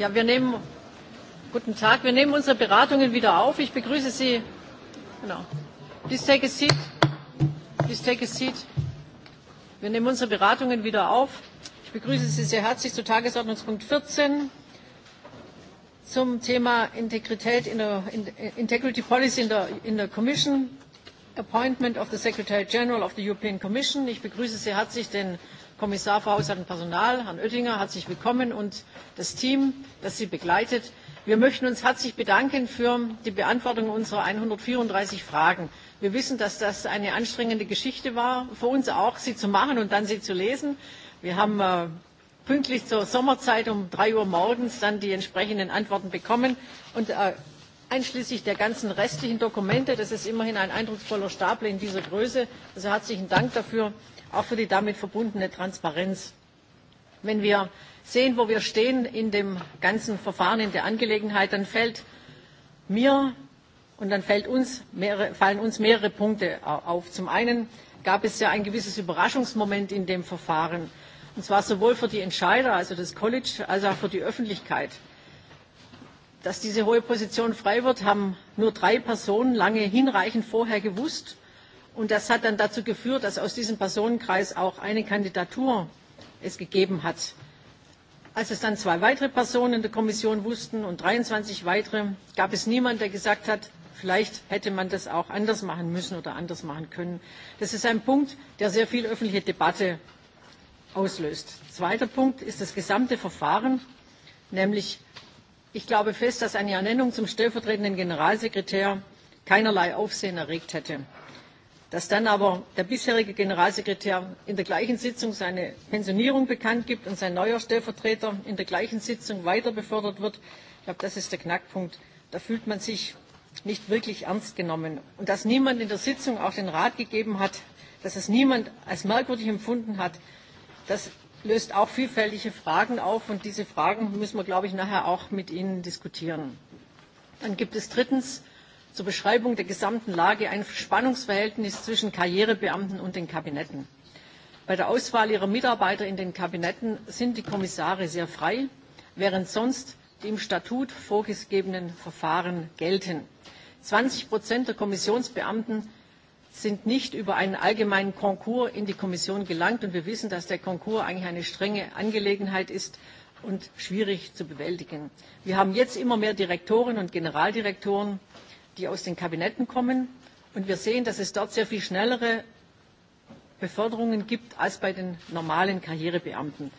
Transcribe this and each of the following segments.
Ja, wir nehmen, guten Tag, wir nehmen unsere Beratungen wieder auf. Ich begrüße Sie. Genau. Please take a seat. Please take a seat. Wir nehmen unsere Beratungen wieder auf. Ich begrüße Sie sehr herzlich zu Tagesordnungspunkt 14 zum Thema Integrität in der in, Integrity Policy in der, in der Commission, Appointment of the Secretary General of the European Commission. Ich begrüße sehr herzlich den Kommissar für Haushalt und Personal, Herrn Oettinger, herzlich willkommen und das Team, das Sie begleitet. Wir möchten uns herzlich bedanken für die Beantwortung unserer 134 Fragen. Wir wissen, dass das eine anstrengende Geschichte war, für uns auch, sie zu machen und dann sie zu lesen. Wir haben äh, pünktlich zur Sommerzeit um 3 Uhr morgens dann die entsprechenden Antworten bekommen und äh, einschließlich der ganzen restlichen Dokumente. Das ist immerhin ein eindrucksvoller Stapel in dieser Größe. Also herzlichen Dank dafür auch für die damit verbundene Transparenz. Wenn wir sehen, wo wir stehen in dem ganzen Verfahren, in der Angelegenheit, dann fällt mir und dann fällt uns mehrere, fallen uns mehrere Punkte auf. Zum einen gab es ja ein gewisses Überraschungsmoment in dem Verfahren, und zwar sowohl für die Entscheider, also das College, als auch für die Öffentlichkeit. Dass diese hohe Position frei wird, haben nur drei Personen lange hinreichend vorher gewusst. Und das hat dann dazu geführt, dass aus diesem Personenkreis auch eine Kandidatur es gegeben hat. Als es dann zwei weitere Personen in der Kommission wussten und 23 weitere, gab es niemanden, der gesagt hat, vielleicht hätte man das auch anders machen müssen oder anders machen können. Das ist ein Punkt, der sehr viel öffentliche Debatte auslöst. Zweiter Punkt ist das gesamte Verfahren, nämlich ich glaube fest, dass eine Ernennung zum stellvertretenden Generalsekretär keinerlei Aufsehen erregt hätte. Dass dann aber der bisherige Generalsekretär in der gleichen Sitzung seine Pensionierung bekannt gibt und sein neuer Stellvertreter in der gleichen Sitzung weiter befördert wird, ich glaube, das ist der Knackpunkt. Da fühlt man sich nicht wirklich ernst genommen. Und dass niemand in der Sitzung auch den Rat gegeben hat, dass es niemand als merkwürdig empfunden hat, das löst auch vielfältige Fragen auf. Und diese Fragen müssen wir, glaube ich, nachher auch mit Ihnen diskutieren. Dann gibt es drittens zur Beschreibung der gesamten Lage ein Spannungsverhältnis zwischen Karrierebeamten und den Kabinetten. Bei der Auswahl ihrer Mitarbeiter in den Kabinetten sind die Kommissare sehr frei, während sonst die im Statut vorgegebenen Verfahren gelten. 20 Prozent der Kommissionsbeamten sind nicht über einen allgemeinen Konkurs in die Kommission gelangt. Und wir wissen, dass der Konkurs eigentlich eine strenge Angelegenheit ist und schwierig zu bewältigen. Wir haben jetzt immer mehr Direktoren und Generaldirektoren, die aus den Kabinetten kommen. Und wir sehen, dass es dort sehr viel schnellere Beförderungen gibt als bei den normalen Karrierebeamten.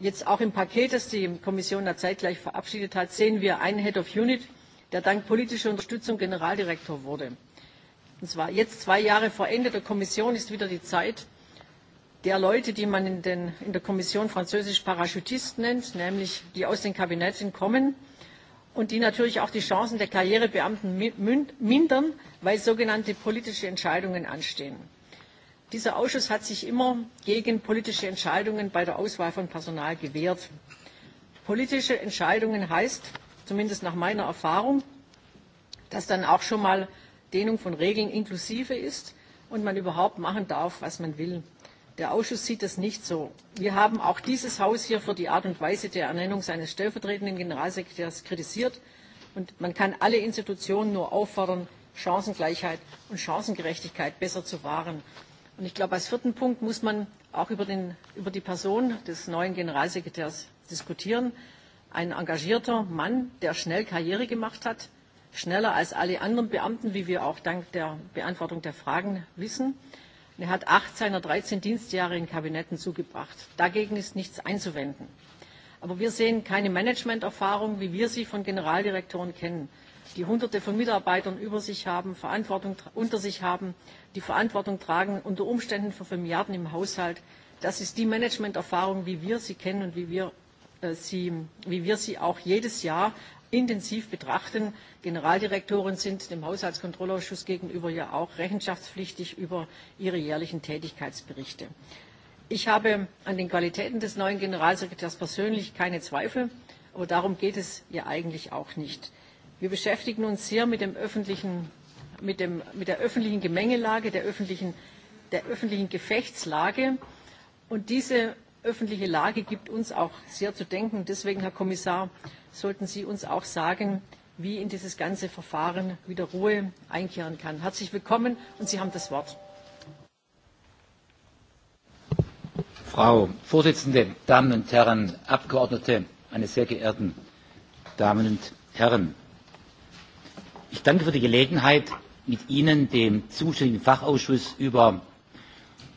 Jetzt auch im Paket, das die Kommission da zeitgleich verabschiedet hat, sehen wir einen Head of Unit, der dank politischer Unterstützung Generaldirektor wurde. Und zwar jetzt zwei Jahre vor Ende der Kommission ist wieder die Zeit der Leute, die man in, den, in der Kommission französisch Parachutisten nennt, nämlich die aus den Kabinetten kommen und die natürlich auch die Chancen der Karrierebeamten mindern, weil sogenannte politische Entscheidungen anstehen. Dieser Ausschuss hat sich immer gegen politische Entscheidungen bei der Auswahl von Personal gewehrt. Politische Entscheidungen heißt, zumindest nach meiner Erfahrung, dass dann auch schon mal Dehnung von Regeln inklusive ist und man überhaupt machen darf, was man will. Der Ausschuss sieht es nicht so. Wir haben auch dieses Haus hier für die Art und Weise der Ernennung seines stellvertretenden Generalsekretärs kritisiert. Und man kann alle Institutionen nur auffordern, Chancengleichheit und Chancengerechtigkeit besser zu wahren. Und ich glaube, als vierten Punkt muss man auch über, den, über die Person des neuen Generalsekretärs diskutieren. Ein engagierter Mann, der schnell Karriere gemacht hat, schneller als alle anderen Beamten, wie wir auch dank der Beantwortung der Fragen wissen Und er hat acht seiner 13 Dienstjahre in Kabinetten zugebracht. Dagegen ist nichts einzuwenden. Aber wir sehen keine Managementerfahrung, wie wir sie von Generaldirektoren kennen, die hunderte von Mitarbeitern über sich haben, Verantwortung unter sich haben, die Verantwortung tragen unter Umständen für Milliarden im Haushalt. Das ist die Managementerfahrung, wie wir sie kennen und wie wir, äh, sie, wie wir sie auch jedes Jahr intensiv betrachten. Generaldirektoren sind dem Haushaltskontrollausschuss gegenüber ja auch rechenschaftspflichtig über ihre jährlichen Tätigkeitsberichte. Ich habe an den Qualitäten des neuen Generalsekretärs persönlich keine Zweifel, aber darum geht es ja eigentlich auch nicht. Wir beschäftigen uns sehr mit, dem öffentlichen, mit, dem, mit der öffentlichen Gemengelage, der öffentlichen, der öffentlichen Gefechtslage. Und diese öffentliche Lage gibt uns auch sehr zu denken. Deswegen, Herr Kommissar, sollten Sie uns auch sagen, wie in dieses ganze Verfahren wieder Ruhe einkehren kann. Herzlich willkommen und Sie haben das Wort. Frau Vorsitzende, Damen und Herren, Abgeordnete, meine sehr geehrten Damen und Herren. Ich danke für die Gelegenheit, mit Ihnen, dem zuständigen Fachausschuss, über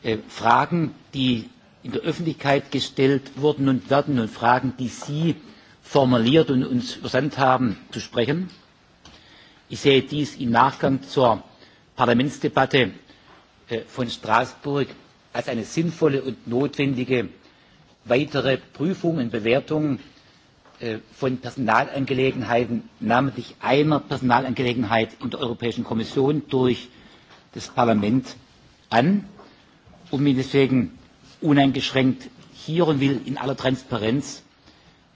äh, Fragen, die in der Öffentlichkeit gestellt wurden und werden und Fragen, die Sie formuliert und uns versandt haben, zu sprechen. Ich sehe dies im Nachgang zur Parlamentsdebatte äh, von Straßburg als eine sinnvolle und notwendige weitere Prüfung und Bewertung äh, von Personalangelegenheiten, namentlich einer Personalangelegenheit in der Europäischen Kommission durch das Parlament an, um ihn deswegen uneingeschränkt hier und will in aller Transparenz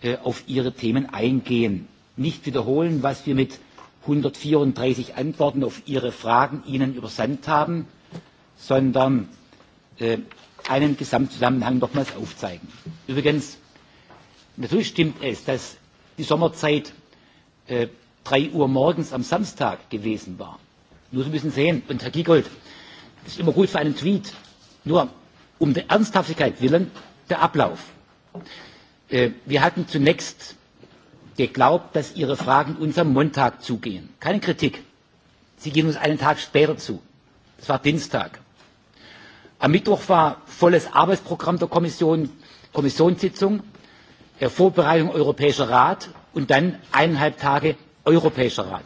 äh, auf Ihre Themen eingehen. Nicht wiederholen, was wir mit 134 Antworten auf Ihre Fragen Ihnen übersandt haben, sondern äh, einen Gesamtzusammenhang nochmals aufzeigen. Übrigens, natürlich stimmt es, dass die Sommerzeit äh, Uhr morgens am Samstag gewesen war. Nur Sie müssen sehen, und Herr Giegold, das ist immer gut für einen Tweet. Nur, um der Ernsthaftigkeit willen der Ablauf. Äh, wir hatten zunächst geglaubt, dass Ihre Fragen uns am Montag zugehen. Keine Kritik. Sie gehen uns einen Tag später zu. Das war Dienstag. Am Mittwoch war volles Arbeitsprogramm der Kommission, Kommissionssitzung, äh, Vorbereitung Europäischer Rat und dann eineinhalb Tage Europäischer Rat.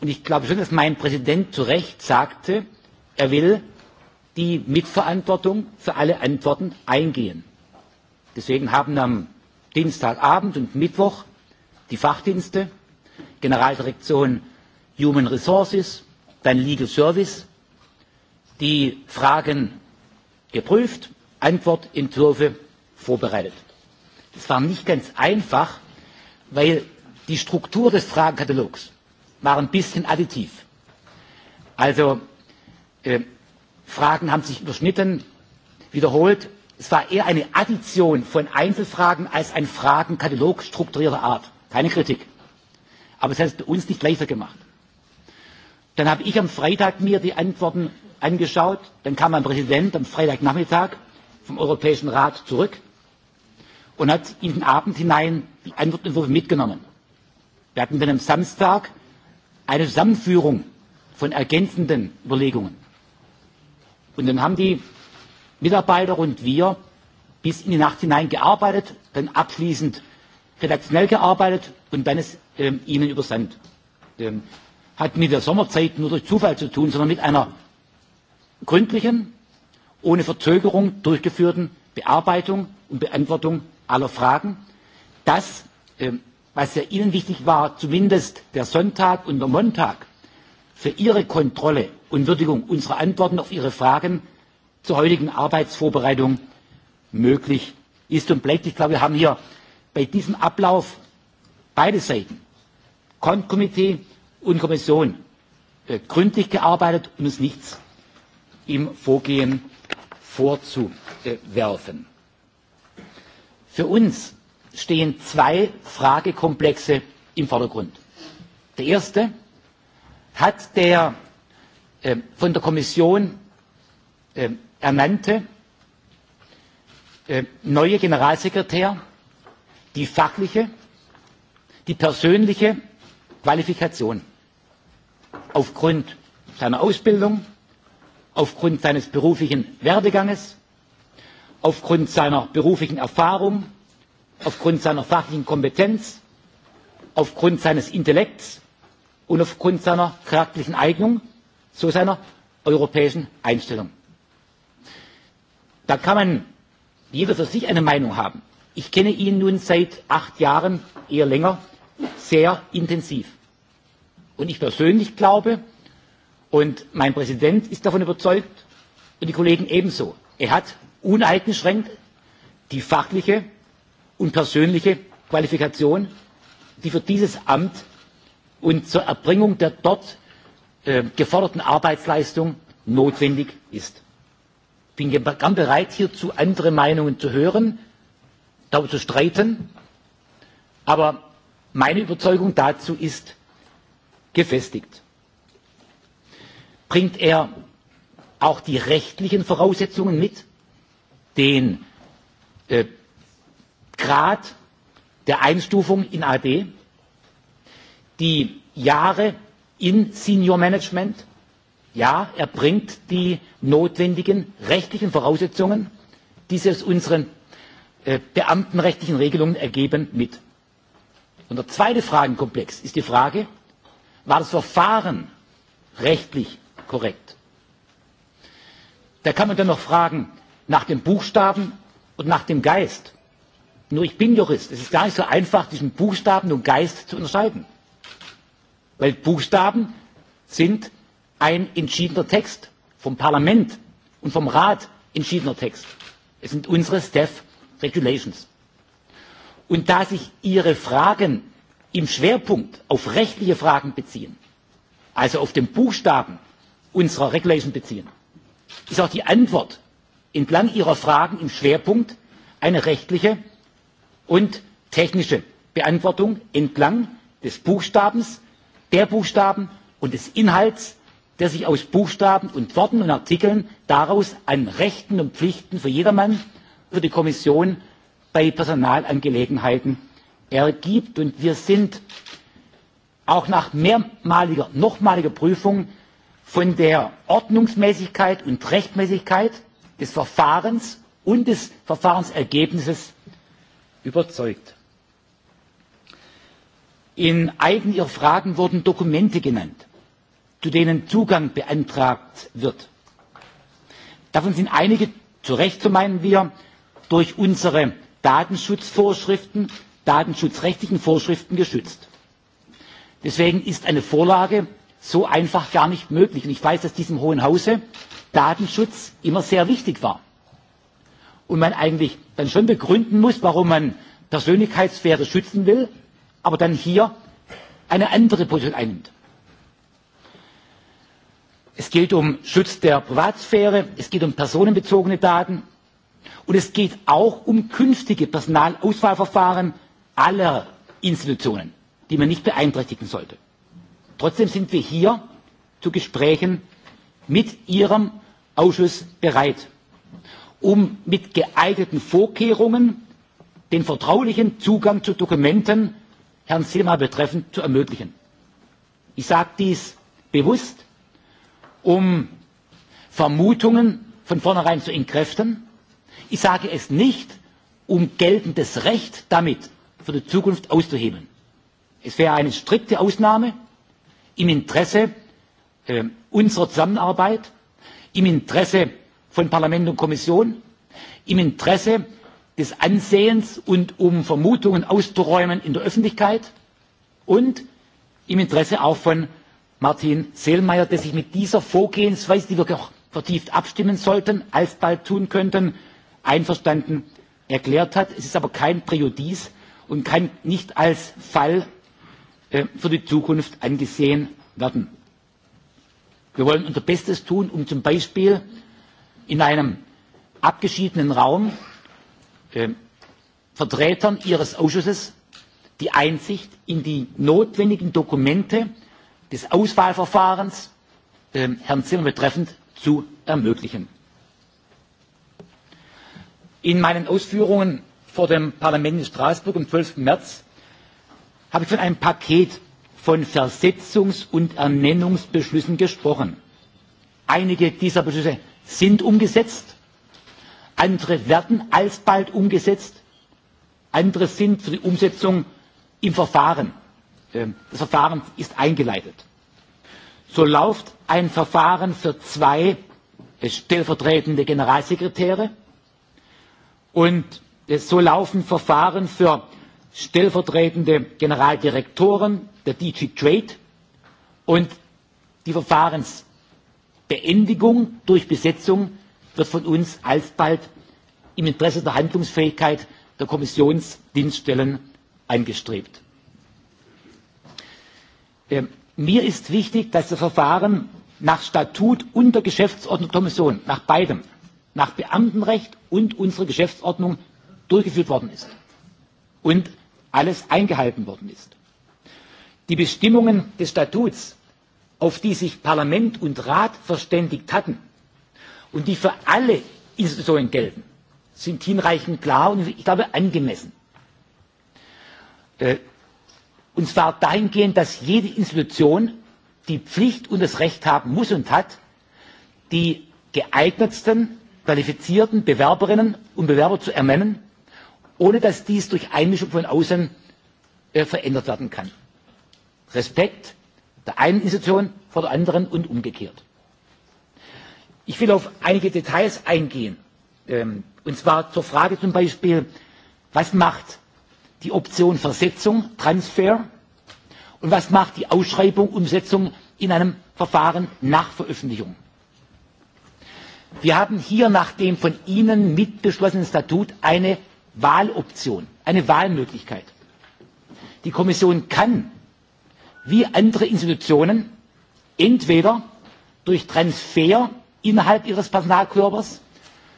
Und ich glaube schon, dass mein Präsident zu Recht sagte, er will die Mitverantwortung für alle Antworten eingehen. Deswegen haben am Dienstagabend und Mittwoch die Fachdienste, Generaldirektion Human Resources, dann Legal Service, die Fragen geprüft, Antwortentwürfe vorbereitet. Das war nicht ganz einfach, weil die Struktur des Fragenkatalogs war ein bisschen additiv. Also äh, Fragen haben sich überschnitten, wiederholt. Es war eher eine Addition von Einzelfragen als ein Fragenkatalog strukturierter Art. Keine Kritik. Aber es hat es bei uns nicht leichter gemacht. Dann habe ich am Freitag mir die Antworten angeschaut. Dann kam mein Präsident am Freitagnachmittag vom Europäischen Rat zurück und hat in den Abend hinein die Antwortentwürfe mitgenommen. Wir hatten dann am Samstag eine Zusammenführung von ergänzenden Überlegungen. Und dann haben die Mitarbeiter und wir bis in die Nacht hinein gearbeitet, dann abschließend redaktionell gearbeitet und dann es ähm, ihnen übersandt. Ähm, hat mit der Sommerzeit nur durch Zufall zu tun, sondern mit einer gründlichen, ohne Verzögerung durchgeführten Bearbeitung und Beantwortung aller Fragen. Das, ähm, was ja Ihnen wichtig war, zumindest der Sonntag und der Montag, für Ihre Kontrolle und Würdigung unserer Antworten auf Ihre Fragen zur heutigen Arbeitsvorbereitung möglich ist und bleibt. Ich glaube, wir haben hier bei diesem Ablauf beide Seiten, Kontkomitee und Kommission, äh, gründlich gearbeitet und uns nichts im Vorgehen vorzuwerfen. Für uns stehen zwei Fragekomplexe im Vordergrund. Der erste hat der äh, von der Kommission äh, ernannte äh, neue Generalsekretär die fachliche, die persönliche Qualifikation aufgrund seiner Ausbildung, aufgrund seines beruflichen Werdeganges, aufgrund seiner beruflichen Erfahrung, aufgrund seiner fachlichen Kompetenz, aufgrund seines Intellekts, und aufgrund seiner charakterlichen Eignung zu seiner europäischen Einstellung. Da kann man jeder für sich eine Meinung haben. Ich kenne ihn nun seit acht Jahren, eher länger, sehr intensiv. Und ich persönlich glaube, und mein Präsident ist davon überzeugt, und die Kollegen ebenso, er hat uneingeschränkt die fachliche und persönliche Qualifikation, die für dieses Amt und zur Erbringung der dort äh, geforderten Arbeitsleistung notwendig ist. Ich bin gern bereit, hierzu andere Meinungen zu hören, darüber zu streiten, aber meine Überzeugung dazu ist gefestigt. Bringt er auch die rechtlichen Voraussetzungen mit, den äh, Grad der Einstufung in AD, die Jahre in Senior Management. Ja, er bringt die notwendigen rechtlichen Voraussetzungen, die sich aus unseren äh, beamtenrechtlichen Regelungen ergeben, mit. Und der zweite Fragenkomplex ist die Frage, war das Verfahren rechtlich korrekt? Da kann man dann noch fragen nach dem Buchstaben und nach dem Geist. Nur ich bin Jurist. Es ist gar nicht so einfach, zwischen Buchstaben und Geist zu unterscheiden. Weil Buchstaben sind ein entschiedener Text vom Parlament und vom Rat entschiedener Text. Es sind unsere Staff Regulations. Und da sich Ihre Fragen im Schwerpunkt auf rechtliche Fragen beziehen, also auf den Buchstaben unserer Regulation beziehen, ist auch die Antwort entlang Ihrer Fragen im Schwerpunkt eine rechtliche und technische Beantwortung entlang des Buchstabens der Buchstaben und des Inhalts, der sich aus Buchstaben und Worten und Artikeln daraus an Rechten und Pflichten für jedermann, für die Kommission bei Personalangelegenheiten ergibt. Und wir sind auch nach mehrmaliger, nochmaliger Prüfung von der Ordnungsmäßigkeit und Rechtmäßigkeit des Verfahrens und des Verfahrensergebnisses überzeugt. In einigen Ihrer Fragen wurden Dokumente genannt, zu denen Zugang beantragt wird. Davon sind einige, zu Recht so meinen wir, durch unsere Datenschutzvorschriften, datenschutzrechtlichen Vorschriften geschützt. Deswegen ist eine Vorlage so einfach gar nicht möglich. Und ich weiß, dass diesem Hohen Hause Datenschutz immer sehr wichtig war. Und man eigentlich dann schon begründen muss, warum man Persönlichkeitssphäre schützen will aber dann hier eine andere Position einnimmt. Es geht um Schutz der Privatsphäre, es geht um personenbezogene Daten und es geht auch um künftige Personalauswahlverfahren aller Institutionen, die man nicht beeinträchtigen sollte. Trotzdem sind wir hier zu Gesprächen mit Ihrem Ausschuss bereit, um mit geeigneten Vorkehrungen den vertraulichen Zugang zu Dokumenten Herrn Silma betreffend zu ermöglichen. Ich sage dies bewusst, um Vermutungen von vornherein zu entkräften. Ich sage es nicht, um geltendes Recht damit für die Zukunft auszuhebeln. Es wäre eine strikte Ausnahme im Interesse äh, unserer Zusammenarbeit, im Interesse von Parlament und Kommission, im Interesse des Ansehens und um Vermutungen auszuräumen in der Öffentlichkeit und im Interesse auch von Martin Selmayr, der sich mit dieser Vorgehensweise, die wir auch vertieft abstimmen sollten, alsbald tun könnten, einverstanden erklärt hat. Es ist aber kein Präjudiz und kann nicht als Fall äh, für die Zukunft angesehen werden. Wir wollen unser Bestes tun, um zum Beispiel in einem abgeschiedenen Raum Ähm, Vertretern Ihres Ausschusses die Einsicht in die notwendigen Dokumente des Auswahlverfahrens äh, Herrn Zimmer betreffend zu ermöglichen. In meinen Ausführungen vor dem Parlament in Straßburg am 12. März habe ich von einem Paket von Versetzungs- und Ernennungsbeschlüssen gesprochen. Einige dieser Beschlüsse sind umgesetzt, Andere werden alsbald umgesetzt, andere sind für die Umsetzung im Verfahren. Ähm, das Verfahren ist eingeleitet. So läuft ein Verfahren für zwei äh, stellvertretende Generalsekretäre und äh, so laufen Verfahren für stellvertretende Generaldirektoren der DG Trade und die Verfahrensbeendigung durch Besetzung wird von uns alsbald im Interesse der Handlungsfähigkeit der Kommissionsdienststellen angestrebt. Ähm, mir ist wichtig, dass das Verfahren nach Statut und der Geschäftsordnung der Kommission, nach beidem, nach Beamtenrecht und unserer Geschäftsordnung durchgeführt worden ist und alles eingehalten worden ist. Die Bestimmungen des Statuts, auf die sich Parlament und Rat verständigt hatten, und die für alle Institutionen gelten, sind hinreichend klar und ich glaube angemessen. Äh, und zwar dahingehend, dass jede Institution die Pflicht und das Recht haben muss und hat, die geeignetsten, qualifizierten Bewerberinnen und Bewerber zu ernennen, ohne dass dies durch Einmischung von außen äh, verändert werden kann. Respekt der einen Institution vor der anderen und umgekehrt. Ich will auf einige Details eingehen. Ähm, und zwar zur Frage zum Beispiel, was macht die Option Versetzung, Transfer und was macht die Ausschreibung, Umsetzung in einem Verfahren nach Veröffentlichung. Wir haben hier nach dem von Ihnen mitbeschlossenen Statut eine Wahloption, eine Wahlmöglichkeit. Die Kommission kann, wie andere Institutionen, entweder durch Transfer innerhalb ihres Personalkörpers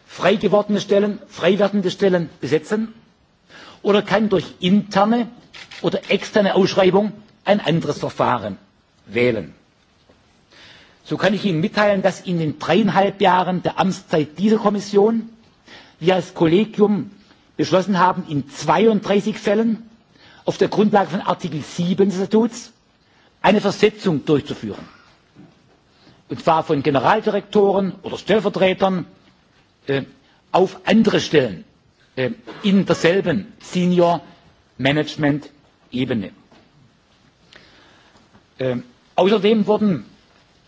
frei gewordene Stellen, frei werdende Stellen besetzen oder kann durch interne oder externe Ausschreibung ein anderes Verfahren wählen. So kann ich Ihnen mitteilen, dass in den dreieinhalb Jahren der Amtszeit dieser Kommission wir als Kollegium beschlossen haben, in 32 Fällen auf der Grundlage von Artikel 7 des Statuts eine Versetzung durchzuführen und zwar von Generaldirektoren oder Stellvertretern äh, auf andere Stellen äh, in derselben Senior Management Ebene. Äh, außerdem wurden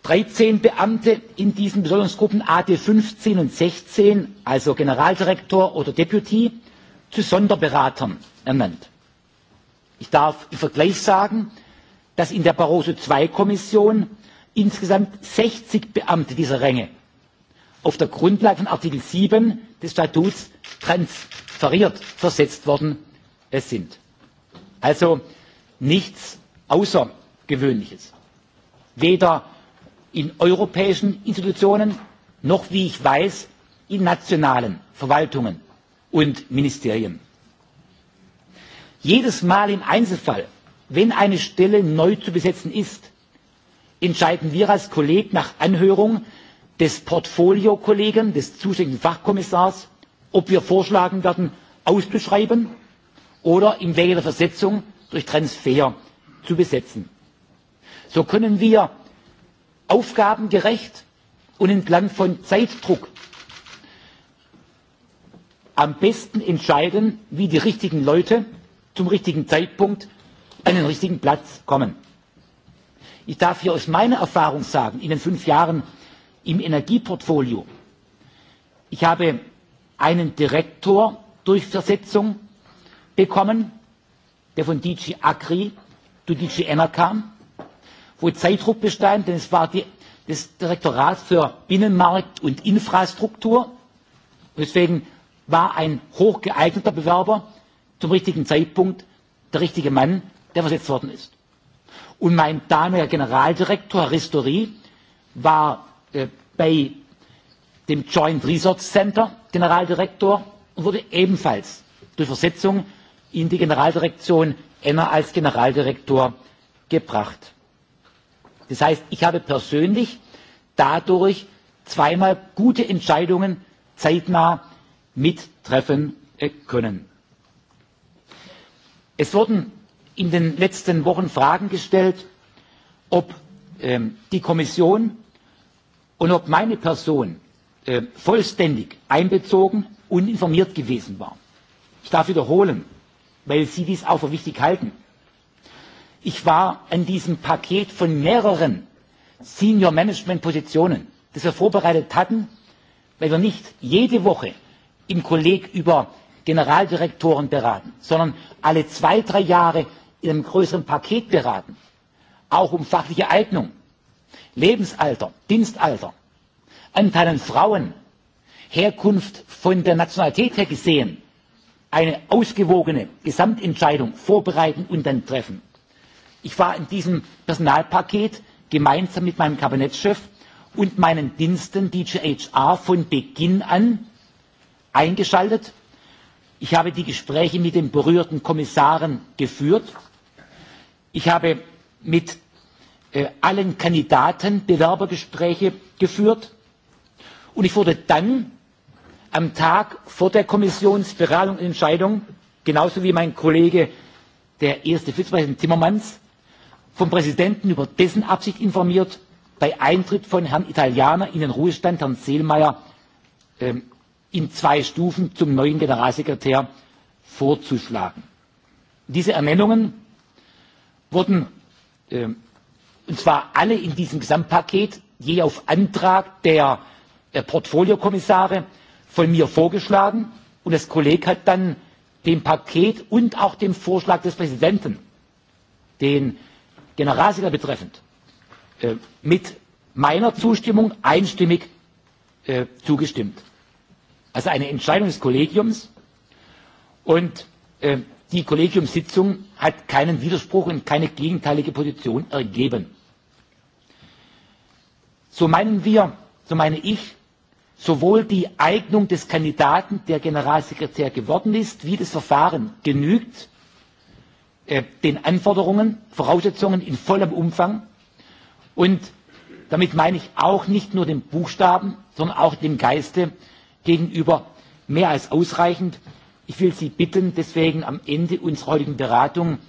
13 Beamte in diesen Besoldungsgruppen AD 15 und 16, also Generaldirektor oder Deputy, zu Sonderberatern ernannt. Ich darf im Vergleich sagen, dass in der Barroso II-Kommission insgesamt 60 Beamte dieser Ränge auf der Grundlage von Artikel 7 des Statuts transferiert, versetzt worden sind. Also nichts Außergewöhnliches. Weder in europäischen Institutionen noch, wie ich weiß, in nationalen Verwaltungen und Ministerien. Jedes Mal im Einzelfall, wenn eine Stelle neu zu besetzen ist, entscheiden wir als Kolleg nach Anhörung des Portfoliokollegen, des zuständigen Fachkommissars, ob wir vorschlagen werden, auszuschreiben oder im Wege der Versetzung durch Transfer zu besetzen. So können wir aufgabengerecht und entlang von Zeitdruck am besten entscheiden, wie die richtigen Leute zum richtigen Zeitpunkt an den richtigen Platz kommen. Ich darf hier aus meiner Erfahrung sagen, in den fünf Jahren im Energieportfolio, ich habe einen Direktor durch Versetzung bekommen, der von DG Agri zu DG Enna kam, wo Zeitdruck bestand, denn es war die, das Direktorat für Binnenmarkt und Infrastruktur. und Deswegen war ein hochgeeigneter Bewerber zum richtigen Zeitpunkt der richtige Mann, der versetzt worden ist. Und mein damaliger Generaldirektor Ristori war äh, bei dem Joint Resource Center Generaldirektor und wurde ebenfalls durch Versetzung in die Generaldirektion Enner als Generaldirektor gebracht. Das heißt, ich habe persönlich dadurch zweimal gute Entscheidungen zeitnah mittreffen äh, können. Es wurden in den letzten Wochen Fragen gestellt, ob ähm, die Kommission und ob meine Person äh, vollständig einbezogen und informiert gewesen war. Ich darf wiederholen, weil Sie dies auch für wichtig halten. Ich war an diesem Paket von mehreren Senior Management Positionen, das wir vorbereitet hatten, weil wir nicht jede Woche im Kolleg über Generaldirektoren beraten, sondern alle zwei, drei Jahre in einem größeren Paket beraten, auch um fachliche Eignung, Lebensalter, Dienstalter, Anteil an Frauen, Herkunft von der Nationalität her gesehen, eine ausgewogene Gesamtentscheidung vorbereiten und dann treffen. Ich war in diesem Personalpaket gemeinsam mit meinem Kabinettschef und meinen Diensten DGHR von Beginn an eingeschaltet. Ich habe die Gespräche mit den berührten Kommissaren geführt Ich habe mit äh, allen Kandidaten Bewerbergespräche geführt und ich wurde dann am Tag vor der Kommissionsberatung und Entscheidung, genauso wie mein Kollege, der erste Vizepräsident Timmermans, vom Präsidenten über dessen Absicht informiert, bei Eintritt von Herrn Italianer in den Ruhestand, Herrn Seelmeier, ähm, in zwei Stufen zum neuen Generalsekretär vorzuschlagen. Diese Ernennungen wurden, äh, und zwar alle in diesem Gesamtpaket, je auf Antrag der äh, Portfoliokommissare von mir vorgeschlagen und das Kolleg hat dann dem Paket und auch dem Vorschlag des Präsidenten, den Generalsekretär betreffend, äh, mit meiner Zustimmung einstimmig äh, zugestimmt. Also eine Entscheidung des Kollegiums und äh, Die Kollegiumssitzung hat keinen Widerspruch und keine gegenteilige Position ergeben. So meinen wir, so meine ich, sowohl die Eignung des Kandidaten, der Generalsekretär geworden ist, wie das Verfahren genügt äh, den Anforderungen, Voraussetzungen in vollem Umfang. Und damit meine ich auch nicht nur den Buchstaben, sondern auch dem Geiste gegenüber mehr als ausreichend. Ich will Sie bitten, deswegen am Ende unserer heutigen Beratung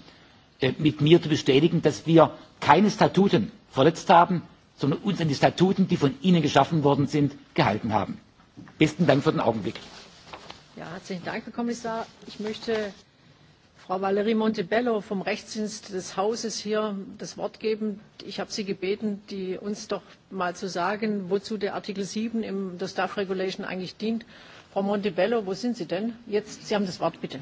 äh, mit mir zu bestätigen, dass wir keine Statuten verletzt haben, sondern uns an die Statuten, die von Ihnen geschaffen worden sind, gehalten haben. Besten Dank für den Augenblick. Ja, herzlichen Dank, Herr Kommissar. Ich möchte Frau Valerie Montebello vom Rechtsdienst des Hauses hier das Wort geben. Ich habe Sie gebeten, die uns doch mal zu sagen, wozu der Artikel 7 im der Staff Regulation eigentlich dient Frau Montebello, wo sind Sie denn? Jetzt, Sie haben das Wort, bitte.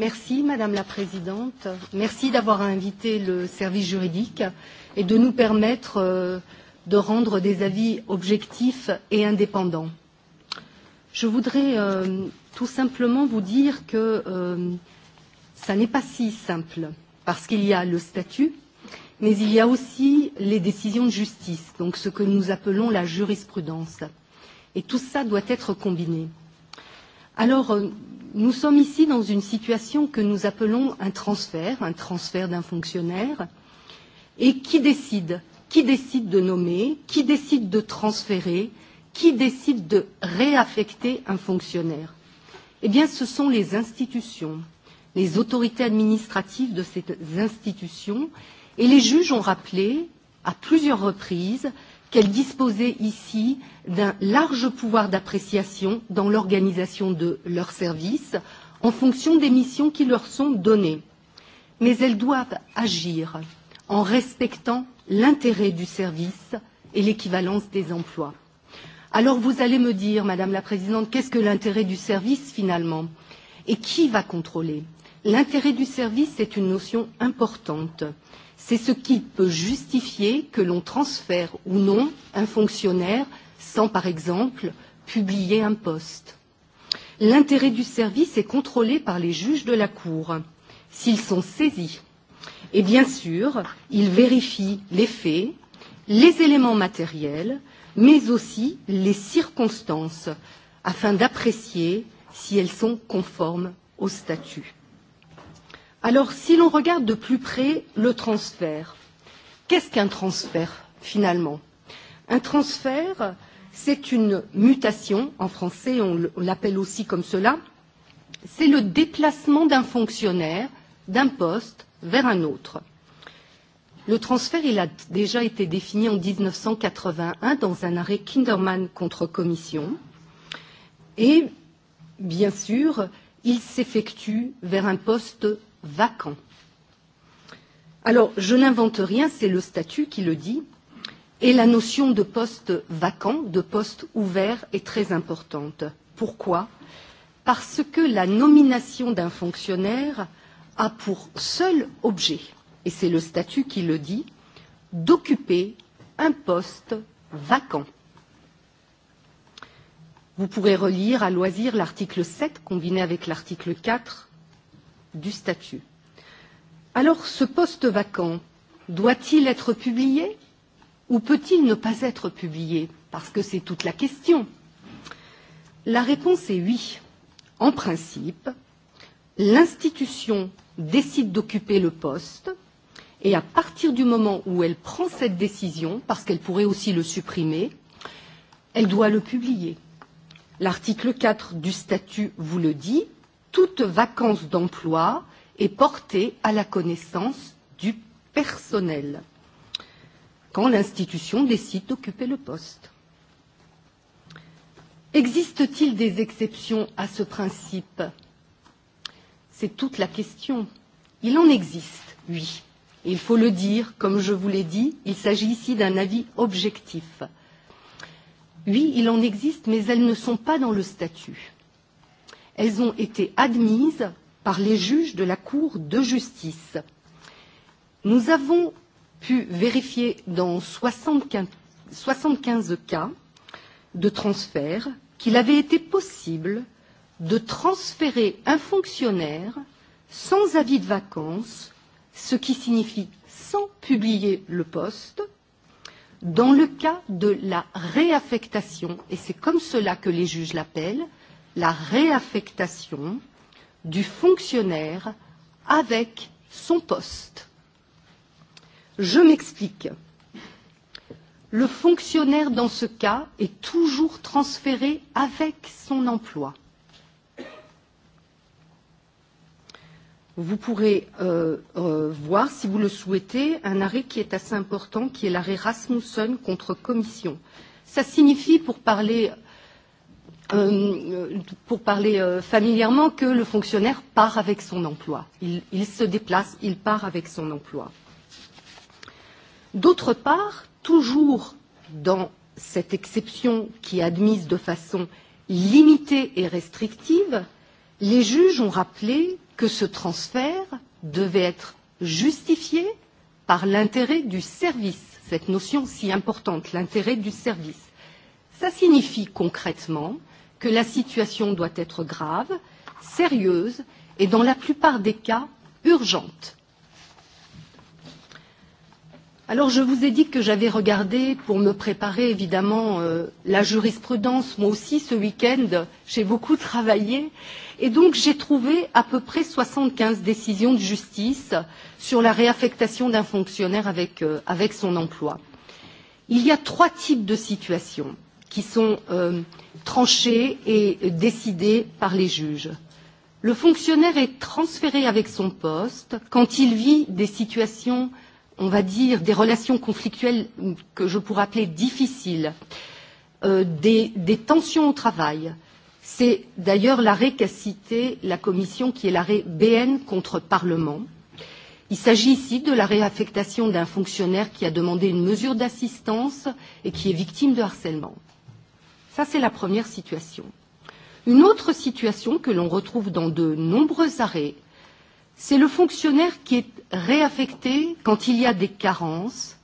Merci, Madame la Présidente. Merci d'avoir invité le service juridique et de nous permettre euh, de rendre des avis objectifs et indépendants. Je voudrais euh, tout simplement vous dire que euh, ça n'est pas si simple, parce qu'il y a le statut, Mais il y a aussi les décisions de justice, donc ce que nous appelons la jurisprudence. Et tout ça doit être combiné. Alors, euh, nous sommes ici dans une situation que nous appelons un transfert, un transfert d'un fonctionnaire. Et qui décide Qui décide de nommer Qui décide de transférer Qui décide de réaffecter un fonctionnaire Eh bien, ce sont les institutions, les autorités administratives de ces institutions Et les juges ont rappelé à plusieurs reprises qu'elle disposait ici d'un large pouvoir d'appréciation dans l'organisation de leurs services en fonction des missions qui leur sont données. Mais elles doivent agir en respectant l'intérêt du service et l'équivalence des emplois. Alors vous allez me dire, Madame la Présidente, qu'est-ce que l'intérêt du service finalement Et qui va contrôler L'intérêt du service est une notion importante. C'est ce qui peut justifier que l'on transfère ou non un fonctionnaire sans, par exemple, publier un poste. L'intérêt du service est contrôlé par les juges de la Cour, s'ils sont saisis. Et bien sûr, ils vérifient les faits, les éléments matériels, mais aussi les circonstances, afin d'apprécier si elles sont conformes au statut. Alors, si l'on regarde de plus près le transfert, qu'est-ce qu'un transfert finalement Un transfert, c'est une mutation, en français on l'appelle aussi comme cela, c'est le déplacement d'un fonctionnaire d'un poste vers un autre. Le transfert, il a déjà été défini en 1981 dans un arrêt Kinderman contre commission. Et, bien sûr, il s'effectue vers un poste vacant. Alors, je n'invente rien, c'est le statut qui le dit, et la notion de poste vacant, de poste ouvert, est très importante. Pourquoi Parce que la nomination d'un fonctionnaire a pour seul objet, et c'est le statut qui le dit, d'occuper un poste vacant. Vous pourrez relire à loisir l'article 7 combiné avec l'article 4 du statut. Alors ce poste vacant doit-il être publié ou peut-il ne pas être publié Parce que c'est toute la question. La réponse est oui. En principe, l'institution décide d'occuper le poste et à partir du moment où elle prend cette décision, parce qu'elle pourrait aussi le supprimer, elle doit le publier. L'article 4 du statut vous le dit, toute vacance d'emploi est portée à la connaissance du personnel quand l'institution décide d'occuper le poste. Existe-t-il des exceptions à ce principe C'est toute la question. Il en existe, oui. Et il faut le dire, comme je vous l'ai dit, il s'agit ici d'un avis objectif. Oui, il en existe, mais elles ne sont pas dans le statut elles ont été admises par les juges de la Cour de justice. Nous avons pu vérifier dans 75, 75 cas de transfert qu'il avait été possible de transférer un fonctionnaire sans avis de vacances, ce qui signifie sans publier le poste, dans le cas de la réaffectation, et c'est comme cela que les juges l'appellent, la réaffectation du fonctionnaire avec son poste. Je m'explique. Le fonctionnaire, dans ce cas, est toujours transféré avec son emploi. Vous pourrez euh, euh, voir, si vous le souhaitez, un arrêt qui est assez important, qui est l'arrêt Rasmussen contre Commission. Ça signifie, pour parler euh, pour parler euh, familièrement, que le fonctionnaire part avec son emploi. Il, il se déplace, il part avec son emploi. D'autre part, toujours dans cette exception qui est admise de façon limitée et restrictive, les juges ont rappelé que ce transfert devait être justifié par l'intérêt du service, cette notion si importante, l'intérêt du service. Ça signifie concrètement que la situation doit être grave, sérieuse et, dans la plupart des cas, urgente. Alors je vous ai dit que j'avais regardé, pour me préparer évidemment, euh, la jurisprudence, moi aussi ce week-end, j'ai beaucoup travaillé, et donc j'ai trouvé à peu près 75 décisions de justice sur la réaffectation d'un fonctionnaire avec, euh, avec son emploi. Il y a trois types de situations qui sont euh, tranchées et décidées par les juges. Le fonctionnaire est transféré avec son poste quand il vit des situations, on va dire, des relations conflictuelles que je pourrais appeler difficiles, euh, des, des tensions au travail. C'est d'ailleurs l'arrêt qu'a cité la Commission, qui est l'arrêt BN contre Parlement. Il s'agit ici de la réaffectation d'un fonctionnaire qui a demandé une mesure d'assistance et qui est victime de harcèlement. Ça, c'est la première situation. Une autre situation que l'on retrouve dans de nombreux arrêts, c'est le fonctionnaire qui est réaffecté quand il y a des carences,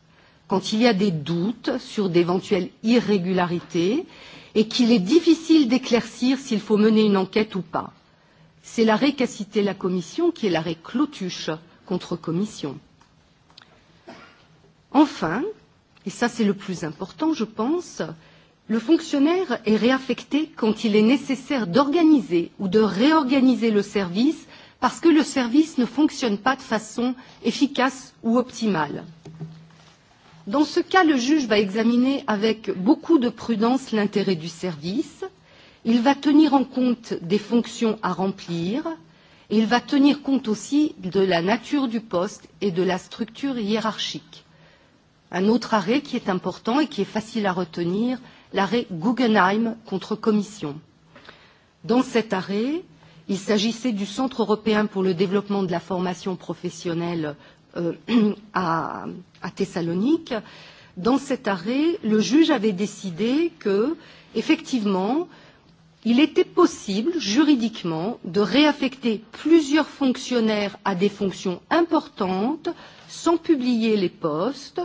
quand il y a des doutes sur d'éventuelles irrégularités et qu'il est difficile d'éclaircir s'il faut mener une enquête ou pas. C'est l'arrêt qu'a cité la Commission, qui est l'arrêt Clotuche contre Commission. Enfin, et ça c'est le plus important je pense, Le fonctionnaire est réaffecté quand il est nécessaire d'organiser ou de réorganiser le service parce que le service ne fonctionne pas de façon efficace ou optimale. Dans ce cas, le juge va examiner avec beaucoup de prudence l'intérêt du service, il va tenir en compte des fonctions à remplir, et il va tenir compte aussi de la nature du poste et de la structure hiérarchique. Un autre arrêt qui est important et qui est facile à retenir l'arrêt Guggenheim contre Commission. Dans cet arrêt, il s'agissait du Centre européen pour le développement de la formation professionnelle euh, à, à Thessalonique. Dans cet arrêt, le juge avait décidé que, effectivement, il était possible juridiquement de réaffecter plusieurs fonctionnaires à des fonctions importantes sans publier les postes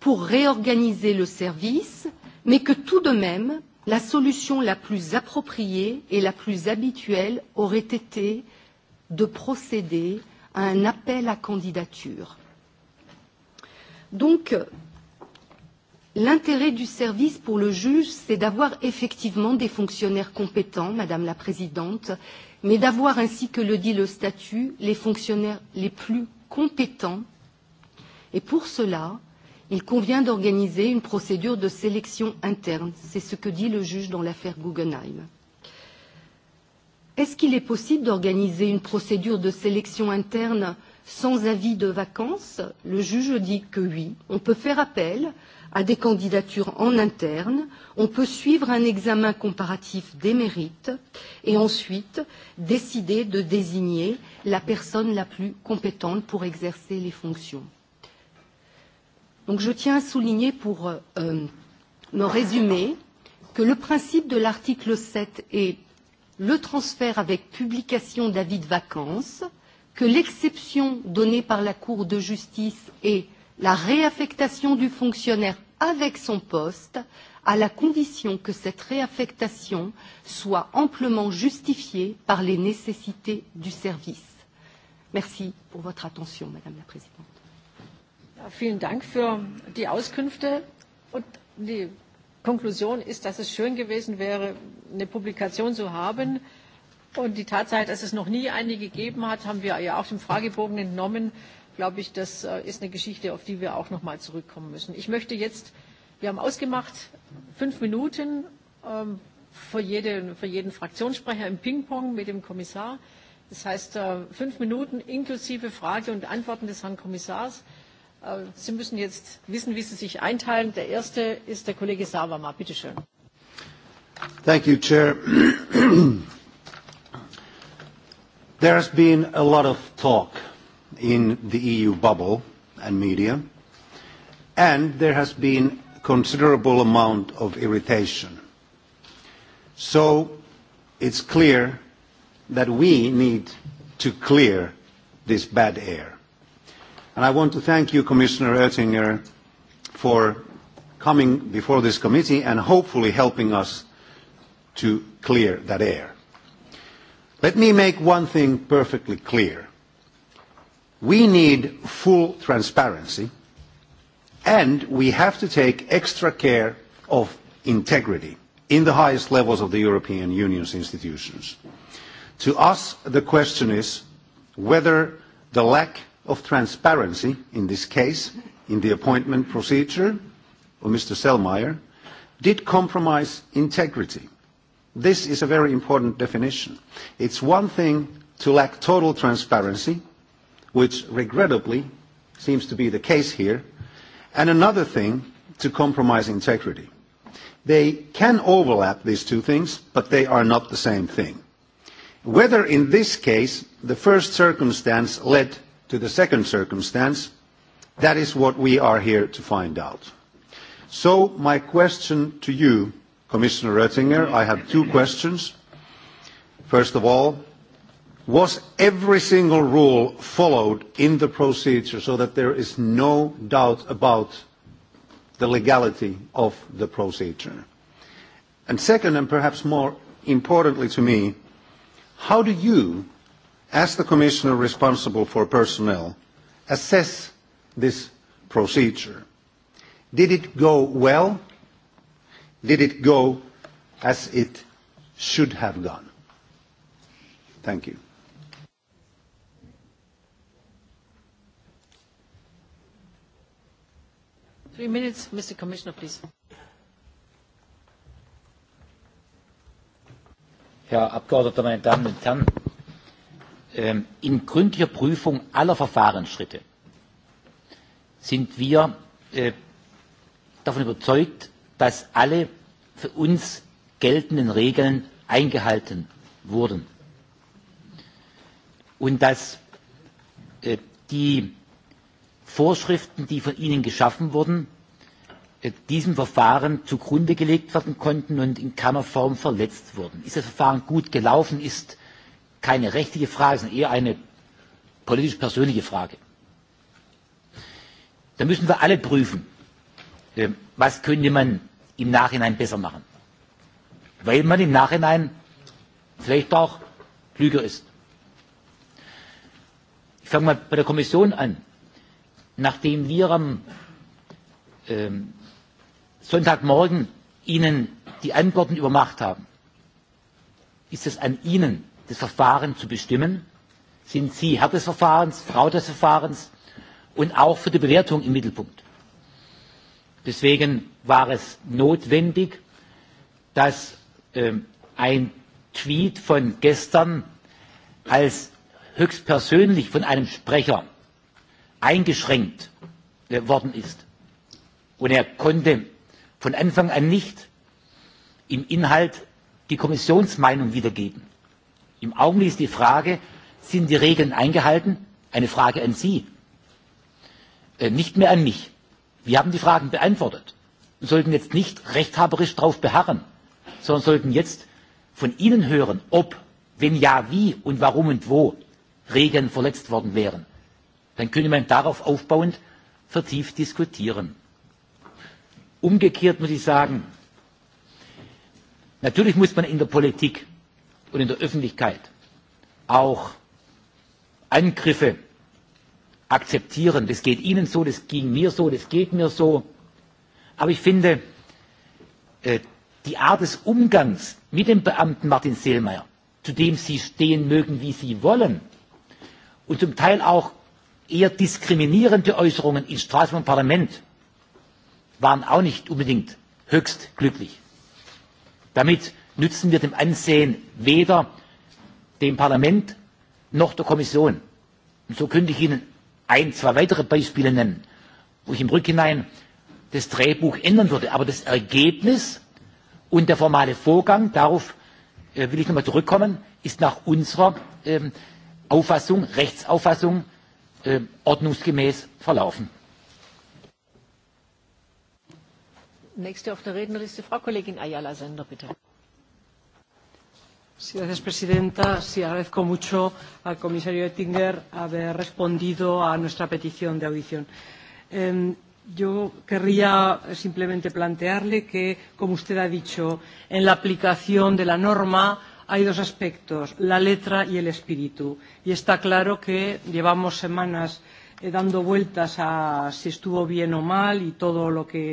pour réorganiser le service mais que tout de même, la solution la plus appropriée et la plus habituelle aurait été de procéder à un appel à candidature. Donc, l'intérêt du service pour le juge, c'est d'avoir effectivement des fonctionnaires compétents, Madame la Présidente, mais d'avoir, ainsi que le dit le statut, les fonctionnaires les plus compétents. Et pour cela, Il convient d'organiser une procédure de sélection interne. C'est ce que dit le juge dans l'affaire Guggenheim. Est-ce qu'il est possible d'organiser une procédure de sélection interne sans avis de vacances Le juge dit que oui, on peut faire appel à des candidatures en interne, on peut suivre un examen comparatif des mérites et ensuite décider de désigner la personne la plus compétente pour exercer les fonctions. Donc je tiens à souligner pour euh, euh, me résumer que le principe de l'article 7 est le transfert avec publication d'avis de vacances, que l'exception donnée par la Cour de justice est la réaffectation du fonctionnaire avec son poste, à la condition que cette réaffectation soit amplement justifiée par les nécessités du service. Merci pour votre attention, Madame la Présidente. Vielen Dank für die Auskünfte. Und die Konklusion ist, dass es schön gewesen wäre, eine Publikation zu haben. Und die Tatsache, dass es noch nie eine gegeben hat, haben wir ja auch dem Fragebogen entnommen. Glaube ich, das äh, ist eine Geschichte, auf die wir auch noch mal zurückkommen müssen. Ich möchte jetzt, wir haben ausgemacht, fünf Minuten ähm, für, jede, für jeden Fraktionssprecher im Ping-Pong mit dem Kommissar. Das heißt, äh, fünf Minuten inklusive Frage und Antworten des Herrn Kommissars. Äh, Sie müssen jetzt wissen, wie Sie sich einteilen. Der erste ist der Kollege Sawama. Bitte schön. Thank you, Chair. There has been a lot of talk in the EU bubble and media, and there has been a considerable amount of irritation. So it's clear that we need to clear this bad air. And I want to thank you, Commissioner Oettinger, for coming before this committee and hopefully helping us to clear that air. Let me make one thing perfectly clear. We need full transparency and we have to take extra care of integrity in the highest levels of the European Union's institutions. To us, the question is whether the lack of transparency in this case, in the appointment procedure of Mr. Selmayr, did compromise integrity. This is a very important definition. It's one thing to lack total transparency, which regrettably seems to be the case here, and another thing to compromise integrity. They can overlap these two things, but they are not the same thing. Whether in this case the first circumstance led to the second circumstance, that is what we are here to find out. So my question to you, Commissioner Oettinger, I have two questions. First of all, was every single rule followed in the procedure so that there is no doubt about the legality of the procedure? And second, and perhaps more importantly to me, how do you as the Commissioner responsible for personnel, assess this procedure? Did it go well? Did it go as it should have gone? Thank you. Three minutes, Mr. Commissioner, please. Herr Abgeordneter, meine Damen und Herren, Ähm, in gründlicher Prüfung aller Verfahrensschritte sind wir äh, davon überzeugt, dass alle für uns geltenden Regeln eingehalten wurden und dass äh, die Vorschriften, die von Ihnen geschaffen wurden, äh, diesem Verfahren zugrunde gelegt werden konnten und in keiner Form verletzt wurden. Ist das Verfahren gut gelaufen? Ist keine rechtliche Frage, sondern eher eine politisch-persönliche Frage. Da müssen wir alle prüfen, äh, was könnte man im Nachhinein besser machen. Weil man im Nachhinein vielleicht auch klüger ist. Ich fange mal bei der Kommission an. Nachdem wir am ähm, Sonntagmorgen Ihnen die Antworten übermacht haben, ist es an Ihnen, des Verfahrens zu bestimmen. Sind Sie Herr des Verfahrens, Frau des Verfahrens und auch für die Bewertung im Mittelpunkt. Deswegen war es notwendig, dass äh, ein Tweet von gestern als höchstpersönlich von einem Sprecher eingeschränkt äh, worden ist. Und er konnte von Anfang an nicht im Inhalt die Kommissionsmeinung wiedergeben. Im Augenblick ist die Frage, sind die Regeln eingehalten? Eine Frage an Sie, äh, nicht mehr an mich. Wir haben die Fragen beantwortet und sollten jetzt nicht rechthaberisch darauf beharren, sondern sollten jetzt von Ihnen hören, ob, wenn ja, wie und warum und wo Regeln verletzt worden wären. Dann könnte man darauf aufbauend vertieft diskutieren. Umgekehrt muss ich sagen, natürlich muss man in der Politik und in der Öffentlichkeit auch Angriffe akzeptieren. Das geht Ihnen so, das ging mir so, das geht mir so. Aber ich finde, äh, die Art des Umgangs mit dem Beamten Martin Seelmeier, zu dem Sie stehen mögen, wie Sie wollen, und zum Teil auch eher diskriminierende Äußerungen in Straßburg und Parlament waren auch nicht unbedingt höchst glücklich. Damit nützen wir dem Ansehen weder dem Parlament noch der Kommission. Und so könnte ich Ihnen ein, zwei weitere Beispiele nennen, wo ich im Rückhinein das Drehbuch ändern würde. Aber das Ergebnis und der formale Vorgang, darauf äh, will ich nochmal zurückkommen, ist nach unserer ähm, Auffassung, Rechtsauffassung äh, ordnungsgemäß verlaufen. Nächste auf der Rednerliste, Frau Kollegin Ayala Sender, bitte. Señora Presidenta. Sí, agradezco mucho al comisario Oettinger haber respondido a nuestra petición de audición. Eh, yo querría simplemente plantearle que, como usted ha dicho, en la aplicación de la norma hay dos aspectos, la letra y el espíritu. Y está claro que llevamos semanas eh, dando vueltas a si estuvo bien o mal y todo lo que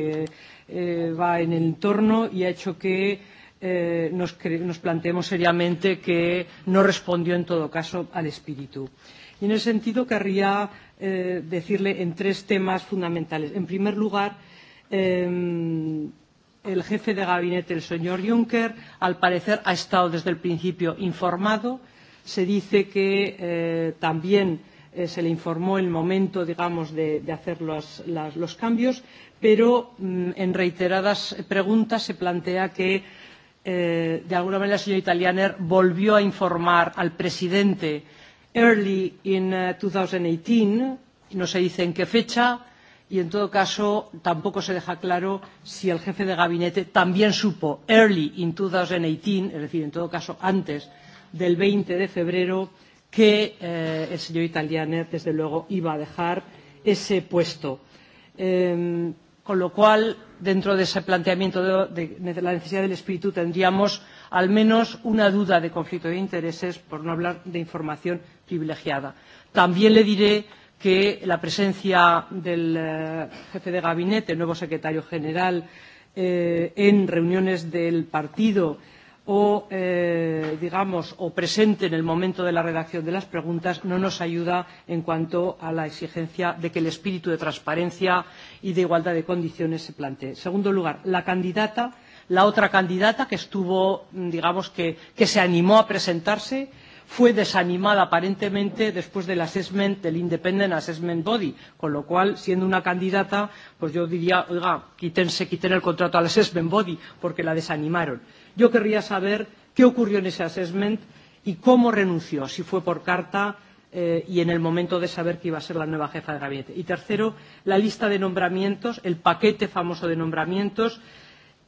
eh, va en el entorno y ha hecho que eh, nos, nos planteemos seriamente que no respondió en todo caso al espíritu. Y en ese sentido querría eh, decirle en tres temas fundamentales. En primer lugar, eh, el jefe de gabinete, el señor Juncker, al parecer ha estado desde el principio informado. Se dice que eh, también eh, se le informó el momento, digamos, de, de hacer los, las, los cambios, pero mm, en reiteradas preguntas se plantea que eh, de alguna manera, el señor Italianer volvió a informar al presidente early in uh, eh, 2018, no se dice en qué fecha, y en todo caso tampoco se deja claro si el jefe de gabinete también supo early in 2018, es decir, en todo caso antes del 20 de febrero, que eh, el señor Italianer, desde luego, iba a dejar ese puesto. Eh, con lo cual, dentro de ese planteamiento de, de, de la necesidad del espíritu tendríamos al menos una duda de conflicto de intereses, por no hablar de información privilegiada. También le diré que la presencia del eh, jefe de gabinete, el nuevo secretario general, eh, en reuniones del partido o, eh, digamos, o presente en el momento de la redacción de las preguntas no nos ayuda en cuanto a la exigencia de que el espíritu de transparencia y de igualdad de condiciones se plantee. En segundo lugar, la candidata, la otra candidata que estuvo, mm, digamos, que, que se animó a presentarse, fue desanimada aparentemente después del assessment, del Independent Assessment Body, con lo cual, siendo una candidata, pues yo diría, oiga, quítense, quiten el contrato al Assessment Body, porque la desanimaron. Yo querría saber qué ocurrió en ese assessment y cómo renunció, si fue por carta eh, y en el momento de saber que iba a ser la nueva jefa de gabinete. Y tercero, la lista de nombramientos, el paquete famoso de nombramientos.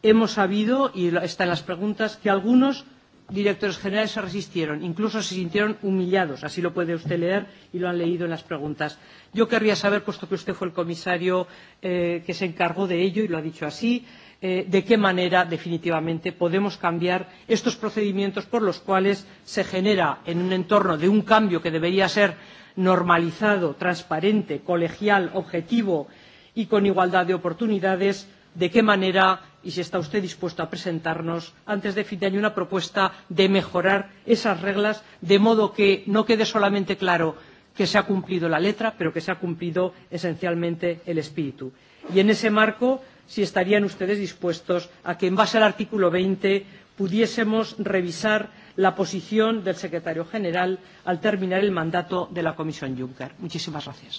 Hemos sabido, y está en las preguntas, que algunos directores generales se resistieron, incluso se sintieron humillados, así lo puede usted leer y lo han leído en las preguntas. Yo querría saber, puesto que usted fue el comisario eh, que se encargó de ello y lo ha dicho así, eh, de qué manera definitivamente podemos cambiar estos procedimientos por los cuales se genera en un entorno de un cambio que debería ser normalizado, transparente, colegial, objetivo y con igualdad de oportunidades, de qué manera y si está usted dispuesto a presentarnos antes de fin de año una propuesta de mejorar esas reglas de modo que no quede solamente claro que se ha cumplido la letra, pero que se ha cumplido esencialmente el espíritu. Y en ese marco si estarían ustedes dispuestos a que, en base al artículo 20, pudiésemos revisar la posición del secretario general al terminar el mandato de la Comisión Juncker. Muchísimas gracias.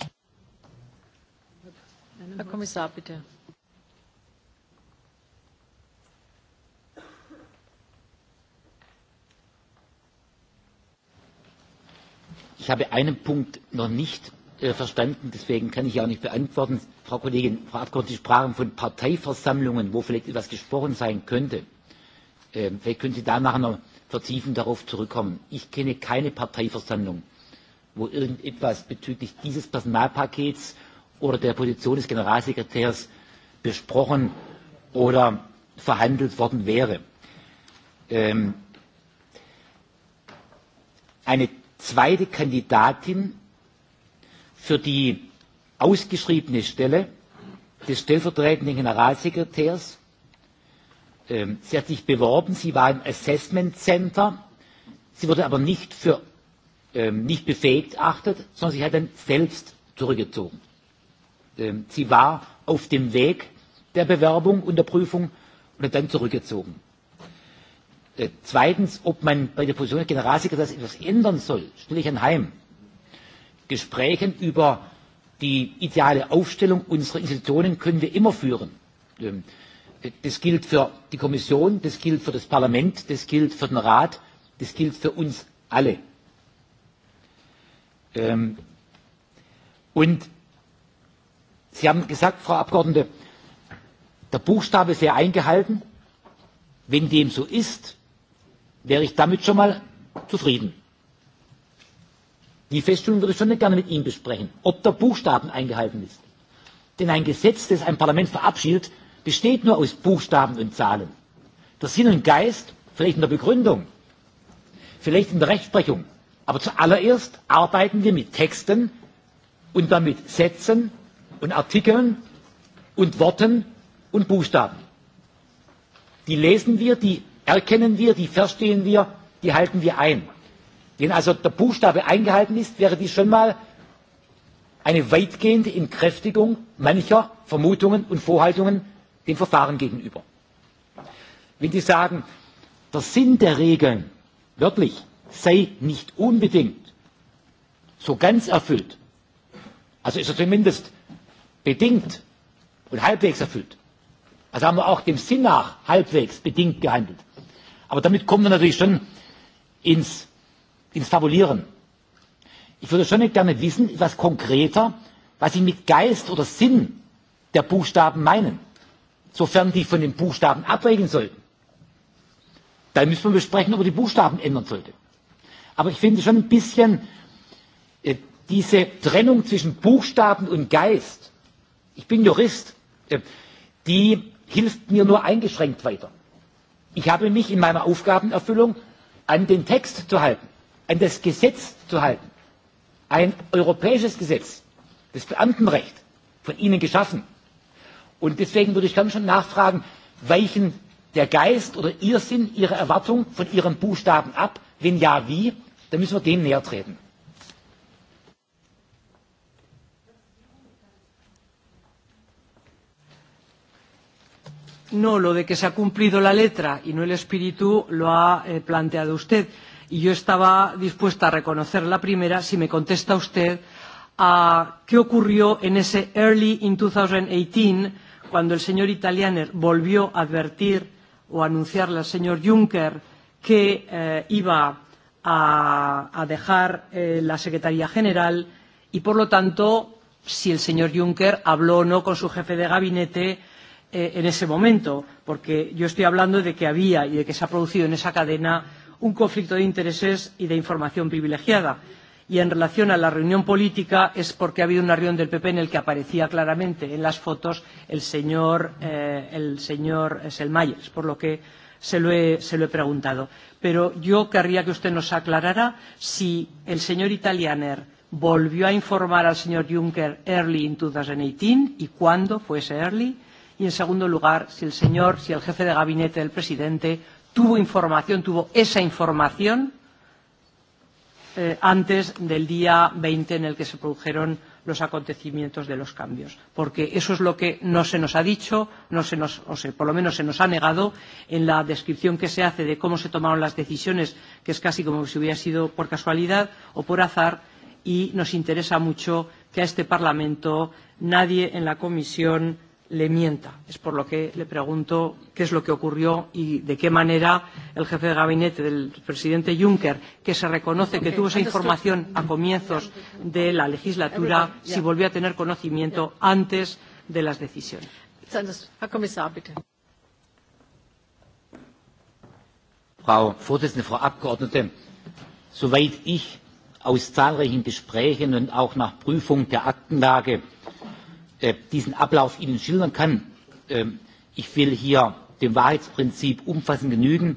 Herr Kommissar, bitte. Ich habe einen Punkt noch nicht äh, verstanden, deswegen kann ich ja auch nicht beantworten. Frau Kollegin, Frau Abgeordnete, Sie sprachen von Parteiversammlungen, wo vielleicht etwas gesprochen sein könnte. Ähm, vielleicht können Sie da nachher noch vertiefend darauf zurückkommen. Ich kenne keine Parteiversammlung, wo irgendetwas bezüglich dieses Personalpakets oder der Position des Generalsekretärs besprochen oder verhandelt worden wäre. Ähm, eine zweite Kandidatin für die ausgeschriebene Stelle des stellvertretenden Generalsekretärs. Ähm, sie hat sich beworben, sie war im Assessment Center, sie wurde aber nicht für ähm, nicht befähigt achtet, sondern sie hat dann selbst zurückgezogen. Ähm, sie war auf dem Weg der Bewerbung und der Prüfung und hat dann zurückgezogen. Äh, zweitens, ob man bei der Position des Generalsekretärs etwas ändern soll, stelle ich anheim. Gesprächen über die ideale Aufstellung unserer Institutionen können wir immer führen. Ähm, das gilt für die Kommission, das gilt für das Parlament, das gilt für den Rat, das gilt für uns alle. Ähm, und Sie haben gesagt, Frau Abgeordnete, der Buchstabe sehr eingehalten. Wenn dem so ist, wäre ich damit schon mal zufrieden. Die Feststellung würde ich schon gerne mit Ihnen besprechen, ob der Buchstaben eingehalten ist. Denn ein Gesetz, das ein Parlament verabschiedet, besteht nur aus Buchstaben und Zahlen. Der Sinn und Geist, vielleicht in der Begründung, vielleicht in der Rechtsprechung, aber zuallererst arbeiten wir mit Texten und damit Sätzen und Artikeln und Worten und Buchstaben. Die lesen wir, die erkennen wir, die verstehen wir, die halten wir ein. Wenn also der Buchstabe eingehalten ist, wäre dies schon mal eine weitgehende Entkräftigung mancher Vermutungen und Vorhaltungen dem Verfahren gegenüber. Wenn Sie sagen, der Sinn der Regeln, wörtlich, sei nicht unbedingt so ganz erfüllt, also ist er zumindest bedingt und halbwegs erfüllt, also haben wir auch dem Sinn nach halbwegs bedingt gehandelt. Aber damit kommen wir natürlich schon ins ins Fabulieren. Ich würde schon gerne wissen, etwas konkreter, was Sie mit Geist oder Sinn der Buchstaben meinen, sofern die von den Buchstaben abweichen sollten. Dann müssen wir besprechen, ob man er die Buchstaben ändern sollte. Aber ich finde schon ein bisschen äh, diese Trennung zwischen Buchstaben und Geist, ich bin Jurist, äh, die hilft mir nur eingeschränkt weiter. Ich habe mich in meiner Aufgabenerfüllung an den Text zu halten an das Gesetz zu halten. Ein europäisches Gesetz, das Beamtenrecht, von Ihnen geschaffen. Und deswegen würde ich dann schon nachfragen, weichen der Geist oder Ihr Sinn, Ihre Erwartung von Ihren Buchstaben ab? Wenn ja, wie? Dann müssen wir dem näher treten. No, lo de que se ha cumplido la letra y no el espíritu lo ha eh, planteado usted y yo estaba dispuesta a reconocer la primera si me contesta usted a qué ocurrió en ese early in 2018 cuando el señor Italianer volvió a advertir o anunciarle al señor Juncker que eh, iba a, a dejar eh, la Secretaría General y, por lo tanto, si el señor Juncker habló o no con su jefe de gabinete eh, en ese momento, porque yo estoy hablando de que había y de que se ha producido en esa cadena un conflicto de intereses y de información privilegiada. Y en relación a la reunión política es porque ha habido una reunión del PP en la que aparecía claramente en las fotos el señor, eh, el señor por lo que se lo, he, se lo he preguntado. Pero yo querría que usted nos aclarara si el señor Italianer volvió a informar al señor Juncker early in 2018 y cuándo fue ese early. Y en segundo lugar, si el señor, si el jefe de gabinete del presidente tuvo información, tuvo esa información eh, antes del día 20 en el que se produjeron los acontecimientos de los cambios, porque eso es lo que no se nos ha dicho, no se nos, o sea, por lo menos se nos ha negado en la descripción que se hace de cómo se tomaron las decisiones, que es casi como si hubiera sido por casualidad o por azar, y nos interesa mucho que a este Parlamento nadie en la Comisión le mienta. Es por lo que le pregunto qué es lo que ocurrió y de qué manera el jefe de gabinete del presidente Juncker, que se reconoce que tuvo esa información a comienzos de la legislatura, si volvió a tener conocimiento antes de las decisiones. Frau Vorsitzende, Frau Abgeordnete, soweit ich aus zahlreichen Gesprächen und auch nach Prüfung der Aktenlage Äh, diesen Ablauf Ihnen schildern kann. Ähm, ich will hier dem Wahrheitsprinzip umfassend genügen.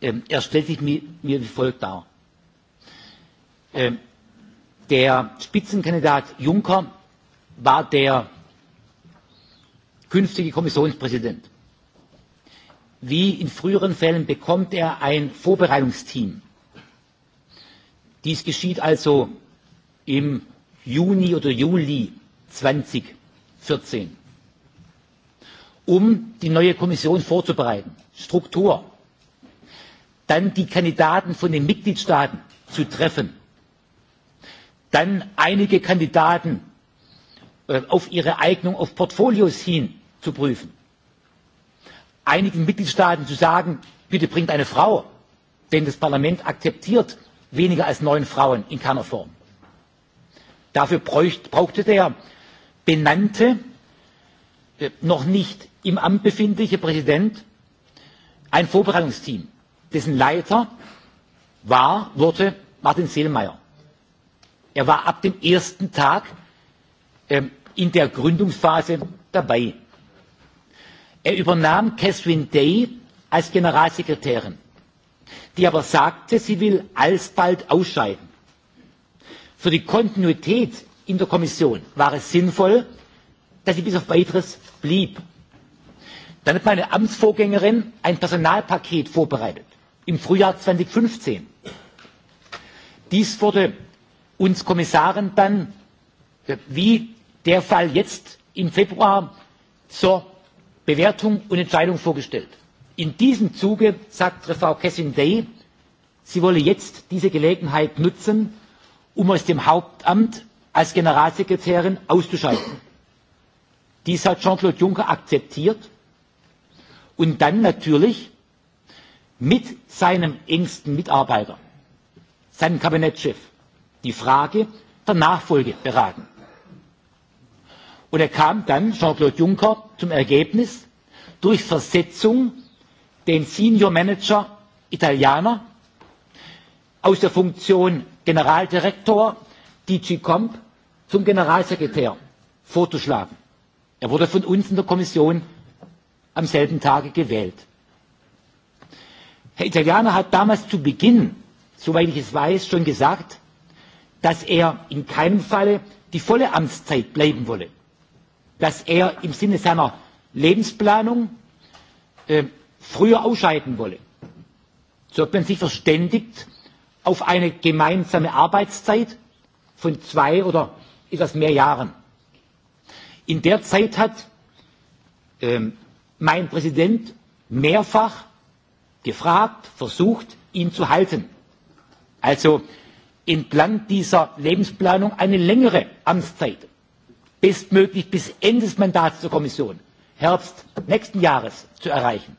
Ähm, er stellt sich mir, wie folgt dar. Ähm, der Spitzenkandidat Juncker war der künftige Kommissionspräsident. Wie in früheren Fällen bekommt er ein Vorbereitungsteam. Dies geschieht also im Juni oder Juli 2014, um die neue Kommission vorzubereiten, Struktur, dann die Kandidaten von den Mitgliedstaaten zu treffen, dann einige Kandidaten äh, auf ihre Eignung auf Portfolios hin zu prüfen, einigen Mitgliedstaaten zu sagen, bitte bringt eine Frau, denn das Parlament akzeptiert weniger als neun Frauen in keiner Form. Dafür bräuchte der benannte, äh, noch nicht im Amt befindliche Präsident ein Vorbereitungsteam, dessen Leiter war, wurde Martin Seelmeier. Er war ab dem ersten Tag ähm, in der Gründungsphase dabei. Er übernahm Catherine Day als Generalsekretärin, die aber sagte, sie will alsbald ausscheiden. Für die Kontinuität in der Kommission war es sinnvoll, dass sie bis auf weiteres blieb. Dann hat meine Amtsvorgängerin ein Personalpaket vorbereitet im Frühjahr 2015. Dies wurde uns Kommissaren dann, wie der Fall jetzt im Februar, zur Bewertung und Entscheidung vorgestellt. In diesem Zuge sagt Frau Kessin Day, sie wolle jetzt diese Gelegenheit nutzen, um aus dem Hauptamt als Generalsekretärin auszuschalten. Dies hat Jean-Claude Juncker akzeptiert und dann natürlich mit seinem engsten Mitarbeiter, seinem Kabinettschef, die Frage der Nachfolge beraten. Und er kam dann, Jean-Claude Juncker, zum Ergebnis, durch Versetzung den Senior Manager Italiener aus der Funktion Generaldirektor DG Comp zum Generalsekretär vorzuschlagen. Er wurde von uns in der Kommission am selben Tage gewählt. Herr Italianer hat damals zu Beginn, soweit ich es weiß, schon gesagt, dass er in keinem Falle die volle Amtszeit bleiben wolle, dass er im Sinne seiner Lebensplanung äh, früher ausscheiden wolle. So hat man sich verständigt auf eine gemeinsame Arbeitszeit von zwei oder etwas mehr Jahren. In der Zeit hat ähm, mein Präsident mehrfach gefragt, versucht, ihn zu halten. Also entlang dieser Lebensplanung eine längere Amtszeit, bestmöglich bis Ende des Mandats der Kommission, Herbst nächsten Jahres zu erreichen.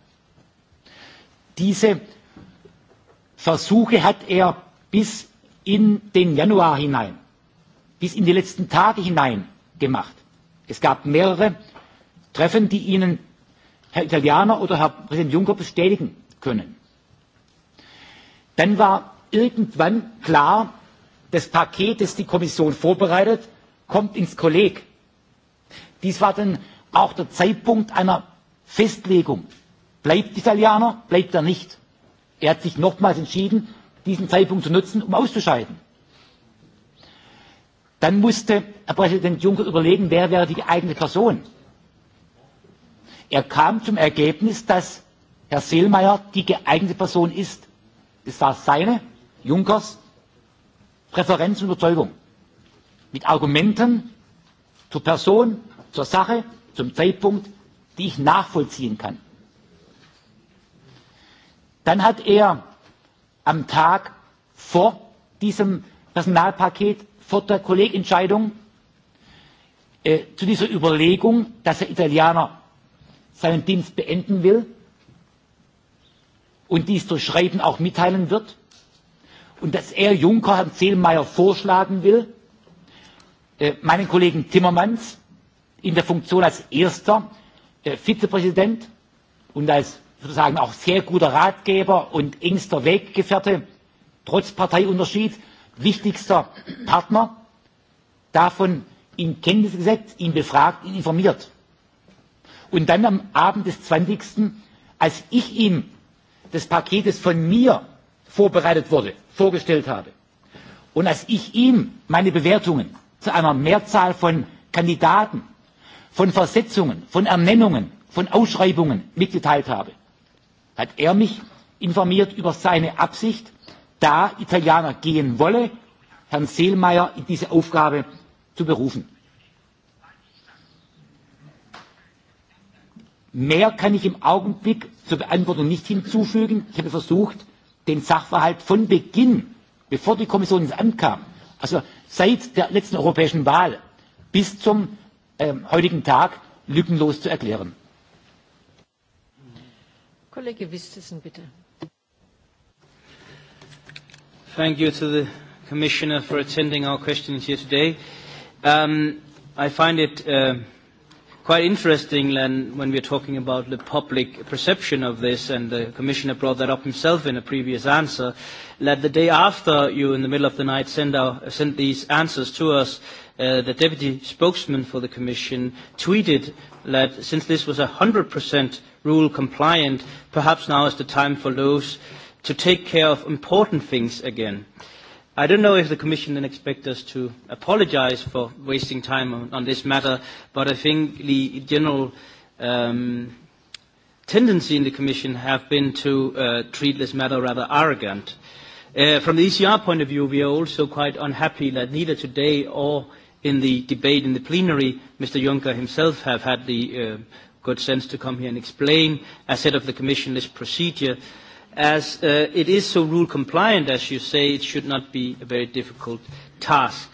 Diese Versuche hat er bis in den Januar hinein bis in die letzten Tage hinein gemacht. Es gab mehrere Treffen, die Ihnen Herr Italianer oder Herr Präsident Juncker bestätigen können. Dann war irgendwann klar, das Paket, das die Kommission vorbereitet, kommt ins Kolleg. Dies war dann auch der Zeitpunkt einer Festlegung. Bleibt Italiano, bleibt er nicht. Er hat sich nochmals entschieden, diesen Zeitpunkt zu nutzen, um auszuscheiden. Dann musste Herr Präsident Juncker überlegen, wer wäre die eigene Person. Er kam zum Ergebnis, dass Herr Seelmeier die geeignete Person ist. Es war seine, Junkers, Präferenz und Überzeugung. Mit Argumenten zur Person, zur Sache, zum Zeitpunkt, die ich nachvollziehen kann. Dann hat er am Tag vor diesem Personalpaket vor der Kollegentscheidung äh, zu dieser Überlegung, dass der Italiener seinen Dienst beenden will und dies durch Schreiben auch mitteilen wird und dass er Juncker Herrn Zehlmeier vorschlagen will, äh, meinen Kollegen Timmermans in der Funktion als erster äh, Vizepräsident und als sozusagen auch sehr guter Ratgeber und engster Weggefährte, trotz Parteiunterschied, wichtigster Partner davon in Kenntnis gesetzt, ihn befragt, ihn informiert. Und dann am Abend des 20. als ich ihm das Paket, das von mir vorbereitet wurde, vorgestellt habe, und als ich ihm meine Bewertungen zu einer Mehrzahl von Kandidaten, von Versetzungen, von Ernennungen, von Ausschreibungen mitgeteilt habe, hat er mich informiert über seine Absicht, da Italiener gehen wolle, Herrn Seelmeier in diese Aufgabe zu berufen. Mehr kann ich im Augenblick zur Beantwortung nicht hinzufügen. Ich habe versucht, den Sachverhalt von Beginn, bevor die Kommission ins Amt kam, also seit der letzten europäischen Wahl bis zum ähm, heutigen Tag lückenlos zu erklären. Kollege bitte. Thank you to the Commissioner for attending our questions here today. Um, I find it uh, quite interesting when when we're talking about the public perception of this, and the Commissioner brought that up himself in a previous answer, that the day after you, in the middle of the night, send, our, send these answers to us, uh, the Deputy Spokesman for the Commission tweeted that since this was 100% rule compliant, perhaps now is the time for those to take care of important things again. I don't know if the Commission then expect us to apologize for wasting time on, on this matter, but I think the general um, tendency in the Commission have been to uh, treat this matter rather arrogant. Uh, from the ECR point of view, we are also quite unhappy that neither today or in the debate in the plenary, Mr. Juncker himself have had the uh, good sense to come here and explain, as head of the Commission, this procedure. Uh, As uh, it is so rule compliant, as you say, it should not be a very difficult task.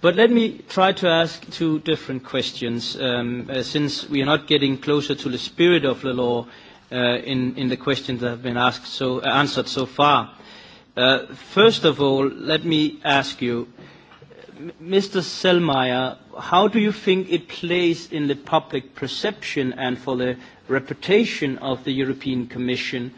But let me try to ask two different questions, um, uh, since we are not getting closer to the spirit of the law uh, in, in the questions that have been asked so, uh, answered so far. Uh, first of all, let me ask you, Mr. Selmayr, how do you think it plays in the public perception and for the reputation of the European Commission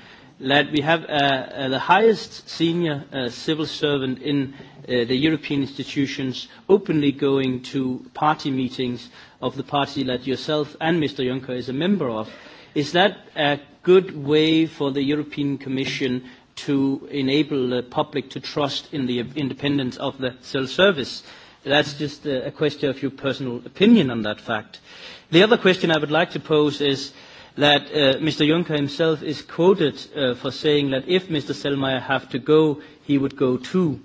that we have uh, uh, the highest senior uh, civil servant in uh, the European institutions openly going to party meetings of the party that yourself and Mr. Juncker is a member of. Is that a good way for the European Commission to enable the public to trust in the independence of the civil service? That's just a question of your personal opinion on that fact. The other question I would like to pose is, that uh, Mr. Juncker himself is quoted uh, for saying that if Mr. Selmayr have to go, he would go too.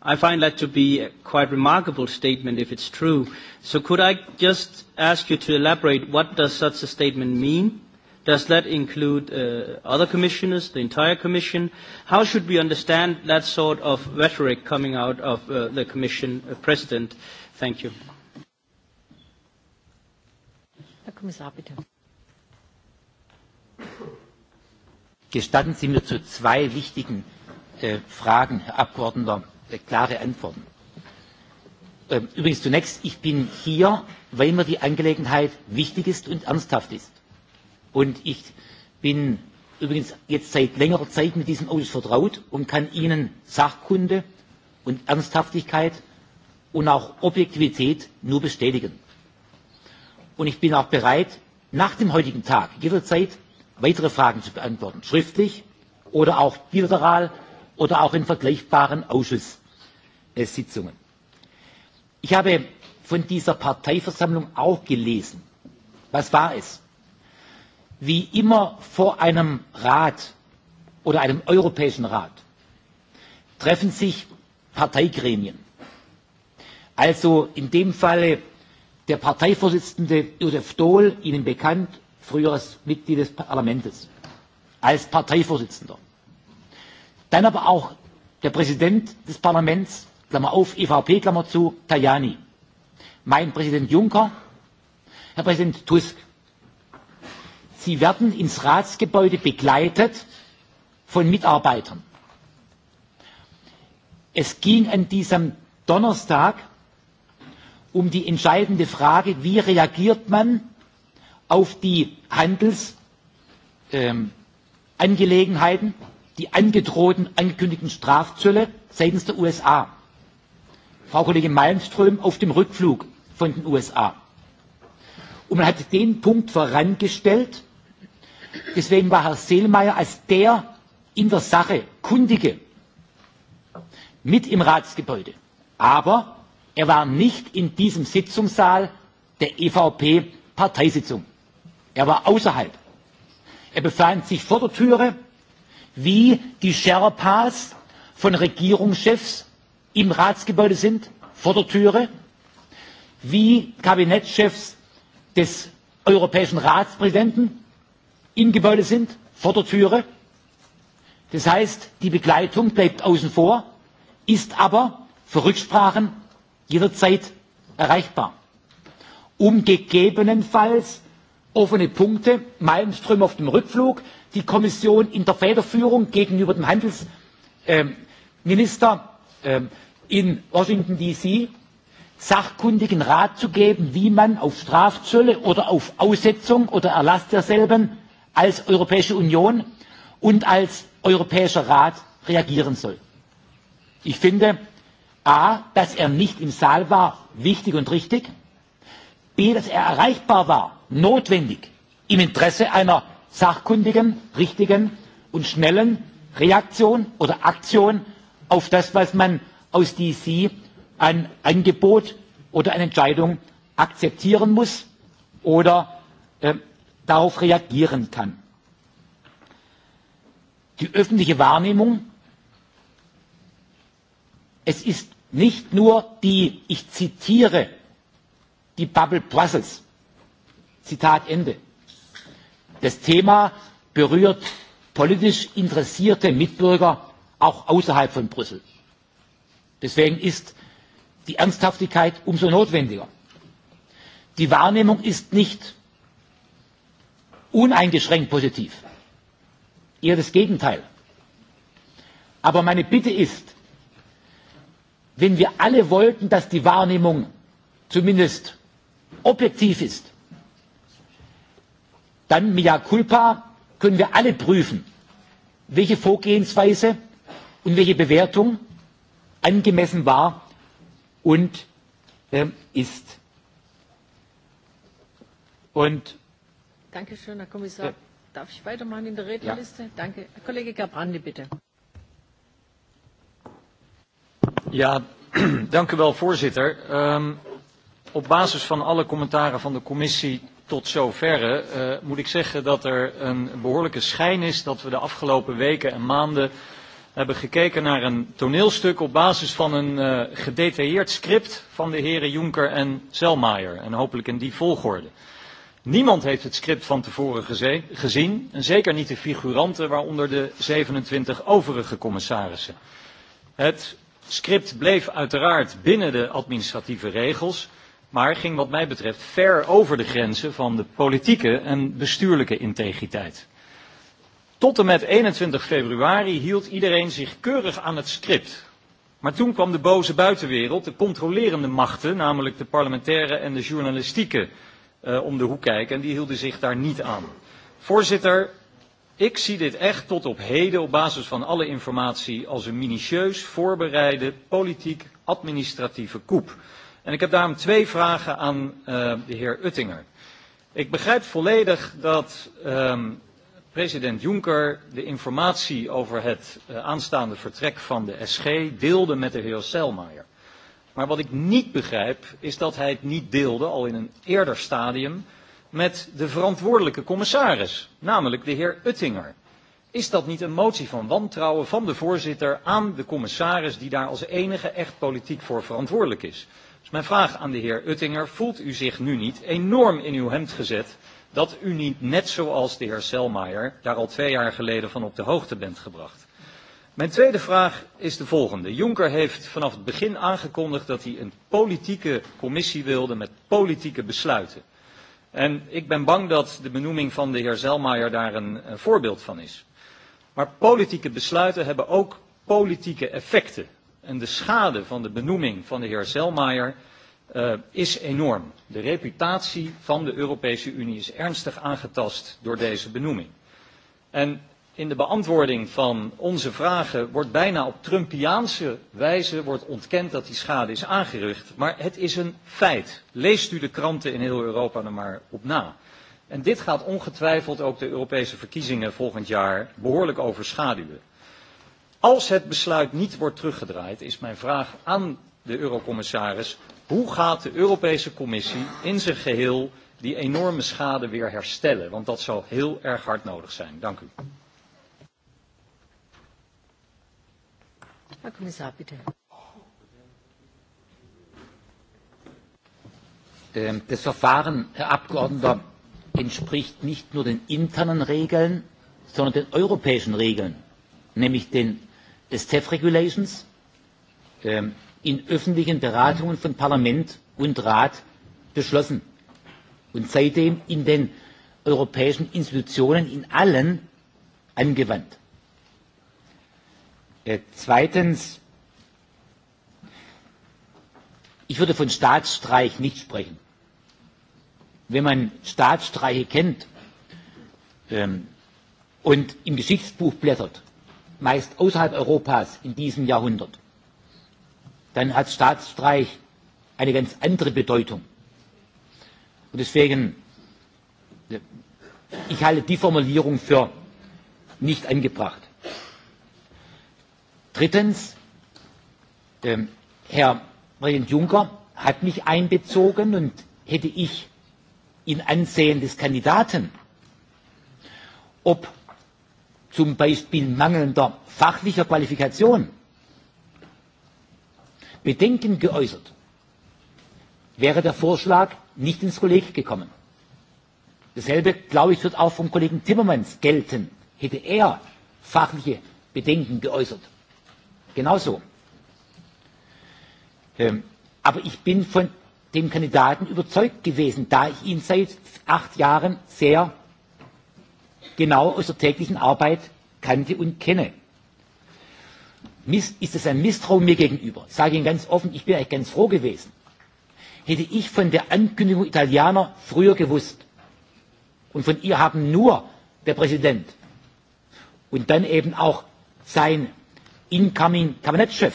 I find that to be a quite remarkable statement if it's true. So could I just ask you to elaborate what does such a statement mean? Does that include uh, other commissioners, the entire commission? How should we understand that sort of rhetoric coming out of uh, the commission uh, president? Thank you. Herr Kommissar, bitte. Gestatten Sie mir zu zwei wichtigen äh, Fragen, Herr Abgeordneter, äh, klare Antworten. Ähm, übrigens zunächst, ich bin hier, weil mir die Angelegenheit wichtig ist und ernsthaft ist. Und ich bin übrigens jetzt seit längerer Zeit mit diesem Ausschuss vertraut und kann Ihnen Sachkunde und Ernsthaftigkeit und auch Objektivität nur bestätigen. Und ich bin auch bereit, nach dem heutigen Tag jederzeit weitere Fragen zu beantworten, schriftlich oder auch bilateral oder auch in vergleichbaren Ausschusssitzungen. Äh, ich habe von dieser Parteiversammlung auch gelesen. Was war es? Wie immer vor einem Rat oder einem Europäischen Rat treffen sich Parteigremien. Also in dem Falle der Parteivorsitzende Josef Daul, Ihnen bekannt, früher als Mitglied des Parlaments, als Parteivorsitzender. Dann aber auch der Präsident des Parlaments, Klammer auf, EVP, Klammer zu, Tajani. Mein Präsident Juncker, Herr Präsident Tusk. Sie werden ins Ratsgebäude begleitet von Mitarbeitern. Es ging an diesem Donnerstag um die entscheidende Frage, wie reagiert man auf die Handelsangelegenheiten, ähm, die angedrohten, angekündigten Strafzölle seitens der USA. Frau Kollegin Malmström auf dem Rückflug von den USA. Und man hat den Punkt vorangestellt. Deswegen war Herr Seelmeier als der in der Sache Kundige mit im Ratsgebäude. Aber er war nicht in diesem Sitzungssaal der EVP-Parteisitzung. Er war außerhalb. Er befand sich vor der Türe, wie die Sherpas von Regierungschefs im Ratsgebäude sind, vor der Türe, wie Kabinettschefs des Europäischen Ratspräsidenten im Gebäude sind, vor der Türe. Das heißt, die Begleitung bleibt außen vor, ist aber für Rücksprachen jederzeit erreichbar, um gegebenenfalls offene Punkte, Malmström auf dem Rückflug, die Kommission in der Federführung gegenüber dem Handelsminister ähm, ähm, in Washington DC sachkundigen Rat zu geben, wie man auf Strafzölle oder auf Aussetzung oder Erlass derselben als Europäische Union und als Europäischer Rat reagieren soll. Ich finde, a, dass er nicht im Saal war, wichtig und richtig bietet er erreichbar war, notwendig, im Interesse einer sachkundigen, richtigen und schnellen Reaktion oder Aktion auf das, was man aus DC ein Angebot oder eine Entscheidung akzeptieren muss oder äh, darauf reagieren kann. Die öffentliche Wahrnehmung, es ist nicht nur die, ich zitiere die Bubble Brussels. Zitat Ende. Das Thema berührt politisch interessierte Mitbürger auch außerhalb von Brüssel. Deswegen ist die Ernsthaftigkeit umso notwendiger. Die Wahrnehmung ist nicht uneingeschränkt positiv, eher das Gegenteil. Aber meine Bitte ist, wenn wir alle wollten, dass die Wahrnehmung zumindest objektiv ist, dann mea culpa können wir alle prüfen, welche Vorgehensweise und welche Bewertung angemessen war und äh, ist. Und Danke schön, Herr Kommissar. Äh, Darf ich weitermachen in der Rednerliste? Ja. Danke. Herr Kollege Gabrandi, bitte. Ja, dank u wel, voorzitter. Um, op basis van alle commentaren van de commissie tot zoverre uh, moet ik zeggen dat er een behoorlijke schijn is dat we de afgelopen weken en maanden hebben gekeken naar een toneelstuk op basis van een uh, gedetailleerd script van de heren Juncker en Zelmaier en hopelijk in die volgorde. Niemand heeft het script van tevoren gezien, en zeker niet de figuranten, waaronder de 27 overige commissarissen. Het script bleef uiteraard binnen de administratieve regels, maar ging wat mij betreft ver over de grenzen van de politieke en bestuurlijke integriteit. Tot en met 21 februari hield iedereen zich keurig aan het script. Maar toen kwam de boze buitenwereld, de controlerende machten, namelijk de parlementaire en de journalistieke, uh, om de hoek kijken en die hielden zich daar niet aan. Voorzitter, ik zie dit echt tot op heden op basis van alle informatie als een minutieus voorbereide politiek-administratieve koep. En ik heb daarom twee vragen aan uh, de heer Uttinger. Ik begrijp volledig dat um, president Juncker de informatie over het uh, aanstaande vertrek van de SG deelde met de heer Selmayr. Maar wat ik niet begrijp is dat hij het niet deelde, al in een eerder stadium, met de verantwoordelijke commissaris, namelijk de heer Uttinger. Is dat niet een motie van wantrouwen van de voorzitter aan de commissaris die daar als enige echt politiek voor verantwoordelijk is? Mijn vraag aan de heer Uttinger, voelt u zich nu niet enorm in uw hemd gezet dat u niet net zoals de heer Selmayr daar al twee jaar geleden van op de hoogte bent gebracht? Mijn tweede vraag is de volgende. Juncker heeft vanaf het begin aangekondigd dat hij een politieke commissie wilde met politieke besluiten. En ik ben bang dat de benoeming van de heer Zelmaier daar een, een voorbeeld van is. Maar politieke besluiten hebben ook politieke effecten. En de schade van de benoeming van de heer Selmayr uh, is enorm. De reputatie van de Europese Unie is ernstig aangetast door deze benoeming. En in de beantwoording van onze vragen wordt bijna op Trumpiaanse wijze wordt ontkend dat die schade is aangericht. Maar het is een feit. Leest u de kranten in heel Europa er maar op na. En dit gaat ongetwijfeld ook de Europese verkiezingen volgend jaar behoorlijk overschaduwen. Als het besluit niet wordt teruggedraaid, is mijn vraag aan de eurocommissaris, hoe gaat de Europese Commissie in zijn geheel die enorme schade weer herstellen? Want dat zou heel erg hard nodig zijn. Dank u. Ähm, das Verfahren, Herr Abgeordneter, entspricht nicht nur den internen Regeln, sondern den europäischen Regeln, nämlich den des TEF Regulations ähm, in öffentlichen Beratungen von Parlament und Rat beschlossen und seitdem in den europäischen Institutionen in allen angewandt. Äh, zweitens, ich würde von Staatsstreich nicht sprechen. Wenn man Staatsstreiche kennt ähm, und im Geschichtsbuch blättert, meist außerhalb Europas in diesem Jahrhundert, dann hat Staatsstreich eine ganz andere Bedeutung. Und deswegen, ich halte die Formulierung für nicht angebracht. Drittens, ähm, Herr Präsident Juncker hat mich einbezogen und hätte ich in Ansehen des Kandidaten, ob zum Beispiel mangelnder fachlicher Qualifikation Bedenken geäußert, wäre der Vorschlag nicht ins Kolleg gekommen. Dasselbe, glaube ich, wird auch vom Kollegen Timmermans gelten. Hätte er fachliche Bedenken geäußert. Genauso. Ähm, aber ich bin von dem Kandidaten überzeugt gewesen, da ich ihn seit acht Jahren sehr genau aus der täglichen Arbeit kannte und kenne. ist es ein Misstrauen mir gegenüber? Ich sage Ihnen ganz offen, ich bin eigentlich ganz froh gewesen. Hätte ich von der Ankündigung Italiener früher gewusst und von ihr haben nur der Präsident und dann eben auch sein incoming Kabinettschef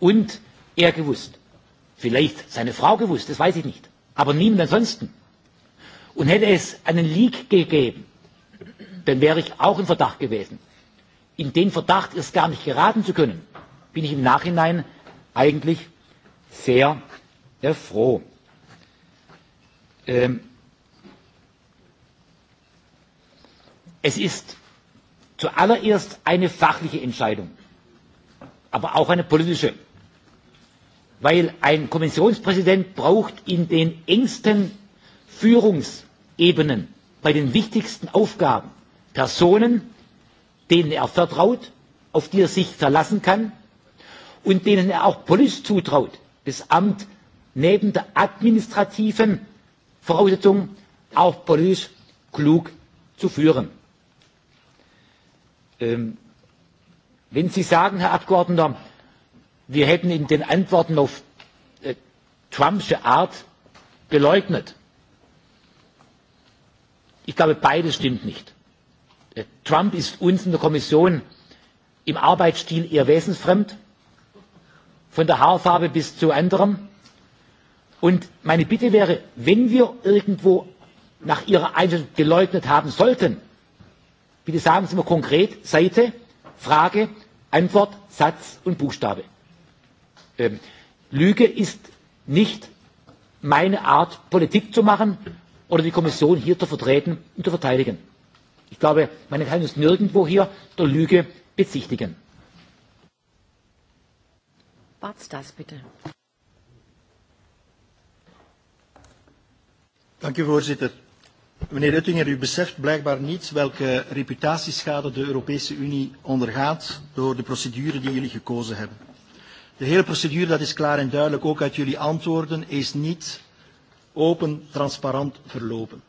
und er gewusst. Vielleicht seine Frau gewusst, das weiß ich nicht. Aber niemand ansonsten. Und hätte es einen Leak gegeben, dann wäre ich auch im Verdacht gewesen. In den Verdacht, es gar nicht geraten zu können, bin ich im Nachhinein eigentlich sehr froh. Ähm, es ist zuallererst eine fachliche Entscheidung, aber auch eine politische, weil ein Kommissionspräsident braucht in den engsten Führungsebenen bei den wichtigsten Aufgaben Personen, denen er vertraut, auf die er sich verlassen kann und denen er auch politisch zutraut, das Amt neben der administrativen Voraussetzung auch politisch klug zu führen. Ähm, wenn Sie sagen, Herr Abgeordneter, wir hätten in den Antworten auf äh, Trumpsche Art geleugnet. Ich glaube, beides stimmt nicht. Äh, Trump ist uns in der Kommission im Arbeitsstil eher wesensfremd, von der Haarfarbe bis zu anderem. Und meine Bitte wäre, wenn wir irgendwo nach Ihrer Einschätzung geleugnet haben sollten, bitte sagen Sie mir konkret Seite, Frage, Antwort, Satz und Buchstabe. Ähm, Lüge ist nicht meine Art, Politik zu machen oder die Kommission hier zu vertreten und zu verteidigen. Ich glaube, man kann uns nirgendwo hier der Lüge bezichtigen. Was das bitte. Dank u voorzitter. Meneer Uttinger, u beseft blijkbaar niet welke reputatieschade de Europese Unie ondergaat door de procedure die jullie gekozen hebben. De hele procedure, dat is klaar en duidelijk ook uit jullie antwoorden, is niet open, transparant verlopen.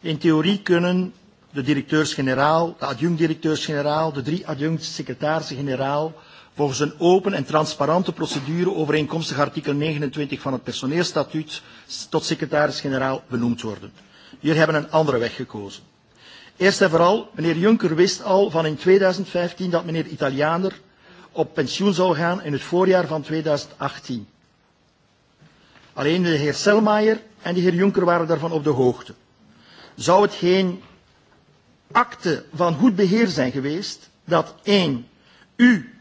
In theorie kunnen de directeurs-generaal, de adjunct-directeurs-generaal, de drie adjunct-secretarissen-generaal, volgens een open en transparante procedure overeenkomstig artikel 29 van het personeelstatuut tot secretaris-generaal benoemd worden. Hier hebben een andere weg gekozen. Eerst en vooral, meneer Juncker wist al van in 2015 dat meneer Italianer op pensioen zou gaan in het voorjaar van 2018. Alleen de heer Selmayr en de heer Juncker waren daarvan op de hoogte. Zou het geen akte van goed beheer zijn geweest, dat één, u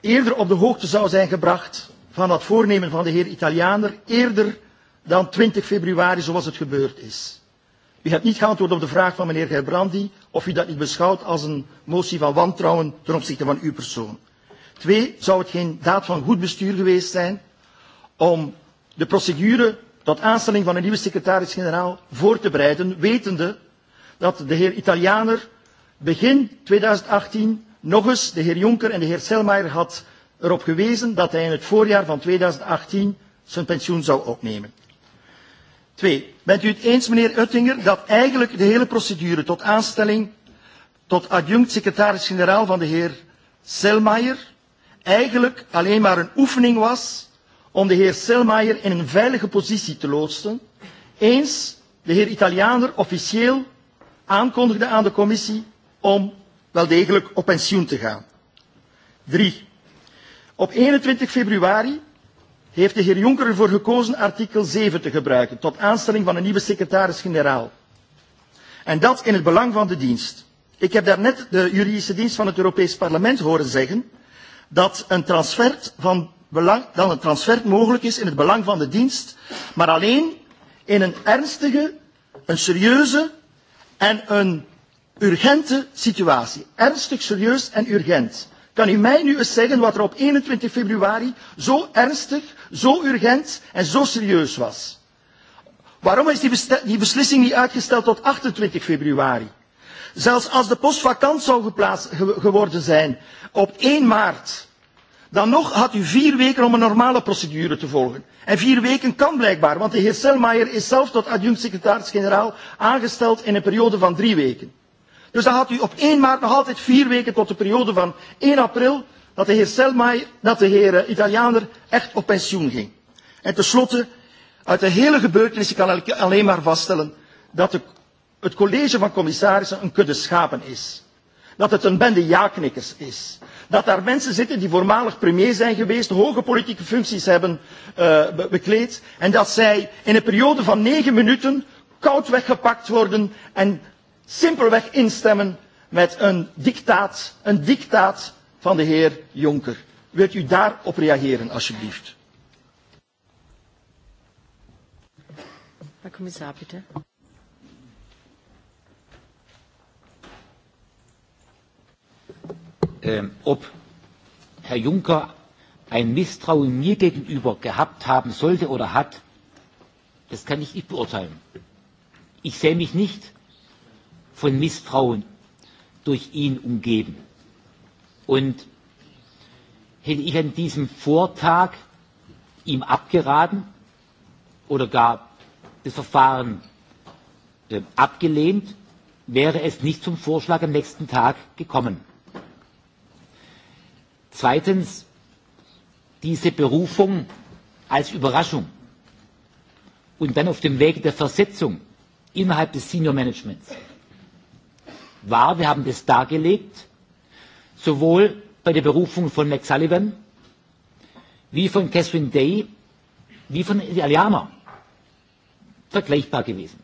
eerder op de hoogte zou zijn gebracht van dat voornemen van de heer Italianer, eerder dan 20 februari zoals het gebeurd is. U hebt niet geantwoord op de vraag van meneer Gerbrandi of u dat niet beschouwt als een motie van wantrouwen ten opzichte van uw persoon. Twee, zou het geen daad van goed bestuur geweest zijn om de procedure tot aanstelling van een nieuwe secretaris-generaal voor te bereiden, wetende dat de heer Italianer begin 2018 nog eens de heer Jonker en de heer Selmayr had erop gewezen dat hij in het voorjaar van 2018 zijn pensioen zou opnemen. Twee, bent u het eens, meneer Uttinger, dat eigenlijk de hele procedure tot aanstelling tot adjunct secretaris-generaal van de heer Selmayr eigenlijk alleen maar een oefening was om de heer Selmayr in een veilige positie te loodsen, eens de heer Italianer officieel aankondigde aan de commissie om wel degelijk op pensioen te gaan. Drie. Op 21 februari heeft de heer Jonker ervoor gekozen artikel 7 te gebruiken tot aanstelling van een nieuwe secretaris-generaal. En dat in het belang van de dienst. Ik heb daarnet de juridische dienst van het Europees Parlement horen zeggen dat een transfer, van belang, dan een transfer mogelijk is in het belang van de dienst, maar alleen in een ernstige, een serieuze En een urgente situatie, ernstig, serieus en urgent. Kan u mij nu eens zeggen wat er op 21 februari zo ernstig, zo urgent en zo serieus was? Waarom is die, die beslissing niet uitgesteld tot 28 februari? Zelfs als de post vakant zou geplaatst ge geworden zijn op 1 maart, dan nog had u vier weken om een normale procedure te volgen. En vier weken kan blijkbaar, want de heer Selmayr is zelf tot adjunct-secretaris-generaal aangesteld in een periode van drie weken. Dus dan had u op 1 maart nog altijd vier weken tot de periode van 1 april dat de heer Selmayr, dat de heer eh, Italianer echt op pensioen ging. En tenslotte, uit de hele gebeurtenis kan ik alleen maar vaststellen dat de, het college van commissarissen een kudde schapen is. Dat het een bende ja-knikkers is dat daar mensen zitten die voormalig premier zijn geweest, hoge politieke functies hebben uh, bekleed en dat zij in een periode van negen minuten koud weggepakt worden en simpelweg instemmen met een dictaat, een dictaat van de heer Jonker. Wilt u daarop reageren, alsjeblieft? Herr Kommissar, bitte. Ähm, ob Herr Juncker ein Misstrauen mir gegenüber gehabt haben sollte oder hat, das kann ich nicht beurteilen. Ich sehe mich nicht von Misstrauen durch ihn umgeben. Und hätte ich an diesem Vortag ihm abgeraten oder gar das Verfahren äh, abgelehnt, wäre es nicht zum Vorschlag am nächsten Tag gekommen. Zweitens, diese Berufung als Überraschung und dann auf dem Weg der Versetzung innerhalb des Senior Managements war, wir haben das dargelegt, sowohl bei der Berufung von Max Sullivan, wie von Catherine Day, wie von Aliama. Vergleichbar gewesen.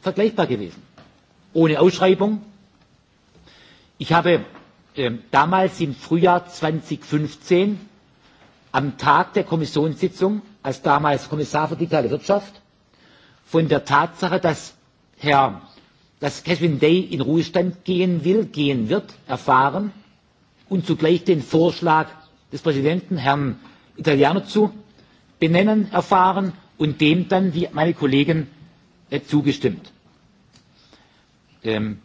Vergleichbar gewesen. Ohne Ausschreibung. Ich habe Ähm, damals im Frühjahr 2015 am Tag der Kommissionssitzung als damals Kommissar für digitale Wirtschaft von der Tatsache, dass Herr, dass Day in Ruhestand gehen will, gehen wird, erfahren und zugleich den Vorschlag des Präsidenten Herrn Italiano zu benennen, erfahren und dem dann, wie meine Kollegen, äh, zugestimmt. Ähm,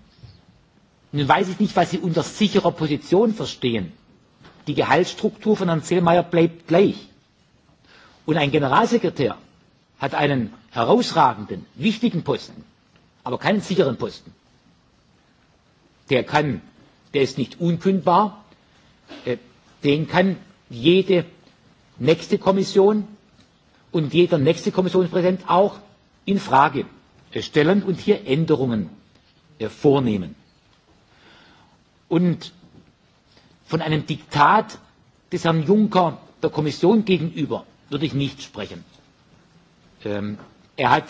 Nun weiß ich nicht, was Sie unter sicherer Position verstehen. Die Gehaltsstruktur von Herrn Zellmeier bleibt gleich. Und ein Generalsekretär hat einen herausragenden, wichtigen Posten, aber keinen sicheren Posten. Der kann, der ist nicht unkündbar, äh, den kann jede nächste Kommission und jeder nächste Kommissionspräsident auch in Frage stellen und hier Änderungen äh, vornehmen und von einem Diktat des Herrn Juncker der Kommission gegenüber würde ich nicht sprechen. Ähm, er hat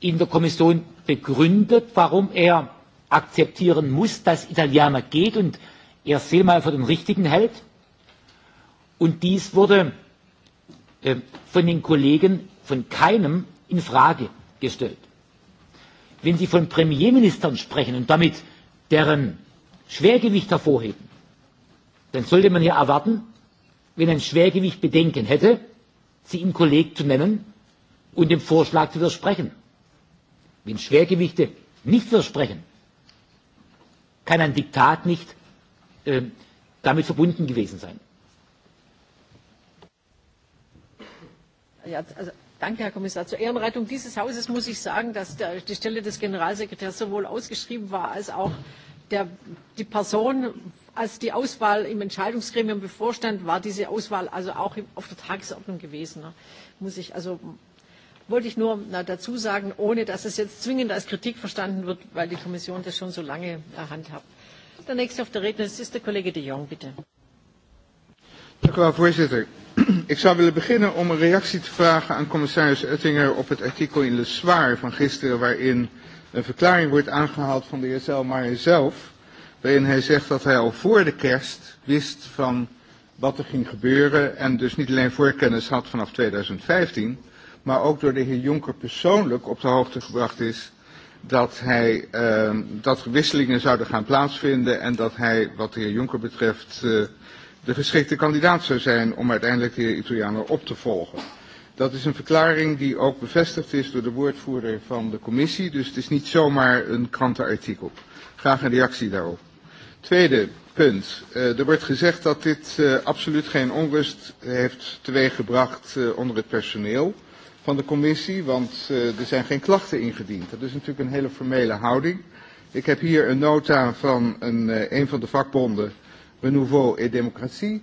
in der Kommission begründet, warum er akzeptieren muss, dass Italiener geht und er Seemal für den Richtigen hält. Und dies wurde äh, von den Kollegen von keinem in Frage gestellt. Wenn Sie von Premierministern sprechen und damit deren Schwergewicht hervorheben, dann sollte man ja erwarten, wenn ein Schwergewicht Bedenken hätte, sie im Kolleg zu nennen und dem Vorschlag zu widersprechen. Wenn Schwergewichte nicht widersprechen, kann ein Diktat nicht äh, damit verbunden gewesen sein. Ja, also Danke, Herr Kommissar. Zur Ehrenrettung dieses Hauses muss ich sagen, dass der, die Stelle des Generalsekretärs sowohl ausgeschrieben war als auch der, die Person, als die Auswahl im Entscheidungsgremium bevorstand, war diese Auswahl also auch im, auf der Tagesordnung gewesen. Ne? Muss ich also wollte ich nur na, dazu sagen, ohne dass es jetzt zwingend als Kritik verstanden wird, weil die Kommission das schon so lange handhabt. Der nächste auf der Rednerliste ist der Kollege de Jong, bitte. Dank u wel, voorzitter. Ik zou willen beginnen om een reactie te vragen aan commissaris Uttinger op het artikel in Le Soir van gisteren waarin een verklaring wordt aangehaald van de heer Zelmaier zelf, waarin hij zegt dat hij al voor de kerst wist van wat er ging gebeuren en dus niet alleen voorkennis had vanaf 2015, maar ook door de heer Jonker persoonlijk op de hoogte gebracht is dat, hij, uh, dat er wisselingen zouden gaan plaatsvinden en dat hij, wat de heer Jonker betreft, uh, de geschikte kandidaat zou zijn om uiteindelijk de heer Italiano op te volgen. Dat is een verklaring die ook bevestigd is door de woordvoerder van de commissie, dus het is niet zomaar een krantenartikel. Graag een reactie daarop. Tweede punt. Uh, er wordt gezegd dat dit uh, absoluut geen onrust heeft teweeggebracht uh, onder het personeel van de commissie, want uh, er zijn geen klachten ingediend. Dat is natuurlijk een hele formele houding. Ik heb hier een nota van een, een van de vakbonden nouveau et Democratie,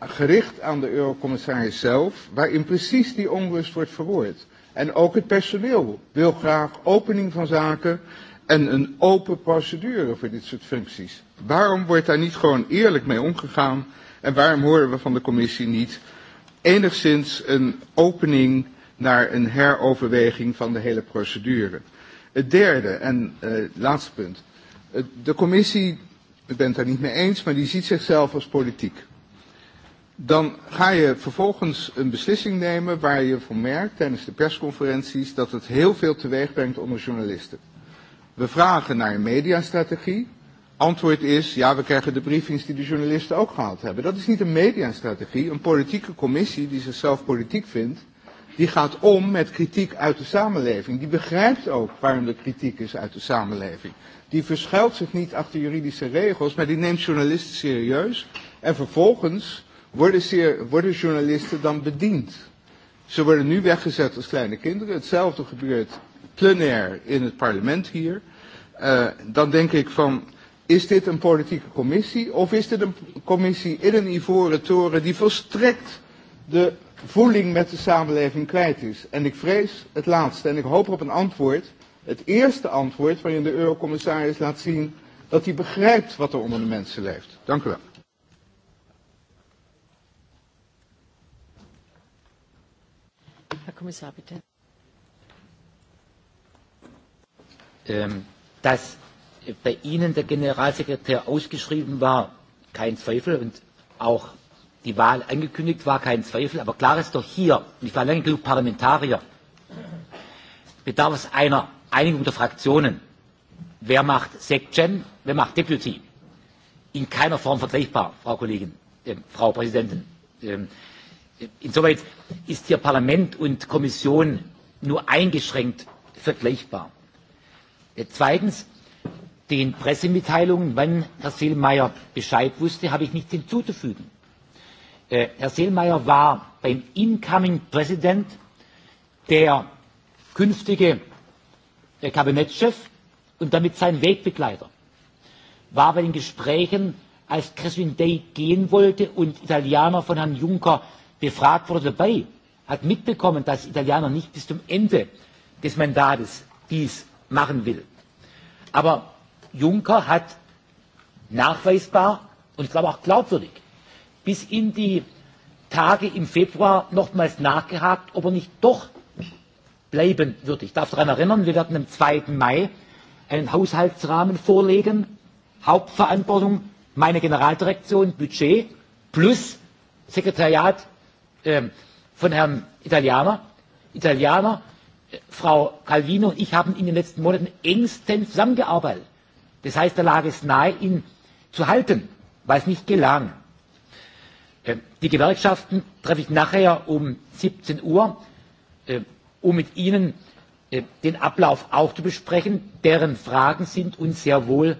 gericht aan de eurocommissaris zelf, waarin precies die onrust wordt verwoord. En ook het personeel wil graag opening van zaken en een open procedure voor dit soort functies. Waarom wordt daar niet gewoon eerlijk mee omgegaan en waarom horen we van de commissie niet enigszins een opening naar een heroverweging van de hele procedure? Het derde en uh, laatste punt. De commissie u bent daar er niet mee eens, maar die ziet zichzelf als politiek. Dan ga je vervolgens een beslissing nemen waar je van merkt tijdens de persconferenties dat het heel veel teweeg brengt onder journalisten. We vragen naar een mediastrategie. Antwoord is, ja, we krijgen de briefings die de journalisten ook gehaald hebben. Dat is niet een mediastrategie. Een politieke commissie die zichzelf politiek vindt, die gaat om met kritiek uit de samenleving. Die begrijpt ook waarom er kritiek is uit de samenleving. Die verschuilt zich niet achter juridische regels, maar die neemt journalisten serieus. En vervolgens worden, zeer, worden journalisten dan bediend. Ze worden nu weggezet als kleine kinderen. Hetzelfde gebeurt plenair in het parlement hier. Uh, dan denk ik van, is dit een politieke commissie of is dit een commissie in een ivoren toren die volstrekt de voeling met de samenleving kwijt is. En ik vrees het laatste en ik hoop op een antwoord, het eerste antwoord waarin de eurocommissaris laat zien dat hij begrijpt wat er onder de mensen leeft. Dank u wel. Herr Kommissar, bitte. Ähm, dass bei Ihnen der Generalsekretär ausgeschrieben war, kein Zweifel, und auch die Wahl angekündigt war, kein Zweifel, aber klar ist doch hier, und ich war lange genug Parlamentarier, bedarf es einer Einigung der Fraktionen. Wer macht Sekchen, wer macht Deputy? In keiner Form vergleichbar, Frau Kollegin, äh, Frau Präsidentin. Ähm, äh, insoweit ist hier Parlament und Kommission nur eingeschränkt vergleichbar. Äh, zweitens, den Pressemitteilungen, wann Herr Seelmeier Bescheid wusste, habe ich nichts hinzuzufügen. Eh, Herr Selmayr war beim incoming President der künftige äh, Kabinettschef und damit sein Wegbegleiter. War bei den Gesprächen, als Christian Day gehen wollte und Italiener von Herrn Juncker befragt wurde dabei, hat mitbekommen, dass Italiener nicht bis zum Ende des Mandates dies machen will. Aber Juncker hat nachweisbar und ich glaube auch glaubwürdig bis in die Tage im Februar nochmals nachgehakt, ob er nicht doch bleiben würde. Ich darf daran erinnern, wir werden am 2. Mai einen Haushaltsrahmen vorlegen, Hauptverantwortung, meine Generaldirektion, Budget plus Sekretariat äh, von Herrn Italianer. Italianer, äh, Frau Calvino und ich haben in den letzten Monaten engstens zusammengearbeitet. Das heißt, der Lage ist nahe, ihn zu halten, weil es nicht gelang. Äh, die Gewerkschaften treffe ich nachher um 17 Uhr, äh, um mit Ihnen äh, den Ablauf auch zu besprechen. Deren Fragen sind uns sehr wohl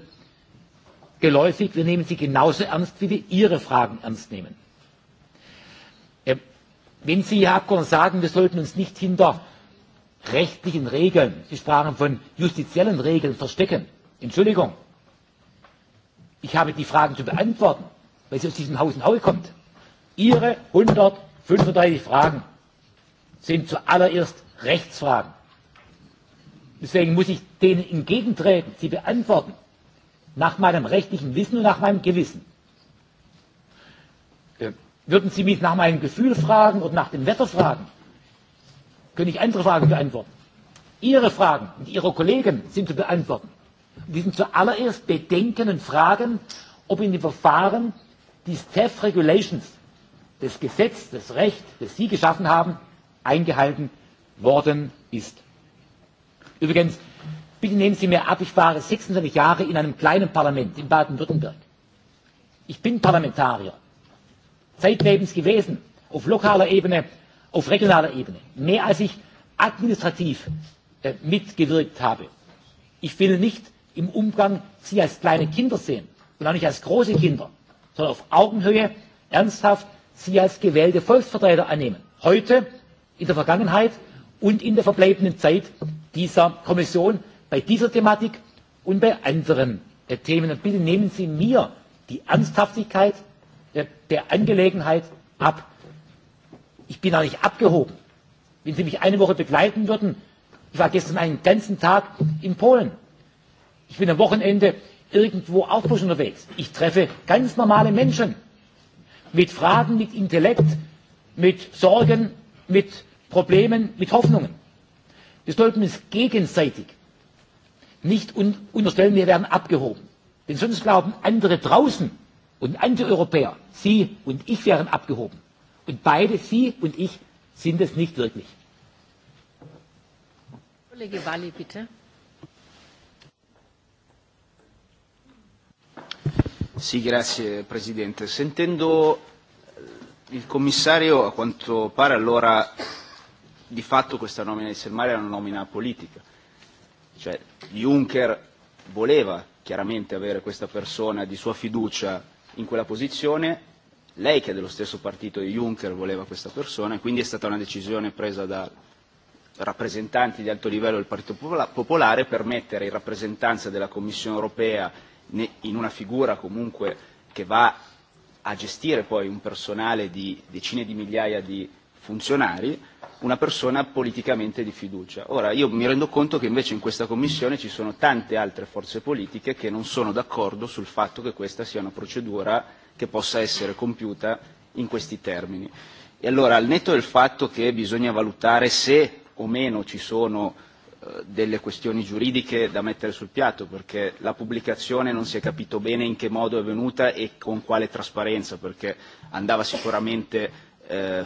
geläufig. Wir nehmen sie genauso ernst, wie wir Ihre Fragen ernst nehmen. Wenn Sie, Herr Abgeordneter, sagen, wir sollten uns nicht hinter rechtlichen Regeln, Sie sprachen von justiziellen Regeln, verstecken, Entschuldigung, ich habe die Fragen zu beantworten, weil sie aus diesem Haus in Haue kommt. Ihre 135 Fragen sind zuallererst Rechtsfragen. Deswegen muss ich denen entgegentreten, sie beantworten, nach meinem rechtlichen Wissen und nach meinem Gewissen. Äh, würden Sie mich nach meinem Gefühl fragen oder nach dem Wetter fragen, könnte ich andere Fragen beantworten. Ihre Fragen und Ihre Kollegen sind zu beantworten. Die sind zuallererst Bedenken und Fragen, ob in dem Verfahren die Staff Regulations das Gesetz, das Recht, das Sie geschaffen haben, eingehalten worden ist. Übrigens, bitte nehmen Sie mir ab, ich war 26 Jahre in einem kleinen Parlament in Baden-Württemberg. Ich bin Parlamentarier, zeitlebens gewesen, auf lokaler Ebene, auf regionaler Ebene, mehr als ich administrativ äh, mitgewirkt habe. Ich will nicht im Umgang Sie als kleine Kinder sehen und auch nicht als große Kinder, sondern auf Augenhöhe ernsthaft sie als gewählte Volksvertreter annehmen. Heute, in der Vergangenheit und in der verbleibenden Zeit dieser Kommission bei dieser Thematik und bei anderen äh, Themen. Und bitte nehmen Sie mir die Ernsthaftigkeit äh, der Angelegenheit ab. Ich bin da nicht abgehoben. Wenn Sie mich eine Woche begleiten würden, ich war gestern einen ganzen Tag in Polen. Ich bin am Wochenende irgendwo auch unterwegs. Ich treffe ganz normale Menschen mit Fragen, mit Intellekt, mit Sorgen, mit Problemen, mit Hoffnungen. Wir sollten uns gegenseitig nicht un unterstellen, wir werden abgehoben. Denn sonst glauben andere draußen und Europäer Sie und ich wären abgehoben. Und beide, Sie und ich, sind es nicht wirklich. Kollege Walli, bitte. Sì, grazie Presidente. Sentendo eh, il Commissario, a quanto pare allora di fatto questa nomina di Selmari è una nomina politica. Cioè, Juncker voleva chiaramente avere questa persona di sua fiducia in quella posizione, lei che è dello stesso partito di Juncker voleva questa persona, e quindi è stata una decisione presa da rappresentanti di alto livello del Partito Popolare per mettere in rappresentanza della Commissione europea in una figura comunque che va a gestire poi un personale di decine di migliaia di funzionari, una persona politicamente di fiducia. Ora, io mi rendo conto che invece in questa Commissione ci sono tante altre forze politiche che non sono d'accordo sul fatto che questa sia una procedura che possa essere compiuta in questi termini. E allora, al netto del fatto che bisogna valutare se o meno ci sono delle questioni giuridiche da mettere sul piatto perché la pubblicazione non si è capito bene in che modo è venuta e con quale trasparenza perché andava sicuramente eh,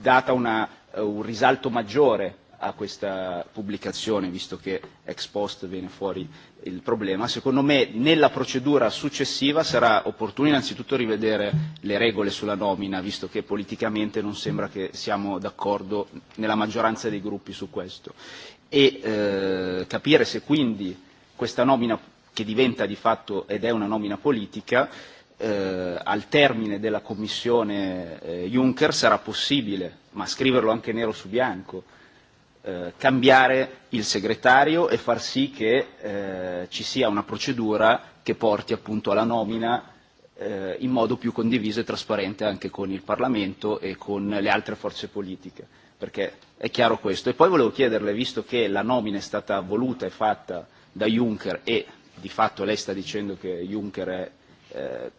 data una, eh, un risalto maggiore a questa pubblicazione visto che ex post viene fuori il problema. Secondo me nella procedura successiva sarà opportuno innanzitutto rivedere le regole sulla nomina visto che politicamente non sembra che siamo d'accordo nella maggioranza dei gruppi su questo e eh, capire se quindi questa nomina che diventa di fatto ed è una nomina politica eh, al termine della commissione eh, Juncker sarà possibile, ma scriverlo anche nero su bianco, eh, cambiare il segretario e far sì che eh, ci sia una procedura che porti appunto alla nomina eh, in modo più condiviso e trasparente anche con il Parlamento e con le altre forze politiche perché è chiaro questo. E poi volevo chiederle, visto che la nomina è stata voluta e fatta da Juncker e di fatto lei sta dicendo che Juncker è eh,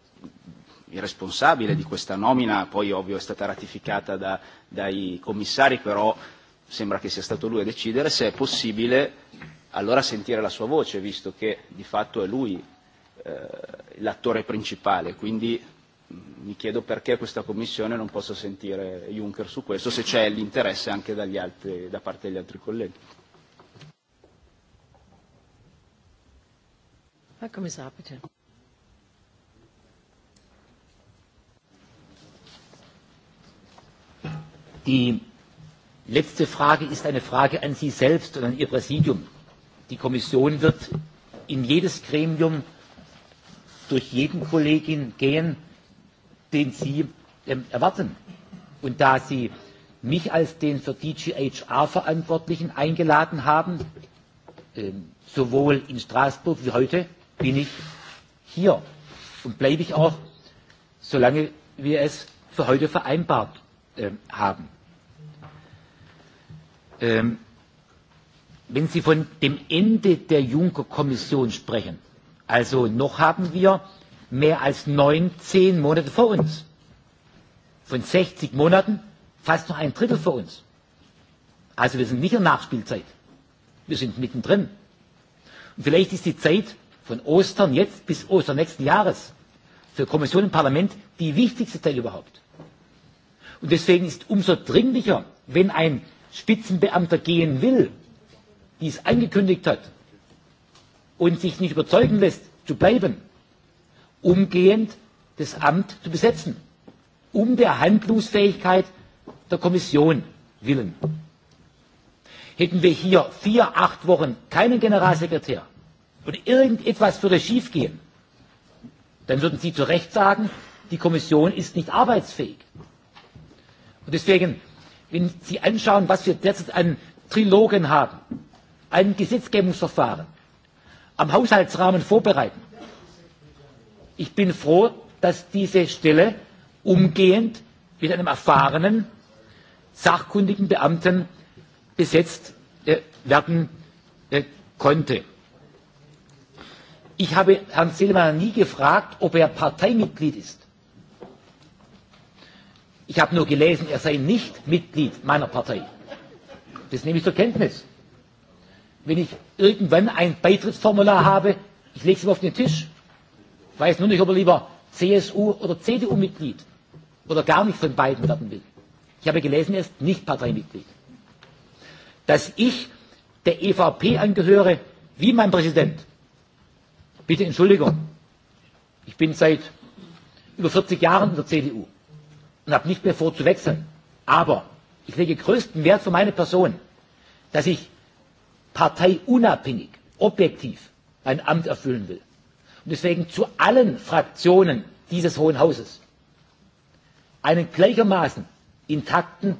il responsabile di questa nomina, poi ovvio è stata ratificata da, dai commissari, però sembra che sia stato lui a decidere, se è possibile allora sentire la sua voce, visto che di fatto è lui eh, l'attore principale, quindi mi chiedo perché questa Commissione non possa sentire Juncker su questo, se c'è l'interesse anche dagli altri, da parte degli altri colleghi. Die letzte Frage ist eine Frage an Sie selbst und an Ihr Präsidium. Die Kommission wird in jedes Gremium durch jeden Kollegin gehen den Sie ähm, erwarten. Und da Sie mich als den für DGHR Verantwortlichen eingeladen haben, ähm, sowohl in Straßburg wie heute, bin ich hier und bleibe ich auch, solange wir es für heute vereinbart ähm, haben. Ähm, wenn Sie von dem Ende der Juncker-Kommission sprechen, also noch haben wir mehr als neun, zehn Monate vor uns. Von 60 Monaten fast noch ein Drittel vor uns. Also wir sind nicht in der Nachspielzeit. Wir sind mittendrin. Und vielleicht ist die Zeit von Ostern jetzt bis Ostern nächsten Jahres für Kommission und Parlament die wichtigste Zeit überhaupt. Und deswegen ist umso dringlicher, wenn ein Spitzenbeamter gehen will, dies angekündigt hat und sich nicht überzeugen lässt, zu bleiben, umgehend das Amt zu besetzen, um der Handlungsfähigkeit der Kommission willen. Hätten wir hier vier, acht Wochen keinen Generalsekretär und irgendetwas würde schiefgehen, dann würden Sie zu Recht sagen, die Kommission ist nicht arbeitsfähig. Und deswegen, wenn Sie anschauen, was wir derzeit an Trilogen haben, an Gesetzgebungsverfahren, am Haushaltsrahmen vorbereiten, Ich bin froh, dass diese Stelle umgehend mit einem erfahrenen, sachkundigen Beamten besetzt äh, werden äh, konnte. Ich habe Herrn Silman nie gefragt, ob er Parteimitglied ist. Ich habe nur gelesen, er sei nicht Mitglied meiner Partei. Das nehme ich zur Kenntnis. Wenn ich irgendwann ein Beitrittsformular habe, ich lege es ihm auf den Tisch weiß nur nicht, ob er lieber CSU oder CDU-Mitglied oder gar nicht von beiden werden will. Ich habe gelesen, er ist nicht Parteimitglied. Dass ich der EVP angehöre, wie mein Präsident. Bitte Entschuldigung. Ich bin seit über 40 Jahren in der CDU und habe nicht mehr vor zu wechseln. Aber ich lege größten Wert für meine Person, dass ich parteiunabhängig, objektiv ein Amt erfüllen will deswegen zu allen Fraktionen dieses Hohen Hauses einen gleichermaßen intakten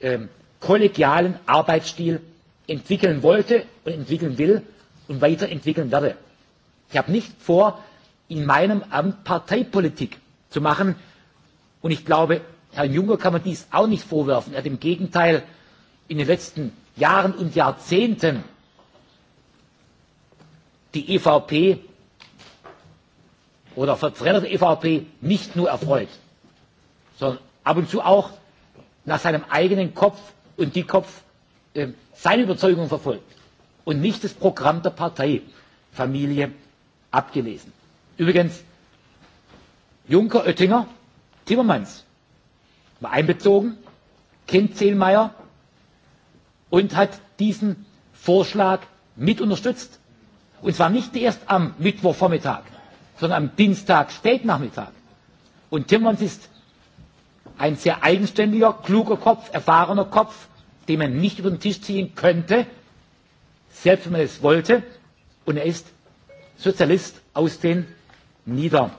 äh, kollegialen Arbeitsstil entwickeln wollte und entwickeln will und weiterentwickeln werde. Ich habe nicht vor, in meinem Amt Parteipolitik zu machen und ich glaube, Herrn Juncker kann man dies auch nicht vorwerfen. Er hat im Gegenteil in den letzten Jahren und Jahrzehnten die EVP oder Vertreter der EVP nicht nur erfreut, sondern ab und zu auch nach seinem eigenen Kopf und die Kopf äh, seine Überzeugung verfolgt und nicht das Programm der Partei Familie abgelesen. Übrigens, Juncker, Oettinger, Timmermans war einbezogen, kennt Zehlmeier und hat diesen Vorschlag mit unterstützt. Und zwar nicht erst am Mittwochvormittag, sondern am Dienstag Spätnachmittag. Und Timmermans ist ein sehr eigenständiger, kluger Kopf, erfahrener Kopf, den man nicht über den Tisch ziehen könnte, selbst wenn man es wollte. Und er ist Sozialist aus den Niederlanden.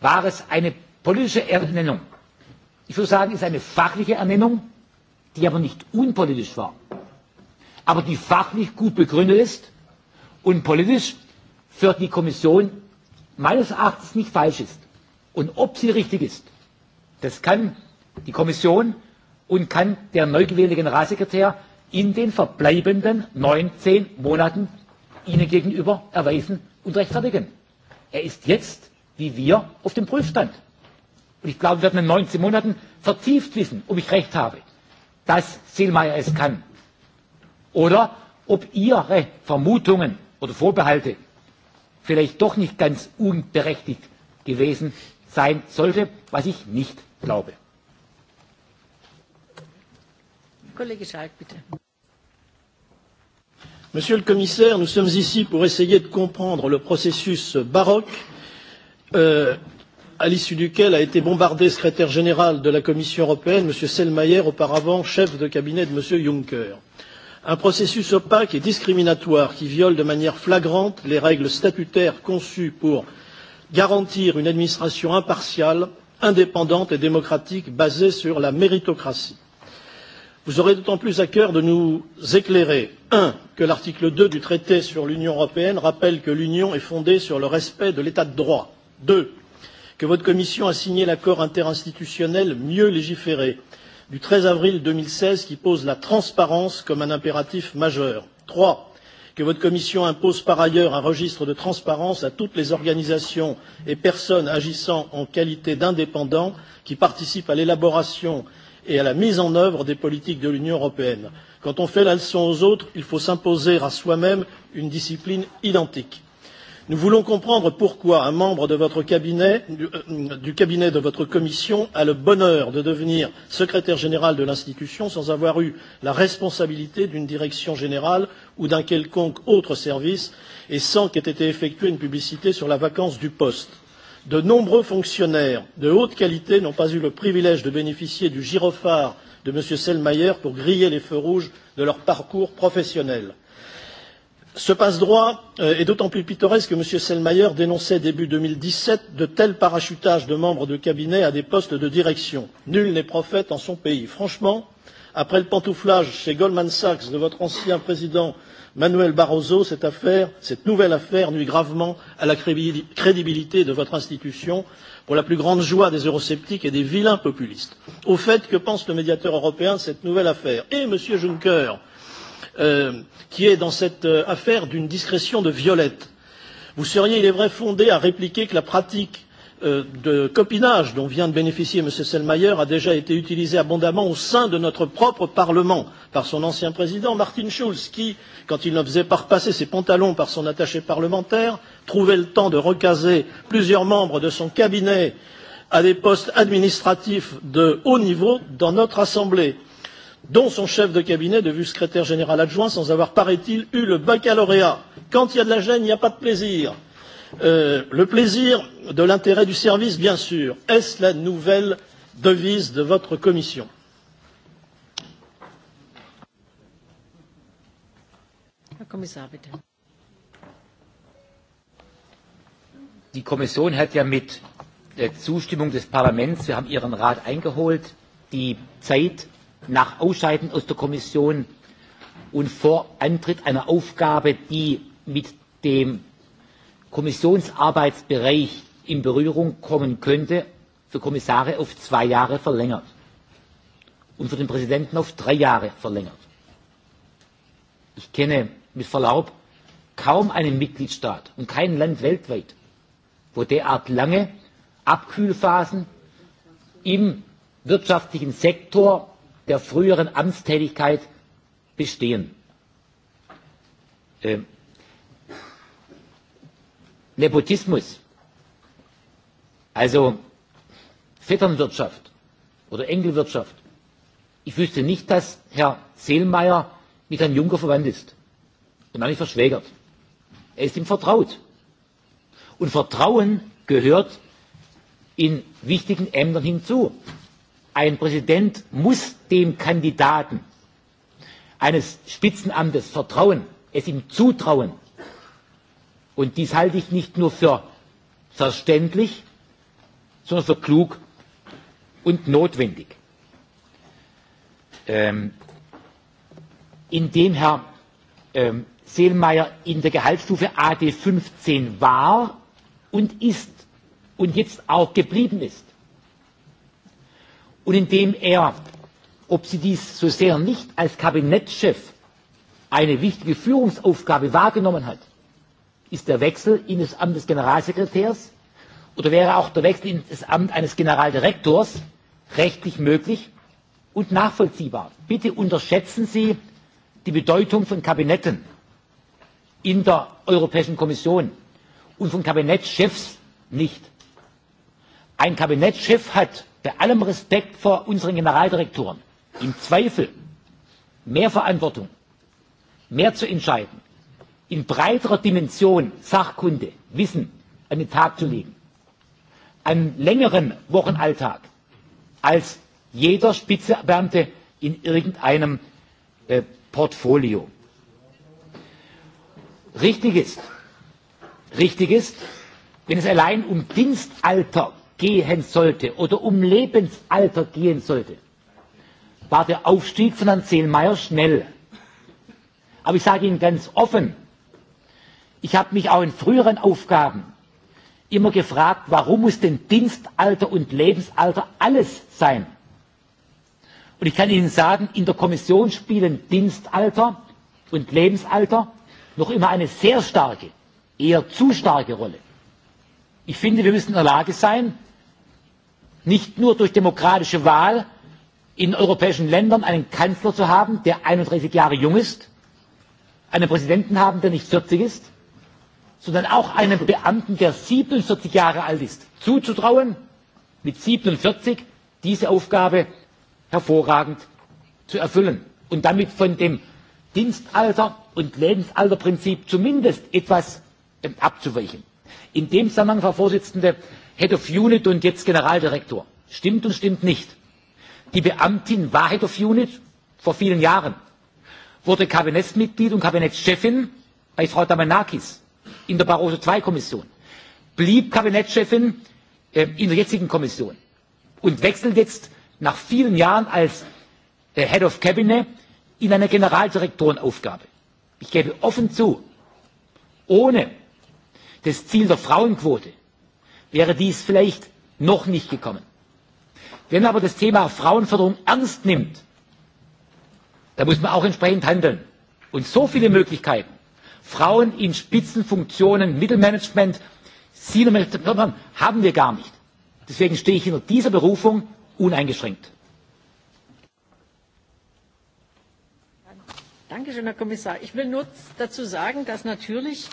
War es eine politische Ernennung? Ich würde sagen, es ist eine fachliche Ernennung, die aber nicht unpolitisch war, aber die fachlich gut begründet ist und politisch führt die Kommission meines Erachtens nicht falsch ist. Und ob sie richtig ist, das kann die Kommission und kann der neu gewählte Generalsekretär in den verbleibenden 19 Monaten Ihnen gegenüber erweisen und rechtfertigen. Er ist jetzt, wie wir, auf dem Prüfstand. Und ich glaube, wir werden in 19 Monaten vertieft wissen, ob ich recht habe, dass Seelmeier es kann. Oder ob Ihre Vermutungen oder Vorbehalte vielleicht doch nicht ganz unberechtigt gewesen sein sollte, was ich nicht glaube. Kollege Schalk, bitte. Monsieur le Commissaire, nous sommes ici pour essayer de comprendre le processus baroque euh, à l'issue duquel a été bombardé secrétaire général de la Commission européenne, M. Selmayr, auparavant chef de cabinet de M. Juncker. Euh, un processus opaque et discriminatoire qui viole de manière flagrante les règles statutaires conçues pour garantir une administration impartiale, indépendante et démocratique basée sur la méritocratie. Vous aurez d'autant plus à cœur de nous éclairer, un, que l'article 2 du traité sur l'Union européenne rappelle que l'Union est fondée sur le respect de l'état de droit, deux, que votre commission a signé l'accord interinstitutionnel mieux légiféré du 13 avril 2016 qui pose la transparence comme un impératif majeur. Trois, que votre commission impose par ailleurs un registre de transparence à toutes les organisations et personnes agissant en qualité d'indépendants qui participent à l'élaboration et à la mise en œuvre des politiques de l'Union européenne. Quand on fait la leçon aux autres, il faut s'imposer à soi-même une discipline identique. Nous voulons comprendre pourquoi un membre de votre cabinet, du, euh, du cabinet de votre commission a le bonheur de devenir secrétaire général de l'institution sans avoir eu la responsabilité d'une direction générale ou d'un quelconque autre service et sans qu'ait été effectuée une publicité sur la vacance du poste. De nombreux fonctionnaires de haute qualité n'ont pas eu le privilège de bénéficier du gyrophare de M. Selmayer pour griller les feux rouges de leur parcours professionnel. Ce passe-droit euh, est d'autant plus pittoresque que M. Selmayr dénonçait début 2017 de tels parachutages de membres de cabinet à des postes de direction. Nul n'est prophète en son pays. Franchement, après le pantouflage chez Goldman Sachs de votre ancien président Manuel Barroso, cette, affaire, cette nouvelle affaire nuit gravement à la crédibilité de votre institution pour la plus grande joie des eurosceptiques et des vilains populistes. Au fait, que pense le médiateur européen de cette nouvelle affaire Et eh, M. Juncker Euh, qui est dans cette euh, affaire d'une discrétion de violette. Vous seriez, il est vrai, fondé à répliquer que la pratique euh, de copinage dont vient de bénéficier M. Selmayr a déjà été utilisée abondamment au sein de notre propre Parlement par son ancien président Martin Schulz qui, quand il ne faisait pas repasser ses pantalons par son attaché parlementaire, trouvait le temps de recaser plusieurs membres de son cabinet à des postes administratifs de haut niveau dans notre Assemblée dont son chef de cabinet devenu secrétaire général adjoint sans avoir, paraît-il, eu le baccalauréat. Quand il y a de la gêne, il n'y a pas de plaisir. Euh, le plaisir de l'intérêt du service, bien sûr. Est-ce la nouvelle devise de votre commission Die Kommission hat ja mit der Zustimmung des Parlaments, wir haben Ihren Rat eingeholt, die Zeit nach Ausscheiden aus der Kommission und vor Antritt einer Aufgabe, die mit dem Kommissionsarbeitsbereich in Berührung kommen könnte, für Kommissare auf zwei Jahre verlängert und für den Präsidenten auf drei Jahre verlängert. Ich kenne mit Verlaub kaum einen Mitgliedstaat und kein Land weltweit, wo derart lange Abkühlphasen im wirtschaftlichen Sektor der früheren Amtstätigkeit bestehen. Ähm, Nepotismus, also Vetternwirtschaft oder Enkelwirtschaft. Ich wüsste nicht, dass Herr Seelmeier mit Herrn Juncker verwandt ist und auch nicht verschwägert. Er ist ihm vertraut. Und Vertrauen gehört in wichtigen Ämtern hinzu. Ein Präsident muss dem Kandidaten eines Spitzenamtes vertrauen, es ihm zutrauen. Und dies halte ich nicht nur für verständlich, sondern für klug und notwendig. Ähm, indem Herr ähm, Seelmeier in der Gehaltsstufe AD 15 war und ist und jetzt auch geblieben ist, und indem er, ob Sie dies so sehr nicht als Kabinettschef eine wichtige Führungsaufgabe wahrgenommen hat, ist der Wechsel in das Amt des Generalsekretärs oder wäre auch der Wechsel in das Amt eines Generaldirektors rechtlich möglich und nachvollziehbar. Bitte unterschätzen Sie die Bedeutung von Kabinetten in der Europäischen Kommission und von Kabinettschefs nicht. Ein Kabinettschef hat bei allem Respekt vor unseren Generaldirektoren im Zweifel mehr Verantwortung, mehr zu entscheiden, in breiterer Dimension Sachkunde, Wissen an den Tag zu legen, einen längeren Wochenalltag als jeder Spitzebeamte in irgendeinem äh, Portfolio. Richtig ist, richtig ist, wenn es allein um Dienstalter gehen sollte oder um Lebensalter gehen sollte, war der Aufstieg von Herrn Zehlmeier schnell. Aber ich sage Ihnen ganz offen, ich habe mich auch in früheren Aufgaben immer gefragt, warum muss denn Dienstalter und Lebensalter alles sein? Und ich kann Ihnen sagen, in der Kommission spielen Dienstalter und Lebensalter noch immer eine sehr starke, eher zu starke Rolle. Ich finde, wir müssen in der Lage sein, nicht nur durch demokratische Wahl in europäischen Ländern einen Kanzler zu haben, der 31 Jahre jung ist, einen Präsidenten haben, der nicht 40 ist, sondern auch einem Beamten, der 47 Jahre alt ist, zuzutrauen, mit 47 diese Aufgabe hervorragend zu erfüllen und damit von dem Dienstalter und Lebensalterprinzip zumindest etwas ähm, abzuweichen. In dem Zusammenhang, Frau Vorsitzende, Head of Unit und jetzt Generaldirektor. Stimmt und stimmt nicht. Die Beamtin war Head of Unit vor vielen Jahren, wurde Kabinettsmitglied und Kabinettschefin bei Frau Damanakis in der Barroso II Kommission, blieb Kabinettschefin äh, in der jetzigen Kommission und wechselt jetzt nach vielen Jahren als äh, Head of Cabinet in eine Generaldirektorenaufgabe. Ich gebe offen zu, ohne das Ziel der Frauenquote wäre dies vielleicht noch nicht gekommen. Wenn man aber das Thema Frauenförderung ernst nimmt, dann muss man auch entsprechend handeln. Und so viele Möglichkeiten, Frauen in Spitzenfunktionen, Mittelmanagement, Senior haben wir gar nicht. Deswegen stehe ich hinter dieser Berufung uneingeschränkt. Danke schön, Herr Kommissar. Ich will nur dazu sagen, dass natürlich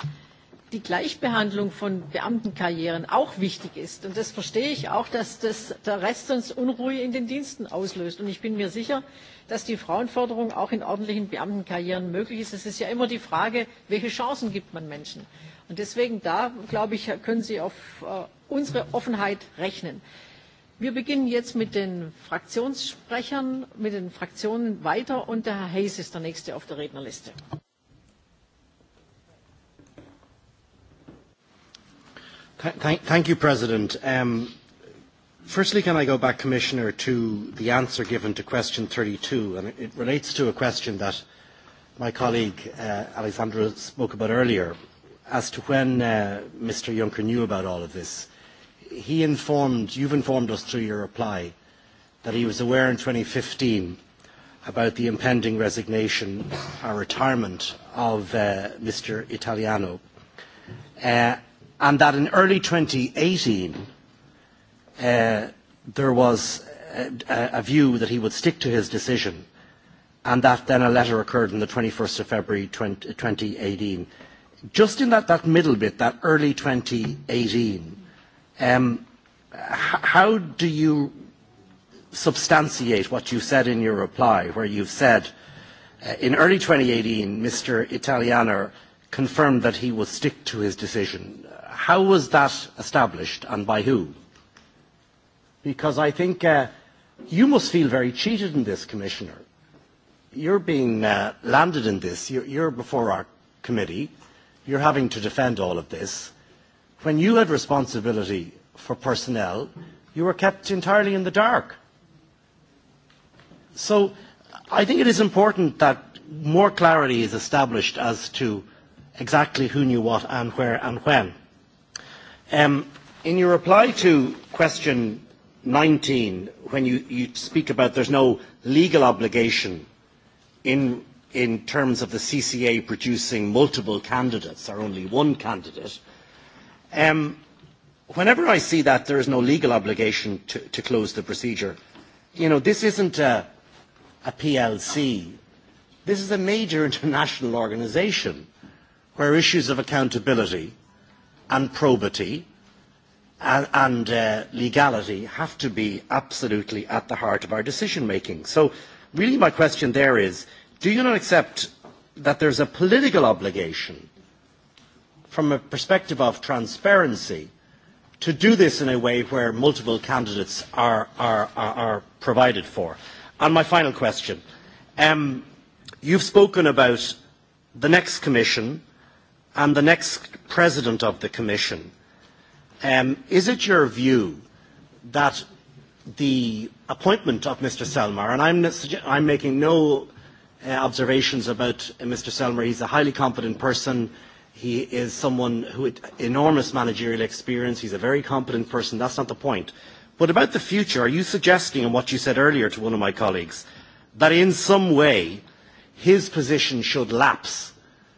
die Gleichbehandlung von Beamtenkarrieren auch wichtig ist. Und das verstehe ich auch, dass das der Rest uns Unruhe in den Diensten auslöst. Und ich bin mir sicher, dass die Frauenförderung auch in ordentlichen Beamtenkarrieren möglich ist. Es ist ja immer die Frage, welche Chancen gibt man Menschen? Und deswegen da, glaube ich, können Sie auf äh, unsere Offenheit rechnen. Wir beginnen jetzt mit den Fraktionssprechern, mit den Fraktionen weiter und der Herr Hayes ist der Nächste auf der Rednerliste. Thank, thank you, President. Um, firstly, can I go back, Commissioner, to the answer given to question 32? And it relates to a question that my colleague uh, Alexandra spoke about earlier as to when uh, Mr. Juncker knew about all of this. He informed, you've informed us through your reply, that he was aware in 2015 about the impending resignation or retirement of uh, Mr. Italiano. Uh, and that in early 2018 uh, there was a, a view that he would stick to his decision and that then a letter occurred on the 21st of February 20, 2018. Just in that, that middle bit, that early 2018, um, how do you substantiate what you said in your reply, where you've said, uh, in early 2018, Mr. Italiano confirmed that he would stick to his decision. How was that established and by who? Because I think uh, you must feel very cheated in this, Commissioner. You're being uh, landed in this. You're, you're before our committee. You're having to defend all of this. When you had responsibility for personnel, you were kept entirely in the dark. So I think it is important that more clarity is established as to exactly who knew what and where and when. Um, in your reply to question 19, when you, you speak about there's no legal obligation in, in terms of the CCA producing multiple candidates or only one candidate, um, whenever I see that there is no legal obligation to, to close the procedure, you know, this isn't a, a PLC. This is a major international organization where issues of accountability – and probity and, and uh, legality have to be absolutely at the heart of our decision making. So really my question there is, do you not accept that there's a political obligation from a perspective of transparency to do this in a way where multiple candidates are, are, are, are provided for? And my final question, um, you've spoken about the next commission, and the next president of the Commission, um, is it your view that the appointment of Mr. Selmar, and I'm, I'm making no uh, observations about uh, Mr. Selmer, he's a highly competent person, he is someone who had enormous managerial experience, he's a very competent person, that's not the point. But about the future, are you suggesting, and what you said earlier to one of my colleagues, that in some way his position should lapse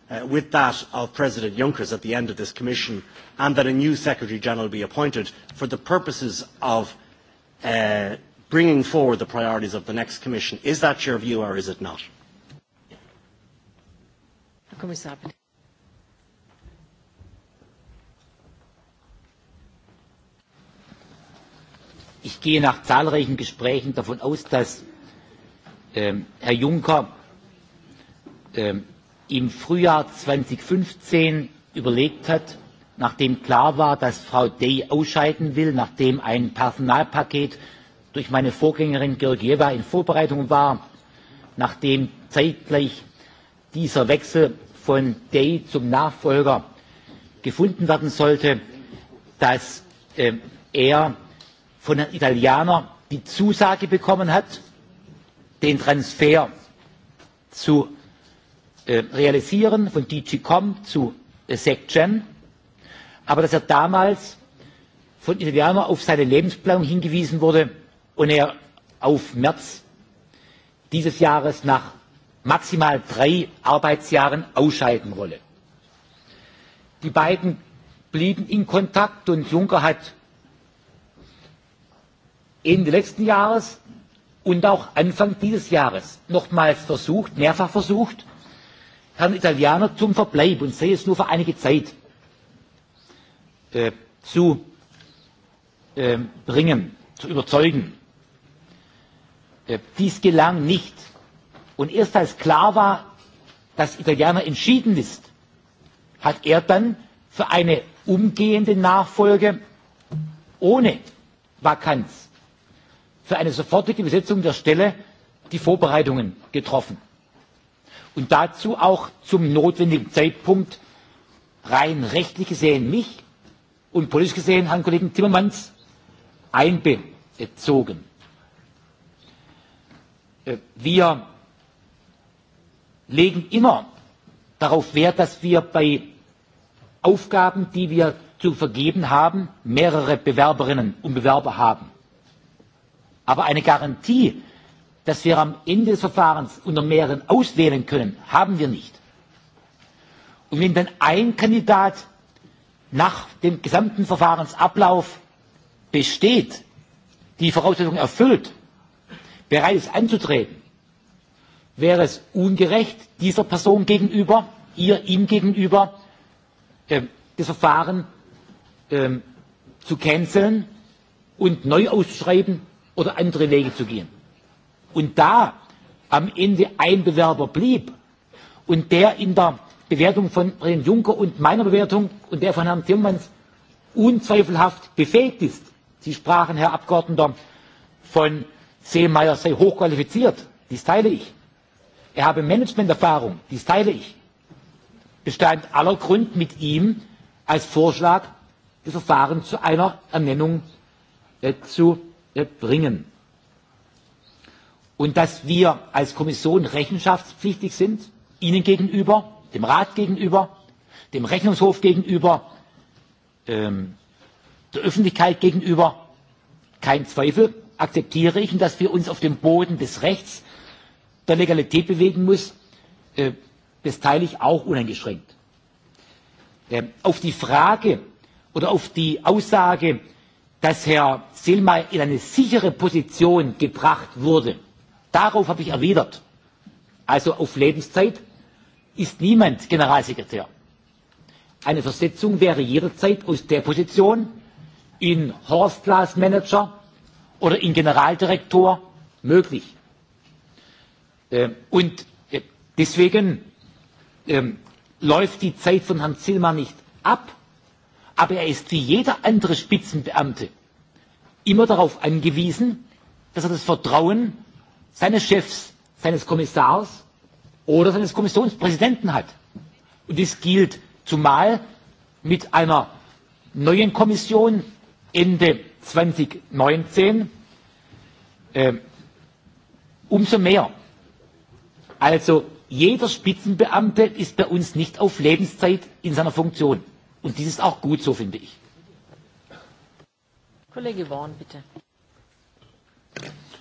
uh, with that of President Juncker at the end of this Commission, and that a new Secretary General be appointed for the purposes of uh, bringing forward the priorities of the next Commission. Is that your view or is it not? Ich gehe nach zahlreichen Gesprächen davon aus, dass ähm, Herr Juncker ähm, im Frühjahr 2015 überlegt hat, nachdem klar war, dass Frau Day ausscheiden will, nachdem ein Personalpaket durch meine Vorgängerin Georgieva in Vorbereitung war, nachdem zeitgleich dieser Wechsel von Day zum Nachfolger gefunden werden sollte, dass äh, er von den Italianern die Zusage bekommen hat, den Transfer zu Äh, realisieren von DG.com zu äh, SecGen, aber dass er damals von Italiano auf seine Lebensplanung hingewiesen wurde und er auf März dieses Jahres nach maximal drei Arbeitsjahren ausscheiden wolle. Die beiden blieben in Kontakt und Juncker hat Ende letzten Jahres und auch Anfang dieses Jahres nochmals versucht, mehrfach versucht, Herrn Italiener zum Verbleib und sei es nur für einige Zeit äh, zu äh, bringen, zu überzeugen. Äh, dies gelang nicht. Und erst als klar war, dass Italiener entschieden ist, hat er dann für eine umgehende Nachfolge ohne Vakanz, für eine sofortige Besetzung der Stelle die Vorbereitungen getroffen und dazu auch zum notwendigen Zeitpunkt rein rechtlich gesehen mich und politisch gesehen Herrn Kollegen Timmermans einbezogen. Äh, wir legen immer darauf Wert, dass wir bei Aufgaben, die wir zu vergeben haben, mehrere Bewerberinnen und Bewerber haben. Aber eine Garantie, dass wir am Ende des Verfahrens unter mehreren auswählen können, haben wir nicht. Und wenn dann ein Kandidat nach dem gesamten Verfahrensablauf besteht, die Voraussetzungen erfüllt, bereit ist anzutreten, wäre es ungerecht, dieser Person gegenüber, ihr ihm gegenüber, äh, das Verfahren äh, zu canceln und neu auszuschreiben oder andere Wege zu gehen und da am Ende ein Bewerber blieb und der in der Bewertung von Herrn Juncker und meiner Bewertung und der von Herrn Timmermans unzweifelhaft befähigt ist. Sie sprachen, Herr Abgeordneter, von Seemeyer sei hochqualifiziert. Dies teile ich. Er habe Managementerfahrung. Dies teile ich. Bestand aller Grund, mit ihm als Vorschlag das Verfahren zu einer Ernennung äh, zu äh, bringen und dass wir als Kommission rechenschaftspflichtig sind, Ihnen gegenüber, dem Rat gegenüber, dem Rechnungshof gegenüber, ähm, der Öffentlichkeit gegenüber. Kein Zweifel akzeptiere ich, und dass wir uns auf dem Boden des Rechts der Legalität bewegen müssen, äh, das teile ich auch uneingeschränkt. Ähm, auf die Frage oder auf die Aussage, dass Herr Selmayr in eine sichere Position gebracht wurde, Darauf habe ich erwidert. Also auf Lebenszeit ist niemand Generalsekretär. Eine Versetzung wäre jederzeit aus der Position in Horst Class Manager oder in Generaldirektor möglich. Ähm, und äh, deswegen ähm, läuft die Zeit von Herrn Zillmann nicht ab, aber er ist wie jeder andere Spitzenbeamte immer darauf angewiesen, dass er das Vertrauen seines Chefs, seines Kommissars oder seines Kommissionspräsidenten hat. Und dies gilt zumal mit einer neuen Kommission Ende 2019 äh, umso mehr. Also jeder Spitzenbeamte ist bei uns nicht auf Lebenszeit in seiner Funktion. Und dies ist auch gut so, finde ich. Kollege Born, bitte.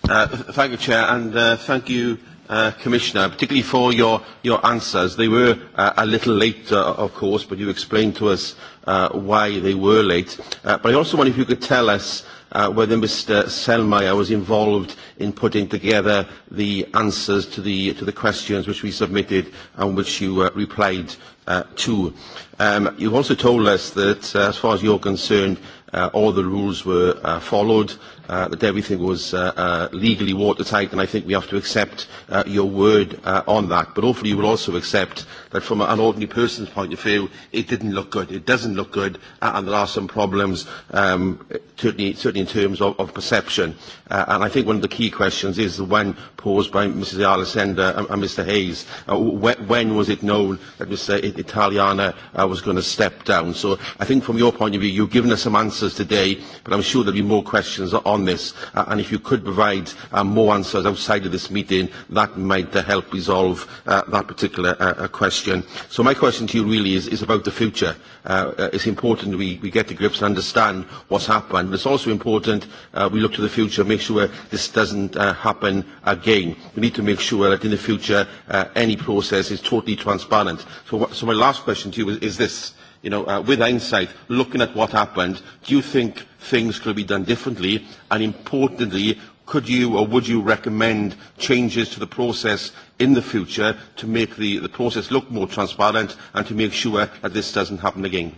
Uh, thank you, Chair, and uh, thank you, uh, Commissioner, particularly for your, your answers. They were uh, a little late, uh, of course, but you explained to us uh, why they were late. Uh, but I also wonder if you could tell us uh, whether Mr Selmayr was involved in putting together the answers to the, to the questions which we submitted and which you uh, replied uh, to. Um, you also told us that, uh, as far as you're concerned, uh, all the rules were uh, followed uh, that everything was uh, uh, legally watertight, and I think we have to accept uh, your word uh, on that. But hopefully you will also accept that from an ordinary person's point of view, it didn't look good. It doesn't look good, uh, and there are some problems, um, certainly, certainly in terms of, of perception. Uh, and I think one of the key questions is the one posed by Mrs. Alessandra and, and Mr. Hayes. Uh, when, when was it known that Mr. Italiana uh, was going to step down? So I think from your point of view, you've given us some answers today, but I'm sure there'll be more questions on on this, uh, and if you could provide uh, more answers outside of this meeting, that might uh, help resolve uh, that particular uh, uh question. So my question to you really is, is about the future. Uh, uh, it's important we, we get to grips and understand what's happened, but it's also important uh, we look to the future, make sure this doesn't uh, happen again. We need to make sure that in the future uh, any process is totally transparent. So, so my last question to you is, is this you know, uh, with hindsight, looking at what happened, do you think things could be done differently? And importantly, could you or would you recommend changes to the process in the future to make the, the process look more transparent and to make sure that this doesn't happen again?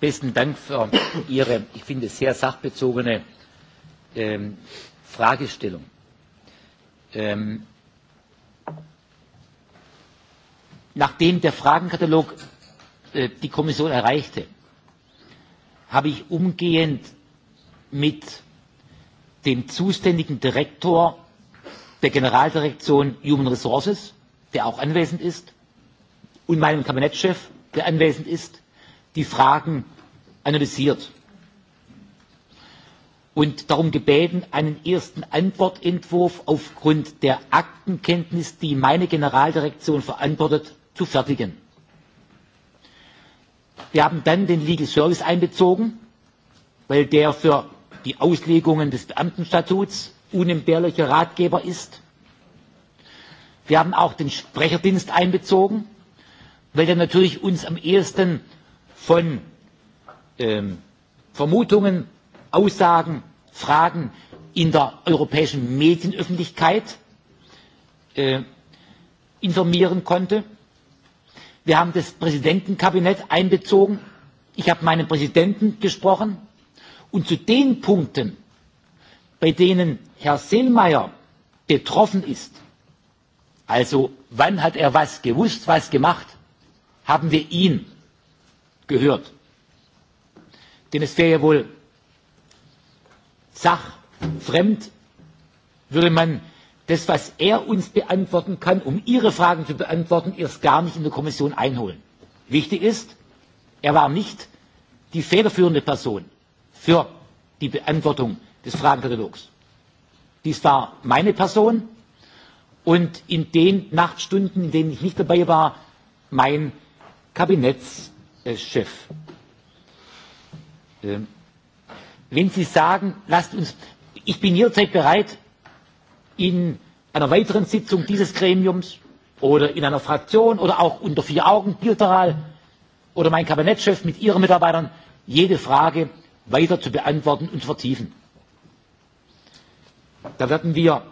Besten Dank für Ihre, ich finde, sehr sachbezogene ähm, Fragestellung. Ähm, Nachdem der Fragenkatalog äh, die Kommission erreichte, habe ich umgehend mit dem zuständigen Direktor der Generaldirektion Human Resources, der auch anwesend ist, und meinem Kabinettschef, der anwesend ist, die Fragen analysiert und darum gebeten, einen ersten Antwortentwurf aufgrund der Aktenkenntnis, die meine Generaldirektion verantwortet, zu fertigen. Wir haben dann den Legal Service einbezogen, weil der für die Auslegungen des Beamtenstatuts unentbehrlicher Ratgeber ist. Wir haben auch den Sprecherdienst einbezogen, weil der natürlich uns am ehesten von ähm, Vermutungen, Aussagen, Fragen in der europäischen Medienöffentlichkeit äh, informieren konnte. Wir haben das Präsidentenkabinett einbezogen. Ich habe meinen Präsidenten gesprochen. Und zu den Punkten, bei denen Herr Selmayr betroffen ist, also wann hat er was gewusst, was gemacht, haben wir ihn gehört. Denn es wäre ja wohl sachfremd, würde man das, was er uns beantworten kann, um Ihre Fragen zu beantworten, erst gar nicht in der Kommission einholen. Wichtig ist, er war nicht die federführende Person für die Beantwortung des Fragenkatalogs. Dies war meine Person und in den Nachtstunden, in denen ich nicht dabei war, mein Kabinettschef. Ähm, wenn Sie sagen, lasst uns, ich bin jederzeit bereit, in einer weiteren Sitzung dieses Gremiums oder in einer Fraktion oder auch unter vier Augen bilateral oder mein Kabinettschef mit Ihren Mitarbeitern jede Frage weiter zu beantworten und zu vertiefen. Da werden wir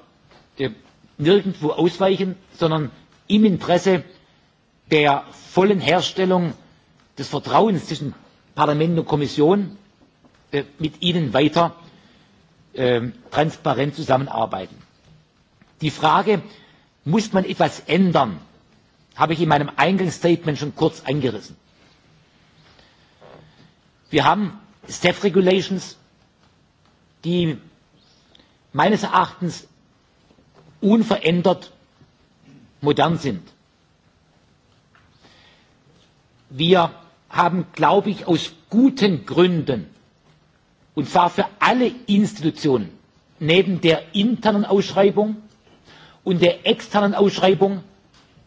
nirgendwo ausweichen, sondern im Interesse der vollen Herstellung des Vertrauens zwischen Parlament und Kommission äh, mit Ihnen weiter äh, transparent zusammenarbeiten. Die Frage, muss man etwas ändern, habe ich in meinem Eingangsstatement schon kurz angerissen. Wir haben Staff Regulations, die meines Erachtens unverändert modern sind. Wir haben, glaube ich, aus guten Gründen, und zwar für alle Institutionen, neben der internen Ausschreibung und der externen Ausschreibung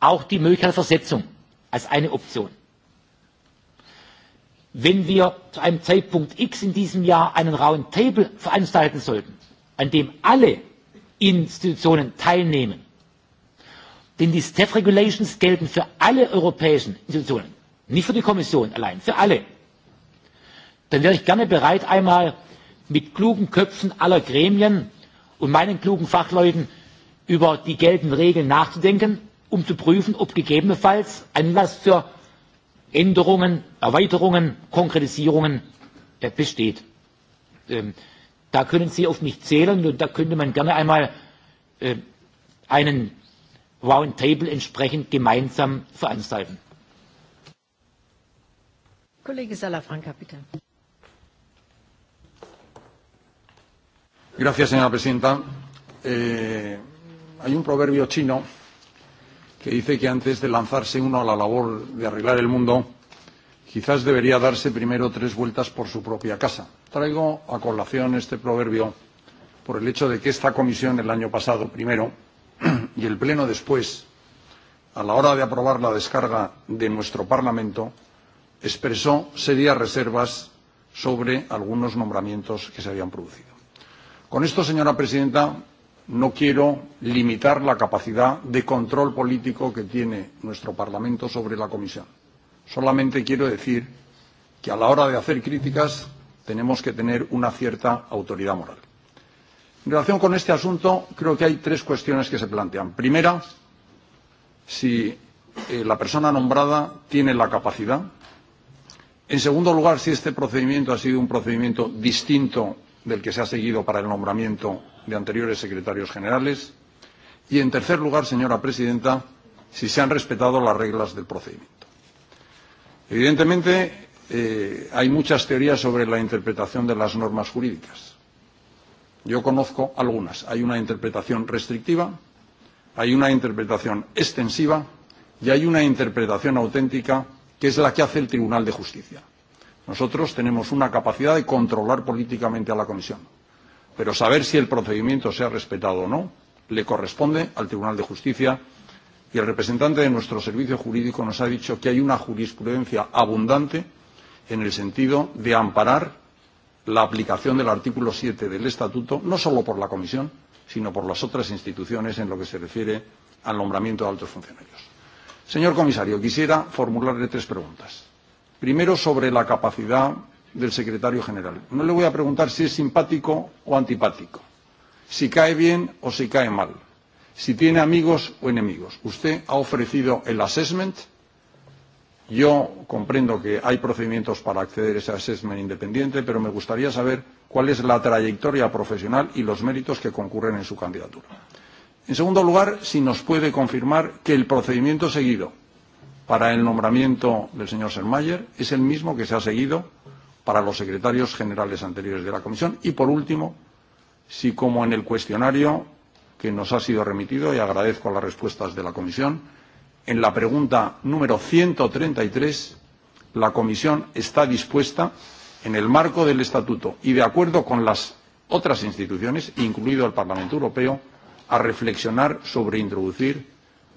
auch die Möglichkeit der Versetzung als eine Option. Wenn wir zu einem Zeitpunkt X in diesem Jahr einen rauen Table veranstalten sollten, an dem alle Institutionen teilnehmen, denn die Staff Regulations gelten für alle europäischen Institutionen, nicht für die Kommission allein, für alle, dann wäre ich gerne bereit, einmal mit klugen Köpfen aller Gremien und meinen klugen Fachleuten über die geltenden Regeln nachzudenken, um zu prüfen, ob gegebenenfalls Anlass für Änderungen, Erweiterungen, Konkretisierungen äh, besteht. Ähm, da können Sie auf mich zählen und da könnte man gerne einmal äh, einen Roundtable entsprechend gemeinsam veranstalten. Kollege Salafranca, bitte. Gracias, señora presidenta. Eh, hay un proverbio chino que dice que antes de lanzarse uno a la labor de arreglar el mundo, quizás debería darse primero tres vueltas por su propia casa. Traigo a colación este proverbio por el hecho de que esta comisión el año pasado primero y el Pleno después, a la hora de aprobar la descarga de nuestro Parlamento, expresó serias reservas sobre algunos nombramientos que se habían producido. Con esto, señora presidenta, no quiero limitar la capacidad de control político que tiene nuestro Parlamento sobre la Comisión. Solamente quiero decir que a la hora de hacer críticas tenemos que tener una cierta autoridad moral. En relación con este asunto, creo que hay tres cuestiones que se plantean. Primera, si eh, la persona nombrada tiene la capacidad. En segundo lugar, si este procedimiento ha sido un procedimiento distinto del que se ha seguido para el nombramiento de anteriores secretarios generales. Y, en tercer lugar, señora presidenta, si se han respetado las reglas del procedimiento. Evidentemente, eh, hay muchas teorías sobre la interpretación de las normas jurídicas. Yo conozco algunas. Hay una interpretación restrictiva, hay una interpretación extensiva y hay una interpretación auténtica que es la que hace el Tribunal de Justicia. Nosotros tenemos una capacidad de controlar políticamente a la Comisión Pero saber si el procedimiento se ha respetado o no le corresponde al Tribunal de Justicia y el representante de nuestro servicio jurídico nos ha dicho que hay una jurisprudencia abundante en el sentido de amparar la aplicación del artículo 7 del Estatuto, no solo por la Comisión, sino por las otras instituciones en lo que se refiere al nombramiento de altos funcionarios. Señor comisario, quisiera formularle tres preguntas. Primero, sobre la capacidad del secretario general. No le voy a preguntar si es simpático o antipático, si cae bien o si cae mal, si tiene amigos o enemigos. Usted ha ofrecido el assessment. Yo comprendo que hay procedimientos para acceder a ese assessment independiente, pero me gustaría saber cuál es la trayectoria profesional y los méritos que concurren en su candidatura. En segundo lugar, si nos puede confirmar que el procedimiento seguido para el nombramiento del señor Sermayer es el mismo que se ha seguido para los secretarios generales anteriores de la Comisión. Y, por último, si como en el cuestionario que nos ha sido remitido, y agradezco las respuestas de la Comisión, en la pregunta número 133, la Comisión está dispuesta, en el marco del Estatuto y de acuerdo con las otras instituciones, incluido el Parlamento Europeo, a reflexionar sobre introducir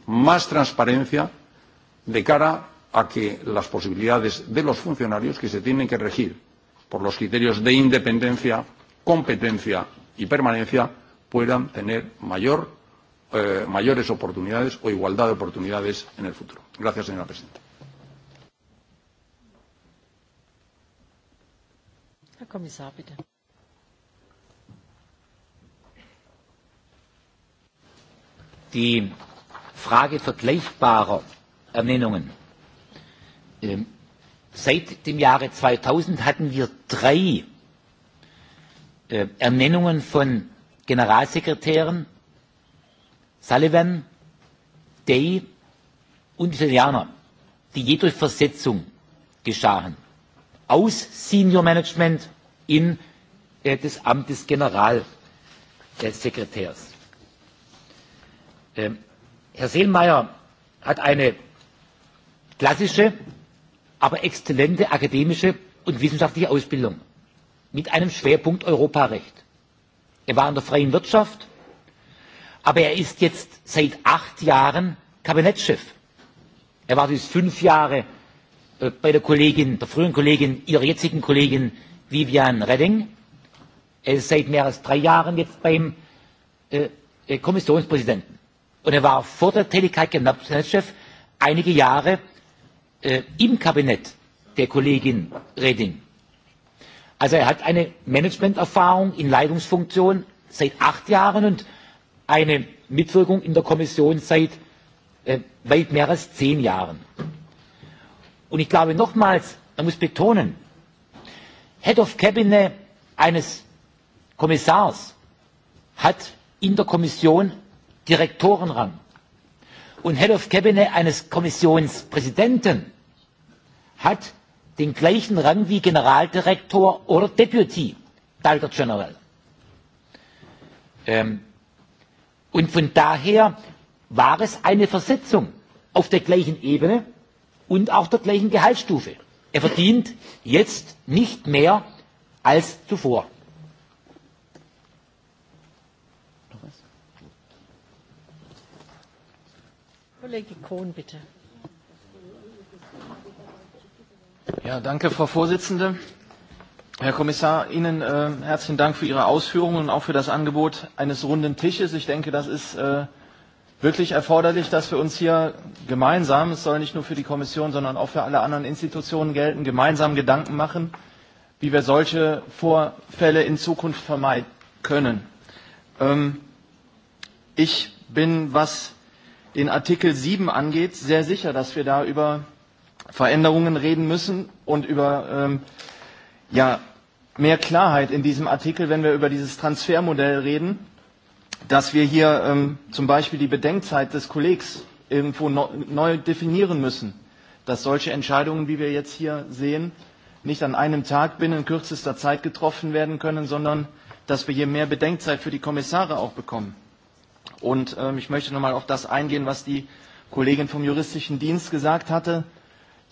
más transparencia de cara a que las posibilidades de los funcionarios que se tienen que regir por los criterios de independencia, competencia y permanencia puedan tener mayor, eh, mayores oportunidades o igualdad de oportunidades en el futuro. Gracias, señora presidenta. Die Frage vergleichbarer Ernennungen Ähm, seit dem Jahre 2000 hatten wir drei äh, Ernennungen von Generalsekretären, Sullivan, Day und Italianer, die je durch Versetzung geschahen. Aus Senior Management in äh, das Amt des Generalsekretärs. Äh, ähm, Herr Seelmeier hat eine klassische aber exzellente akademische und wissenschaftliche Ausbildung mit einem Schwerpunkt Europarecht. Er war in der freien Wirtschaft, aber er ist jetzt seit acht Jahren Kabinettschef. Er war dies fünf Jahre äh, bei der Kollegin, der frühen Kollegin, ihrer jetzigen Kollegin Vivian Redding. Er ist seit mehr als drei Jahren jetzt beim äh, äh Kommissionspräsidenten. Und er war vor der Tätigkeit Kabinettschef einige Jahre äh, im Kabinett der Kollegin Reding. Also er hat eine Managementerfahrung in Leitungsfunktion seit acht Jahren und eine Mitwirkung in der Kommission seit äh, weit mehr als zehn Jahren. Und ich glaube nochmals, man muss betonen, Head of Cabinet eines Kommissars hat in der Kommission Direktorenrang und Head of Cabinet eines Kommissionspräsidenten hat den gleichen Rang wie Generaldirektor oder Deputy Director General. Ähm, und von daher war es eine Versetzung auf der gleichen Ebene und auch der gleichen Gehaltsstufe. Er verdient jetzt nicht mehr als zuvor. Kollege Kohn, bitte. Ja, danke, Frau Vorsitzende. Herr Kommissar, Ihnen äh, herzlichen Dank für Ihre Ausführungen und auch für das Angebot eines runden Tisches. Ich denke, das ist äh, wirklich erforderlich, dass wir uns hier gemeinsam, es soll nicht nur für die Kommission, sondern auch für alle anderen Institutionen gelten, gemeinsam Gedanken machen, wie wir solche Vorfälle in Zukunft vermeiden können. Ähm, ich bin, was den Artikel 7 angeht, sehr sicher, dass wir da über Veränderungen reden müssen und über ähm, ja, mehr Klarheit in diesem Artikel, wenn wir über dieses Transfermodell reden, dass wir hier ähm, zum Beispiel die Bedenkzeit des Kollegs irgendwo no, neu definieren müssen, dass solche Entscheidungen, wie wir jetzt hier sehen, nicht an einem Tag binnen kürzester Zeit getroffen werden können, sondern dass wir hier mehr Bedenkzeit für die Kommissare auch bekommen. Und ähm, ich möchte nochmal auf das eingehen, was die Kollegin vom juristischen Dienst gesagt hatte.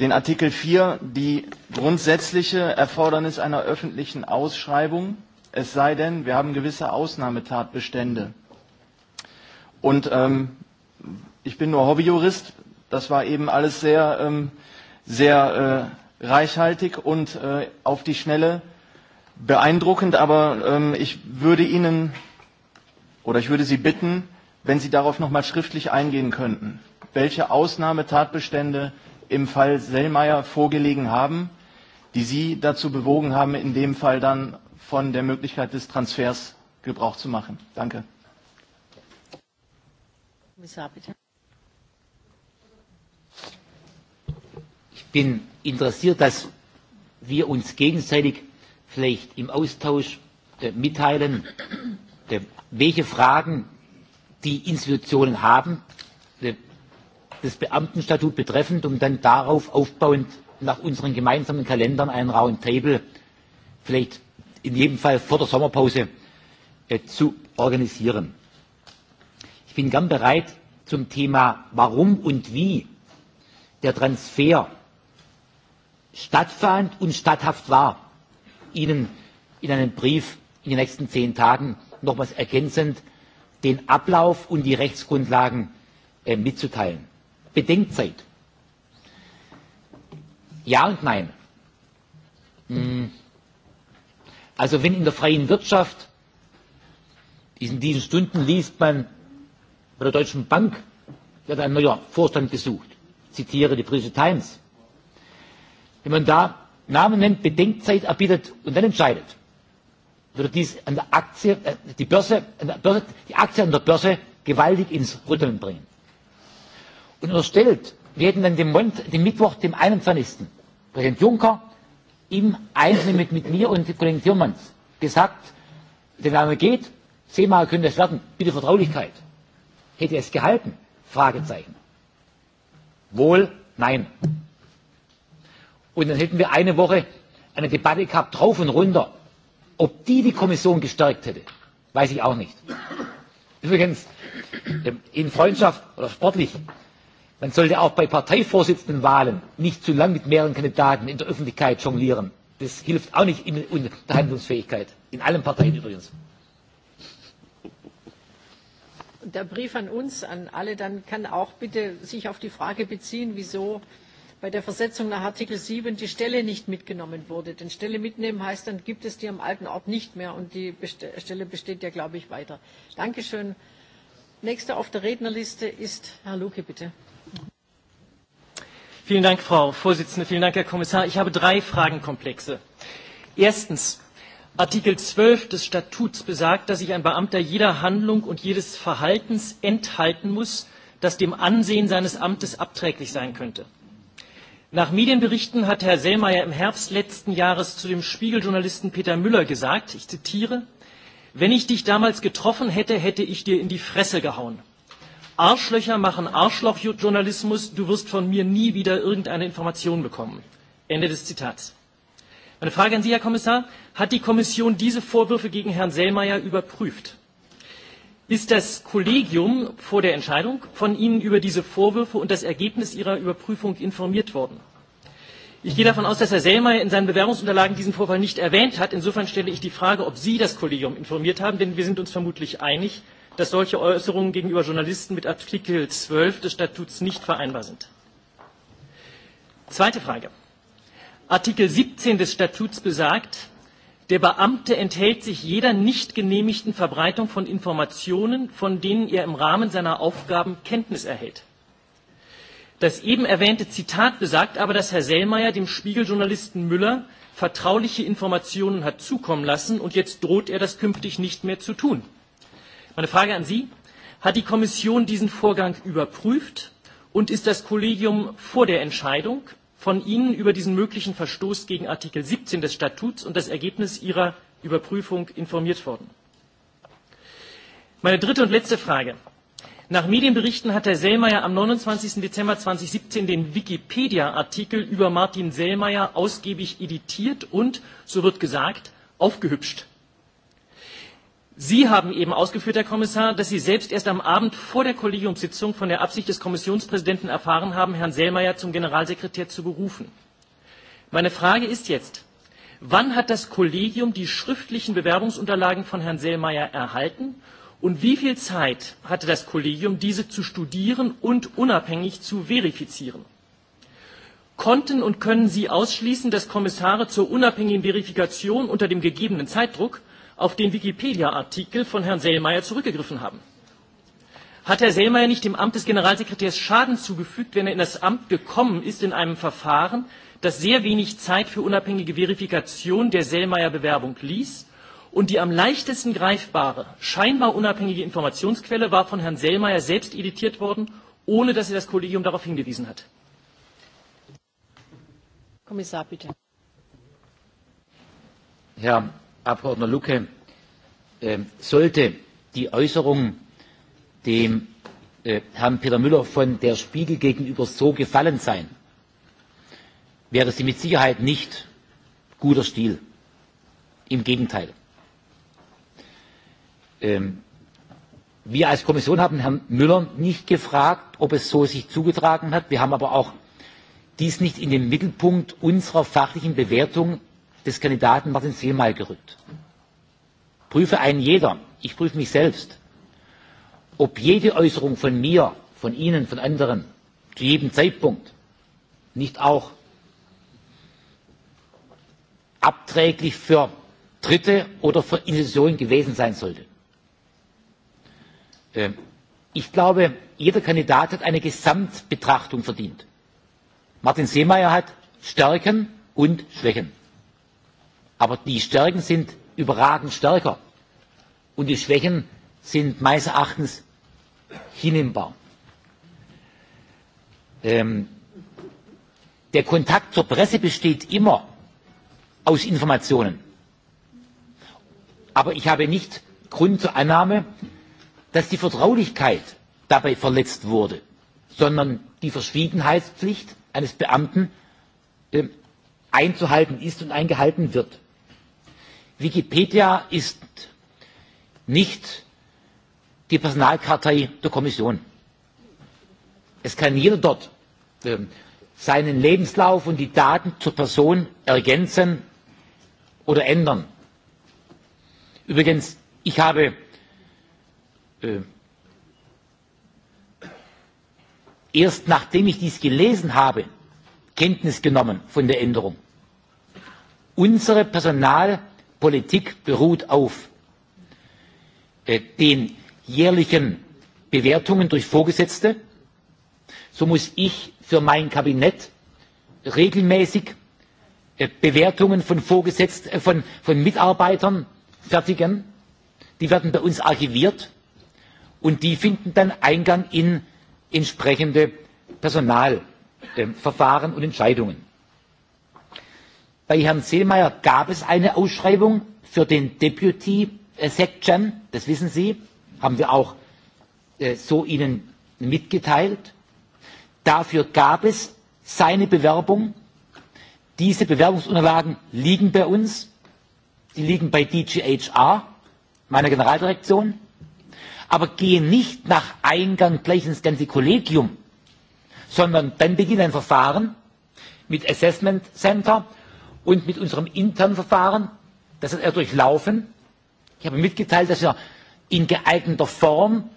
Den Artikel 4, die grundsätzliche Erfordernis einer öffentlichen Ausschreibung, es sei denn, wir haben gewisse Ausnahmetatbestände. Und ähm, ich bin nur Hobbyjurist, das war eben alles sehr, ähm, sehr äh, reichhaltig und äh, auf die Schnelle beeindruckend, aber ähm, ich würde Ihnen oder ich würde Sie bitten, Wenn Sie darauf noch mal schriftlich eingehen könnten, welche Ausnahmetatbestände im Fall Sellmeier vorgelegen haben, die Sie dazu bewogen haben, in dem Fall dann von der Möglichkeit des Transfers Gebrauch zu machen. Danke. Ich bin interessiert, dass wir uns gegenseitig vielleicht im Austausch äh, mitteilen, äh, welche Fragen die Institutionen haben, das Beamtenstatut betreffend, um dann darauf aufbauend nach unseren gemeinsamen Kalendern einen Roundtable vielleicht in jedem Fall vor der Sommerpause äh, zu organisieren. Ich bin gern bereit, zum Thema warum und wie der Transfer stattfand und statthaft war, Ihnen in einem Brief in den nächsten zehn Tagen nochmals ergänzend den Ablauf und die Rechtsgrundlagen äh, mitzuteilen. Bedenkzeit. Ja und nein. Hm. Also wenn in der freien Wirtschaft, in diesen Stunden liest man, bei der Deutschen Bank wird ein neuer Vorstand gesucht. Zitiere die British Times. Wenn man da Namen nennt, Bedenkzeit erbietet und dann entscheidet, würde dies an der Aktie, äh, die, Börse, an der Börse, die Aktie an der Börse gewaltig ins Rütteln bringen. Und unterstellt, wir hätten dann den, Mond, den Mittwoch, dem 21. Präsident Juncker im Einzelnen mit, mit mir und dem Kollegen Thürmanns gesagt, der Name geht, zehnmal können das werden, bitte Vertraulichkeit. Hätte er es gehalten? Fragezeichen. Wohl, nein. Und dann hätten wir eine Woche eine Debatte gehabt, drauf und runter Ob die die Kommission gestärkt hätte, weiß ich auch nicht. Übrigens, ähm, in Freundschaft oder sportlich, man sollte auch bei Parteivorsitzendenwahlen nicht zu lang mit mehreren Kandidaten in der Öffentlichkeit jonglieren. Das hilft auch nicht in der Handlungsfähigkeit. In allen Parteien übrigens. Der Brief an uns, an alle, dann kann auch bitte sich auf die Frage beziehen, wieso bei der Versetzung nach Artikel 7 die Stelle nicht mitgenommen wurde. Denn Stelle mitnehmen heißt, dann gibt es die am alten Ort nicht mehr und die Best Stelle besteht ja, glaube ich, weiter. Dankeschön. Nächster auf der Rednerliste ist Herr Luke, bitte. Vielen Dank, Frau Vorsitzende. Vielen Dank, Herr Kommissar. Ich habe drei Fragenkomplexe. Erstens. Artikel 12 des Statuts besagt, dass sich ein Beamter jeder Handlung und jedes Verhaltens enthalten muss, das dem Ansehen seines Amtes abträglich sein könnte. Nach Medienberichten hat Herr Sellmeier im Herbst letzten Jahres zu dem Spiegeljournalisten Peter Müller gesagt, ich zitiere, wenn ich dich damals getroffen hätte, hätte ich dir in die Fresse gehauen. Arschlöcher machen Arschlochjournalismus, du wirst von mir nie wieder irgendeine Information bekommen. Ende des Zitats. Meine Frage an Sie, Herr Kommissar, hat die Kommission diese Vorwürfe gegen Herrn Sellmeier überprüft? ist das Kollegium vor der Entscheidung von Ihnen über diese Vorwürfe und das Ergebnis Ihrer Überprüfung informiert worden. Ich gehe davon aus, dass Herr Selmayr in seinen Bewerbungsunterlagen diesen Vorfall nicht erwähnt hat. Insofern stelle ich die Frage, ob Sie das Kollegium informiert haben, denn wir sind uns vermutlich einig, dass solche Äußerungen gegenüber Journalisten mit Artikel 12 des Statuts nicht vereinbar sind. Zweite Frage. Artikel 17 des Statuts besagt, Der Beamte enthält sich jeder nicht genehmigten Verbreitung von Informationen, von denen er im Rahmen seiner Aufgaben Kenntnis erhält. Das eben erwähnte Zitat besagt aber, dass Herr Sellmeier dem Spiegeljournalisten Müller vertrauliche Informationen hat zukommen lassen und jetzt droht er das künftig nicht mehr zu tun. Meine Frage an Sie, hat die Kommission diesen Vorgang überprüft und ist das Kollegium vor der Entscheidung von Ihnen über diesen möglichen Verstoß gegen Artikel 17 des Statuts und das Ergebnis Ihrer Überprüfung informiert worden. Meine dritte und letzte Frage. Nach Medienberichten hat Herr Sellmeier am 29. Dezember 2017 den Wikipedia-Artikel über Martin Sellmeier ausgiebig editiert und, so wird gesagt, aufgehübscht. Sie haben eben ausgeführt, Herr Kommissar, dass Sie selbst erst am Abend vor der Kollegiumssitzung von der Absicht des Kommissionspräsidenten erfahren haben, Herrn Selmayr zum Generalsekretär zu berufen. Meine Frage ist jetzt, wann hat das Kollegium die schriftlichen Bewerbungsunterlagen von Herrn Selmayr erhalten und wie viel Zeit hatte das Kollegium, diese zu studieren und unabhängig zu verifizieren? Konnten und können Sie ausschließen, dass Kommissare zur unabhängigen Verifikation unter dem gegebenen Zeitdruck auf den Wikipedia-Artikel von Herrn Selmayr zurückgegriffen haben. Hat Herr Selmayr nicht dem Amt des Generalsekretärs Schaden zugefügt, wenn er in das Amt gekommen ist in einem Verfahren, das sehr wenig Zeit für unabhängige Verifikation der Selmayr Bewerbung ließ? Und die am leichtesten greifbare, scheinbar unabhängige Informationsquelle war von Herrn Selmayr selbst editiert worden, ohne dass er das Kollegium darauf hingewiesen hat. Kommissar, bitte. Herr Abgeordneter Lucke, ähm, sollte die Äußerung dem äh, Herrn Peter Müller von der Spiegel gegenüber so gefallen sein, wäre sie mit Sicherheit nicht guter Stil. Im Gegenteil. Ähm, wir als Kommission haben Herrn Müller nicht gefragt, ob es so sich zugetragen hat. Wir haben aber auch dies nicht in den Mittelpunkt unserer fachlichen Bewertung des Kandidaten Martin Seemal gerückt. Prüfe einen jeder, ich prüfe mich selbst, ob jede Äußerung von mir, von Ihnen, von anderen, zu jedem Zeitpunkt nicht auch abträglich für Dritte oder für Institutionen gewesen sein sollte. Ähm, ich glaube, jeder Kandidat hat eine Gesamtbetrachtung verdient. Martin Seemeyer hat Stärken und Schwächen. Aber die Stärken sind überragend stärker und die Schwächen sind meines Erachtens hinnehmbar. Ähm, der Kontakt zur Presse besteht immer aus Informationen. Aber ich habe nicht Grund zur Annahme, dass die Vertraulichkeit dabei verletzt wurde, sondern die Verschwiegenheitspflicht eines Beamten äh, einzuhalten ist und eingehalten wird. Wikipedia ist nicht die Personalkartei der Kommission. Es kann jeder dort ähm, seinen Lebenslauf und die Daten zur Person ergänzen oder ändern. Übrigens, ich habe ähm, erst nachdem ich dies gelesen habe, Kenntnis genommen von der Änderung. Unsere Personal Politik beruht auf äh, den jährlichen Bewertungen durch Vorgesetzte, so muss ich für mein Kabinett regelmäßig äh, Bewertungen von, Vorgesetzten, äh, von, von Mitarbeitern fertigen. Die werden bei uns archiviert und die finden dann Eingang in entsprechende Personalverfahren ähm, und Entscheidungen. Bei Herrn Seelmeier gab es eine Ausschreibung für den Deputy äh, Section, das wissen Sie, haben wir auch äh, so Ihnen mitgeteilt. Dafür gab es seine Bewerbung. Diese Bewerbungsunterlagen liegen bei uns. Die liegen bei DGHR, meiner Generaldirektion. Aber gehen nicht nach Eingang gleich ins ganze Kollegium, sondern dann beginnt ein Verfahren mit Assessment Center, und mit unserem internen Verfahren. Das hat er durchlaufen. Ich habe mitgeteilt, dass wir in geeigneter Form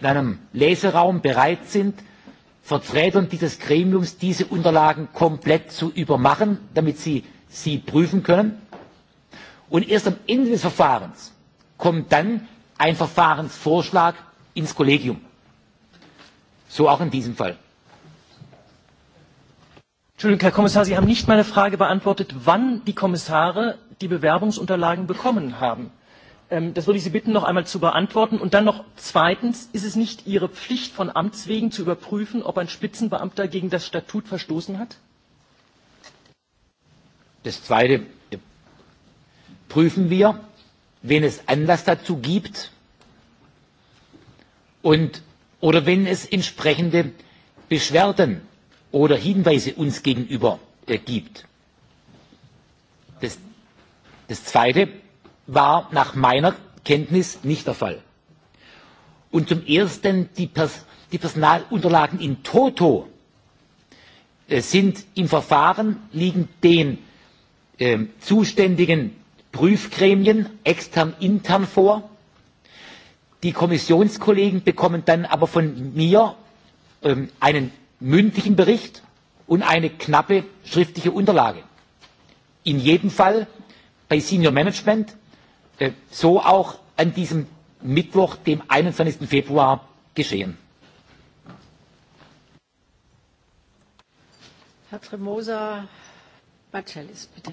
in einem Leseraum bereit sind, Vertretern dieses Gremiums diese Unterlagen komplett zu übermachen, damit sie sie prüfen können. Und erst am Ende des Verfahrens kommt dann ein Verfahrensvorschlag ins Kollegium. So auch in diesem Fall. Entschuldigung, Herr Kommissar, Sie haben nicht meine Frage beantwortet, wann die Kommissare die Bewerbungsunterlagen bekommen haben. Ähm, das würde ich Sie bitten, noch einmal zu beantworten. Und dann noch zweitens, ist es nicht Ihre Pflicht, von Amts wegen zu überprüfen, ob ein Spitzenbeamter gegen das Statut verstoßen hat? Das Zweite äh, prüfen wir, wenn es Anlass dazu gibt und, oder wenn es entsprechende Beschwerden oder Hinweise uns gegenüber äh, gibt. Das, das Zweite war nach meiner Kenntnis nicht der Fall. Und zum Ersten, die, Pers die Personalunterlagen in Toto äh, sind im Verfahren, liegen den äh, zuständigen Prüfgremien extern, intern vor. Die Kommissionskollegen bekommen dann aber von mir ähm, einen mündlichen Bericht und eine knappe schriftliche Unterlage. In jedem Fall bei Senior Management, äh, so auch an diesem Mittwoch, dem 21. Februar, geschehen. Herr Tremosa, Bacelis, bitte.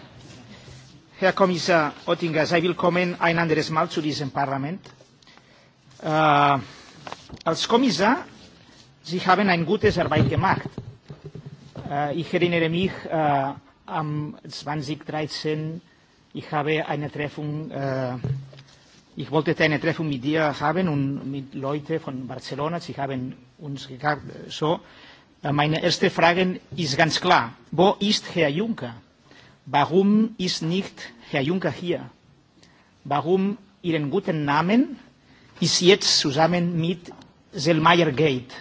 Herr Kommissar Oettinger, sei willkommen ein anderes Mal zu diesem Parlament. Äh, als Kommissar, Sie haben ein gutes Arbeit gemacht. Äh, ich erinnere mich, äh, am 2013, ich habe eine Treffung, äh, ich wollte eine Treffung mit dir haben und mit Leuten von Barcelona, sie haben uns gesagt, so. Äh, meine erste Frage ist ganz klar, wo ist Herr Juncker? Warum ist nicht Herr Juncker hier? Warum Ihren guten Namen ist jetzt zusammen mit Selmayr Gate?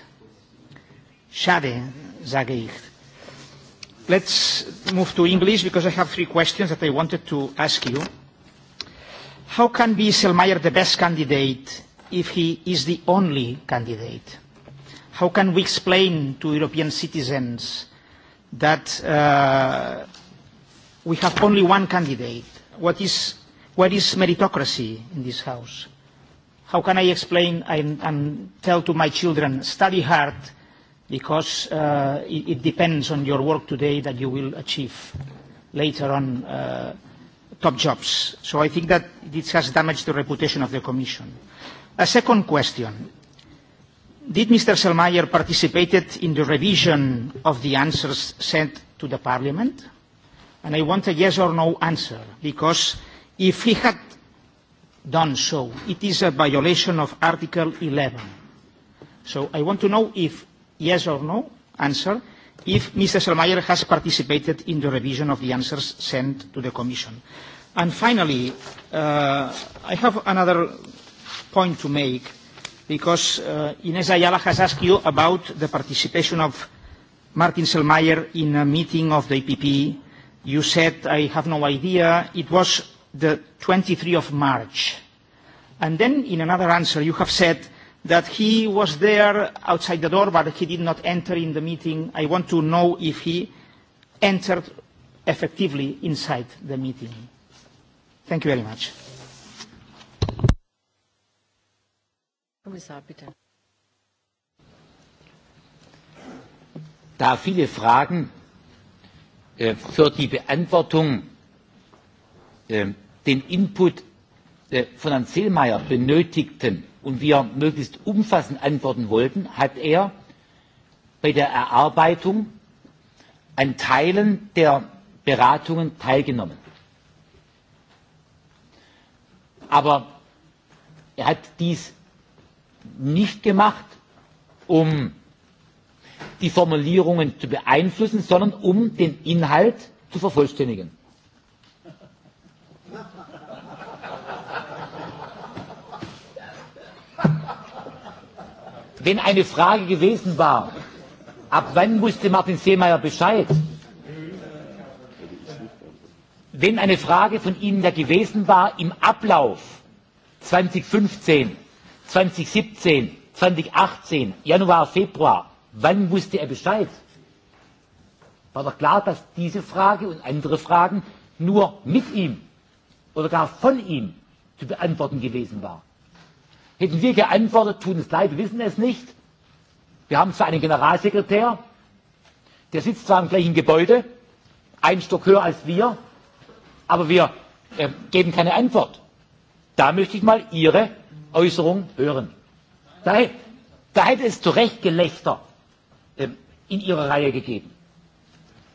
Schade, sage ich. Let's move to English because I have three questions that I wanted to ask you. How can be Selmayr the best candidate if he is the only candidate? How can we explain to European citizens that uh, we have only one candidate. What is, what is meritocracy in this House? How can I explain and, and tell to my children, study hard, because uh, it, it depends on your work today that you will achieve later on uh, top jobs. So I think that this has damaged the reputation of the Commission. A second question. Did Mr. Selmayr participate in the revision of the answers sent to the Parliament? And I want a yes or no answer, because if he had done so, it is a violation of Article 11. So I want to know if yes or no answer, if Mr. Selmayr has participated in the revision of the answers sent to the Commission. And finally, uh, I have another point to make, because uh, Ines Ayala has asked you about the participation of Martin Selmayr in a meeting of the EPP you said, I have no idea, it was the 23 of March. And then in another answer, you have said that he was there outside the door, but he did not enter in the meeting. I want to know if he entered effectively inside the meeting. Thank you very much. Kommissar, bitte. Da viele Fragen Äh, für die Beantwortung ähm, den Input äh, von Herrn Zellmeier benötigten und wir möglichst umfassend antworten wollten, hat er bei der Erarbeitung an Teilen der Beratungen teilgenommen. Aber er hat dies nicht gemacht, um die Formulierungen zu beeinflussen, sondern um den Inhalt zu vervollständigen. Wenn eine Frage gewesen war, ab wann wusste Martin Seemeyer Bescheid? Wenn eine Frage von Ihnen da gewesen war im Ablauf 2015, 2017, 2018, Januar, Februar, Wann wusste er Bescheid? War doch klar, dass diese Frage und andere Fragen nur mit ihm oder gar von ihm zu beantworten gewesen war. Hätten wir geantwortet, tun es leid, wir wissen es nicht. Wir haben zwar einen Generalsekretär, der sitzt zwar im gleichen Gebäude, ein Stock höher als wir, aber wir äh, geben keine Antwort. Da möchte ich mal Ihre Äußerung hören. Da, da hätte es zu Recht Gelächter Ähm, in ihre Reihe gegeben.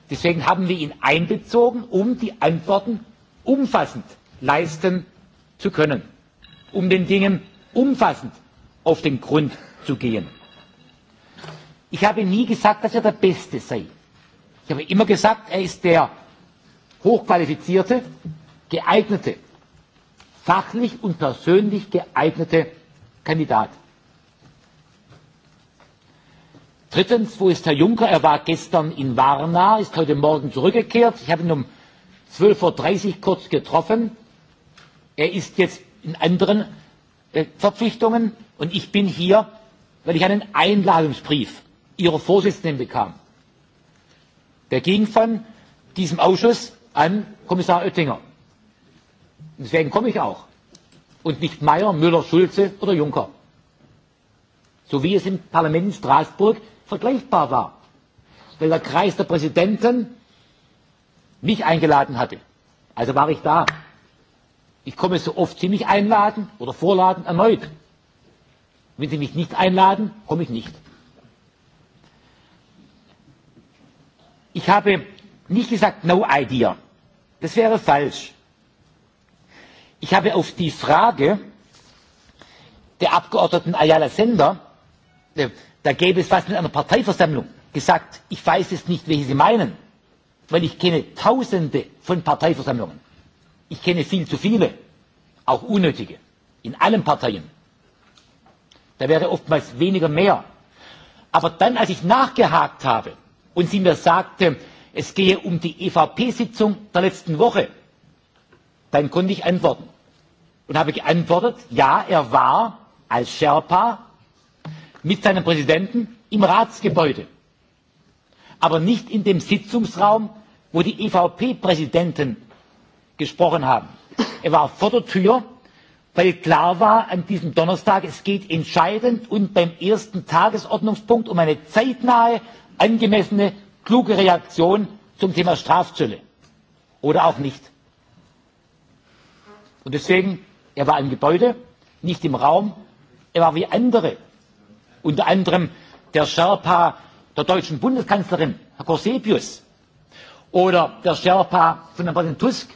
Deswegen haben wir ihn einbezogen, um die Antworten umfassend leisten zu können, um den Dingen umfassend auf den Grund zu gehen. Ich habe nie gesagt, dass er der Beste sei. Ich habe immer gesagt, er ist der hochqualifizierte, geeignete, fachlich und persönlich geeignete Kandidat. Drittens, wo ist Herr Juncker? Er war gestern in Varna, ist heute Morgen zurückgekehrt. Ich habe ihn um 12.30 Uhr kurz getroffen. Er ist jetzt in anderen äh, Verpflichtungen und ich bin hier, weil ich einen Einladungsbrief Ihrer Vorsitzenden bekam. Der ging von diesem Ausschuss an Kommissar Oettinger. Deswegen komme ich auch. Und nicht Meyer, Müller, Schulze oder Juncker. So wie es im Parlament in Straßburg vergleichbar war, weil der Kreis der Präsidenten mich eingeladen hatte. Also war ich da. Ich komme so oft Sie mich einladen oder vorladen erneut. Wenn Sie mich nicht einladen, komme ich nicht. Ich habe nicht gesagt no idea. Das wäre falsch. Ich habe auf die Frage der Abgeordneten Ayala Sender, Da gäbe es fast mit einer Parteiversammlung gesagt, ich weiß es nicht, welche Sie meinen, weil ich kenne Tausende von Parteiversammlungen. Ich kenne viel zu viele, auch unnötige, in allen Parteien. Da wäre oftmals weniger mehr. Aber dann, als ich nachgehakt habe und sie mir sagte, es gehe um die EVP-Sitzung der letzten Woche, dann konnte ich antworten. Und habe geantwortet, ja, er war als Sherpa mit seinem Präsidenten im Ratsgebäude, aber nicht in dem Sitzungsraum, wo die EVP-Präsidenten gesprochen haben. Er war vor der Tür, weil klar war an diesem Donnerstag, es geht entscheidend und beim ersten Tagesordnungspunkt um eine zeitnahe, angemessene, kluge Reaktion zum Thema Strafzölle oder auch nicht. Und deswegen, er war im Gebäude, nicht im Raum, er war wie andere unter anderem der Sherpa der deutschen Bundeskanzlerin, Herr Corsepius, oder der Sherpa von Herrn Präsident Tusk,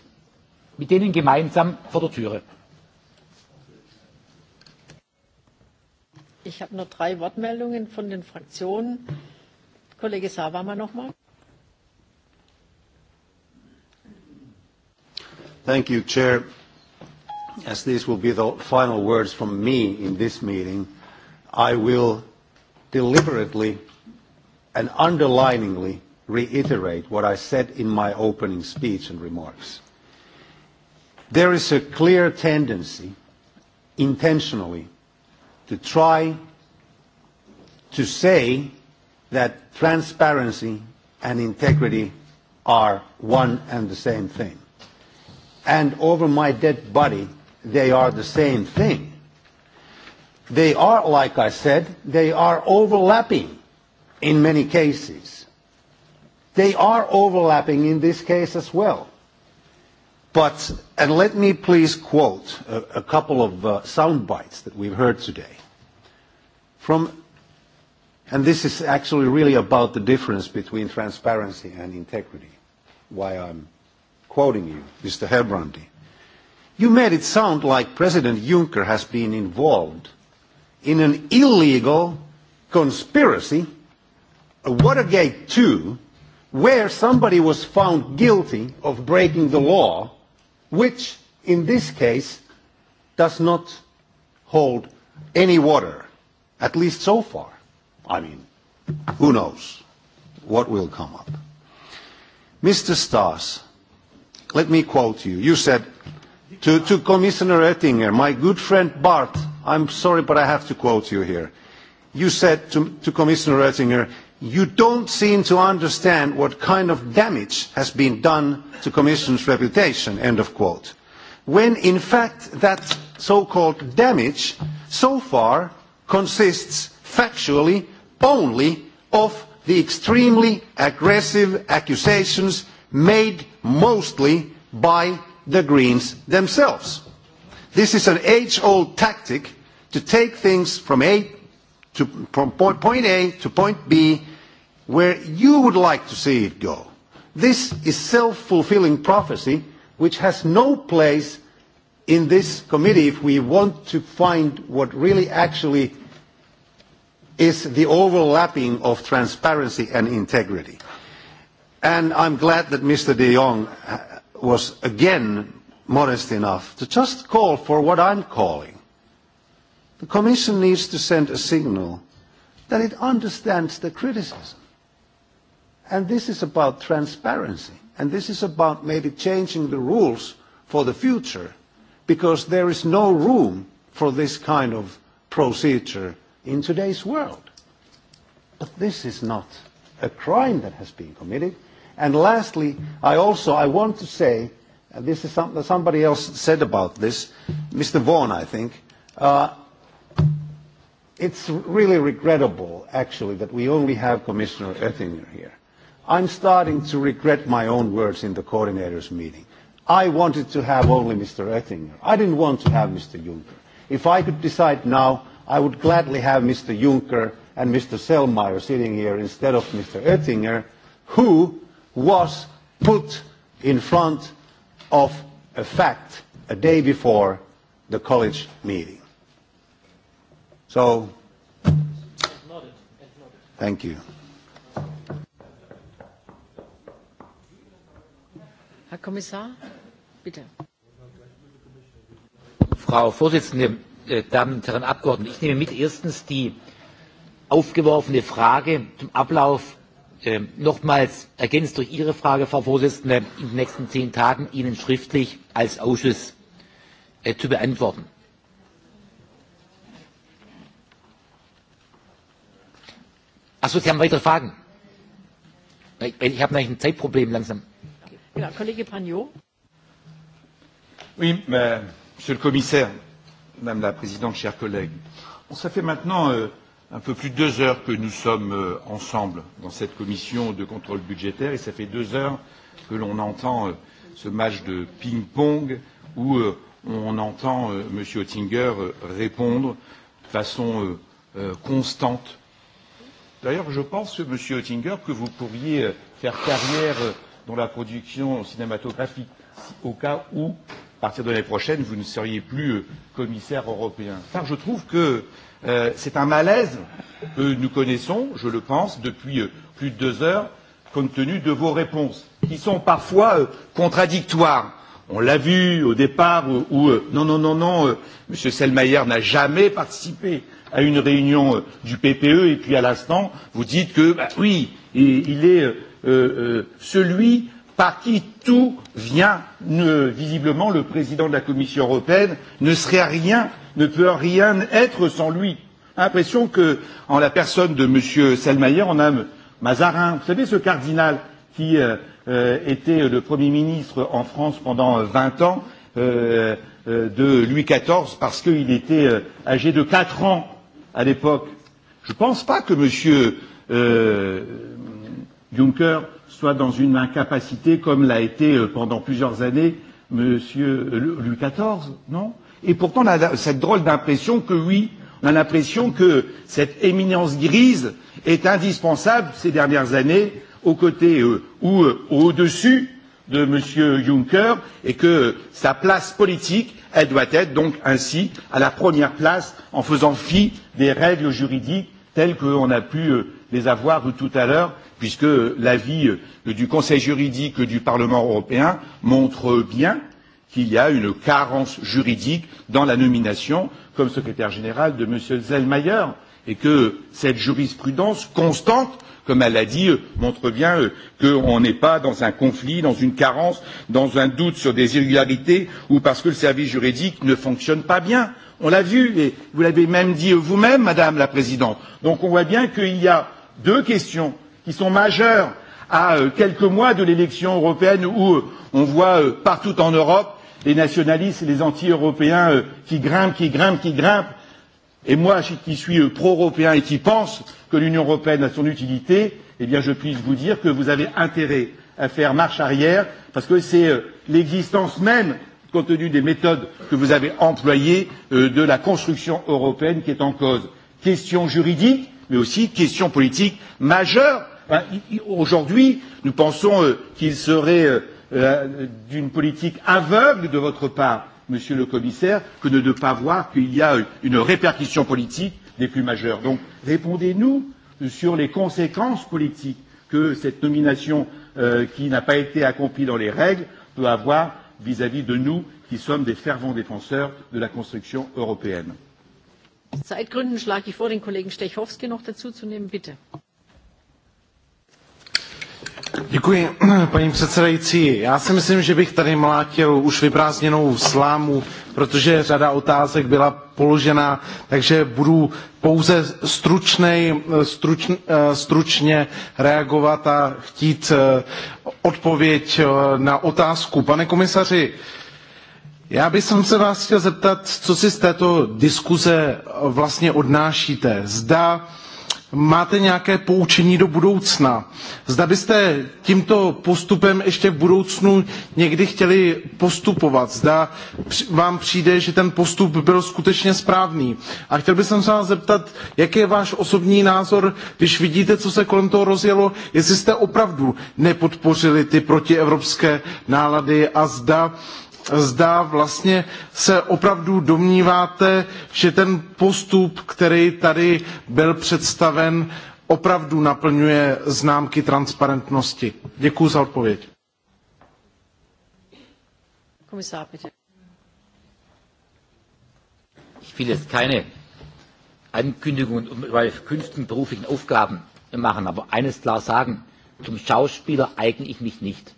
mit denen gemeinsam vor der Türe. Ich habe noch drei Wortmeldungen von den Fraktionen. Kollege noch mal. Thank you, Chair. As these will be the final words from me in this meeting, I will deliberately and underliningly reiterate what I said in my opening speech and remarks. There is a clear tendency, intentionally, to try to say that transparency and integrity are one and the same thing. And over my dead body, they are the same thing They are, like I said, they are overlapping in many cases. They are overlapping in this case as well. But, and let me please quote a, a couple of uh, sound bites that we've heard today. From, and this is actually really about the difference between transparency and integrity, why I'm quoting you, Mr. Hebrandi. You made it sound like President Juncker has been involved in an illegal conspiracy, Watergate 2, where somebody was found guilty of breaking the law, which in this case does not hold any water, at least so far. I mean, who knows what will come up. Mr. Stas, let me quote you. You said to, to Commissioner Oettinger, my good friend Bart I'm sorry, but I have to quote you here. You said to, to Commissioner Oettinger, you don't seem to understand what kind of damage has been done to Commission's reputation, end of quote. When in fact that so-called damage so far consists factually only of the extremely aggressive accusations made mostly by the Greens themselves. This is an age-old tactic to take things from, a to, from point A to point B where you would like to see it go. This is self-fulfilling prophecy which has no place in this committee if we want to find what really actually is the overlapping of transparency and integrity. And I'm glad that Mr. de Jong was again modest enough to just call for what I'm calling. The Commission needs to send a signal that it understands the criticism. And this is about transparency. And this is about maybe changing the rules for the future because there is no room for this kind of procedure in today's world. But this is not a crime that has been committed. And lastly, I also I want to say and this is something that somebody else said about this, Mr. Vaughan, I think, uh, it's really regrettable, actually, that we only have Commissioner Oettinger here. I'm starting to regret my own words in the coordinators' meeting. I wanted to have only Mr. Oettinger. I didn't want to have Mr. Juncker. If I could decide now, I would gladly have Mr. Juncker and Mr. Selmayr sitting here instead of Mr. Oettinger, who was put in front of a fact a day before the college meeting. So, thank you. Herr Kommissar, bitte. Frau Vorsitzende, äh, Damen und Herren Abgeordnete, ich nehme mit erstens die aufgeworfene Frage zum Ablauf Ähm, nochmals ergänzt durch Ihre Frage, Frau Vorsitzende, in den nächsten zehn Tagen Ihnen schriftlich als Ausschuss äh, zu beantworten. Achso, Sie haben weitere Fragen? Ich, ich habe nämlich ein Zeitproblem langsam. Genau, Kollege Pagnot. Oui, mais, Monsieur le Commissaire, Madame la Présidente, chers collègues, ça fait maintenant euh, un peu plus de deux heures que nous sommes euh, ensemble dans cette commission de contrôle budgétaire et ça fait deux heures que l'on entend euh, ce match de ping-pong où euh, on entend M. Oettinger répondre de façon constante. D'ailleurs, je pense, M. Oettinger, que vous pourriez faire carrière dans la production cinématographique au cas où, à partir de l'année prochaine, vous ne seriez plus commissaire européen. Car je trouve que euh, Euh, c'est un malaise que euh, nous connaissons, je le pense, depuis euh, plus de deux heures, compte tenu de vos réponses, qui sont parfois euh, contradictoires. On l'a vu au départ où, où euh, non, non, non, non, euh, M. Selmayr n'a jamais participé à une réunion euh, du PPE et puis à l'instant, vous dites que bah, oui, et, il est euh, euh, celui par qui tout vient, ne, visiblement le président de la Commission européenne ne serait à rien ne peut rien être sans lui. L'impression que, en la personne de M. Selmayr, on a Mazarin, vous savez, ce cardinal qui euh, euh était le Premier ministre en France pendant 20 euh, ans, euh, euh, de Louis XIV, parce qu'il était âgé de 4 ans à l'époque. Je ne pense pas que M. Euh, Juncker soit dans une incapacité comme l'a été pendant plusieurs années Monsieur Louis XIV, non Et pourtant, on a cette drôle d'impression que oui, on a l'impression que cette éminence grise est indispensable ces dernières années aux côtés euh, ou euh, au-dessus de M. Juncker et que sa place politique, elle doit être donc ainsi à la première place en faisant fi des règles juridiques telles qu'on a pu euh, les avoir tout à l'heure, puisque l'avis euh, du Conseil juridique du Parlement européen montre bien qu'il y a une carence juridique dans la nomination comme secrétaire général de M. Zellmayer et que cette jurisprudence constante, comme elle l'a dit, montre bien euh, qu'on n'est pas dans un conflit, dans une carence, dans un doute sur des irrégularités ou parce que le service juridique ne fonctionne pas bien. On l'a vu et vous l'avez même dit vous-même, Madame la Présidente. Donc on voit bien qu'il y a deux questions qui sont majeures à euh, quelques mois de l'élection européenne où euh, on voit partout en Europe les nationalistes et les anti-européens euh, qui grimpent, qui grimpent, qui grimpent. Et moi, qui suis euh, pro-européen et qui pense que l'Union européenne a son utilité, eh bien, je puisse vous dire que vous avez intérêt à faire marche arrière, parce que c'est euh, l'existence même, compte tenu des méthodes que vous avez employées, euh, de la construction européenne qui est en cause. Question juridique, mais aussi question politique majeure. Aujourd'hui, nous pensons euh, qu'il serait euh, Euh, d'une politique aveugle de votre part, monsieur le commissaire, que de ne pas voir qu'il y a une répercussion politique des plus majeures. Donc répondez-nous sur les conséquences politiques que cette nomination euh, qui n'a pas été accomplie dans les règles peut avoir vis-à-vis -vis de nous qui sommes des fervents défenseurs de la construction européenne. Zeitgründen schlage ich vor, den Kollegen Stechowski noch dazu zu nehmen, bitte. Děkuji, paní předsedající. Já si myslím, že bych tady mlátil už vyprázdněnou slámu, protože řada otázek byla položena, takže budu pouze stručnej, struč, eh, stručně reagovat a chtít eh, odpověď eh, na otázku. Pane komisaři, Já bych se vás chtěl zeptat, co si z této diskuze vlastně odnášíte. Zda máte nějaké poučení do budoucna. Zda byste tímto postupem ještě v budoucnu někdy chtěli postupovat. Zda vám přijde, že ten postup byl skutečně správný. A chtěl bych se vás zeptat, jaký je váš osobní názor, když vidíte, co se kolem toho rozjelo, jestli jste opravdu nepodpořili ty protievropské nálady a zda zda vlastně se opravdu domníváte, že ten postup, který tady byl představen, opravdu naplňuje známky transparentnosti. Děkuji za odpověď. Kommissar, bitte. Ich will jetzt keine Ankündigungen bei künftigen beruflichen Aufgaben machen, aber eines klar sagen, zum Schauspieler eigne ich mich nicht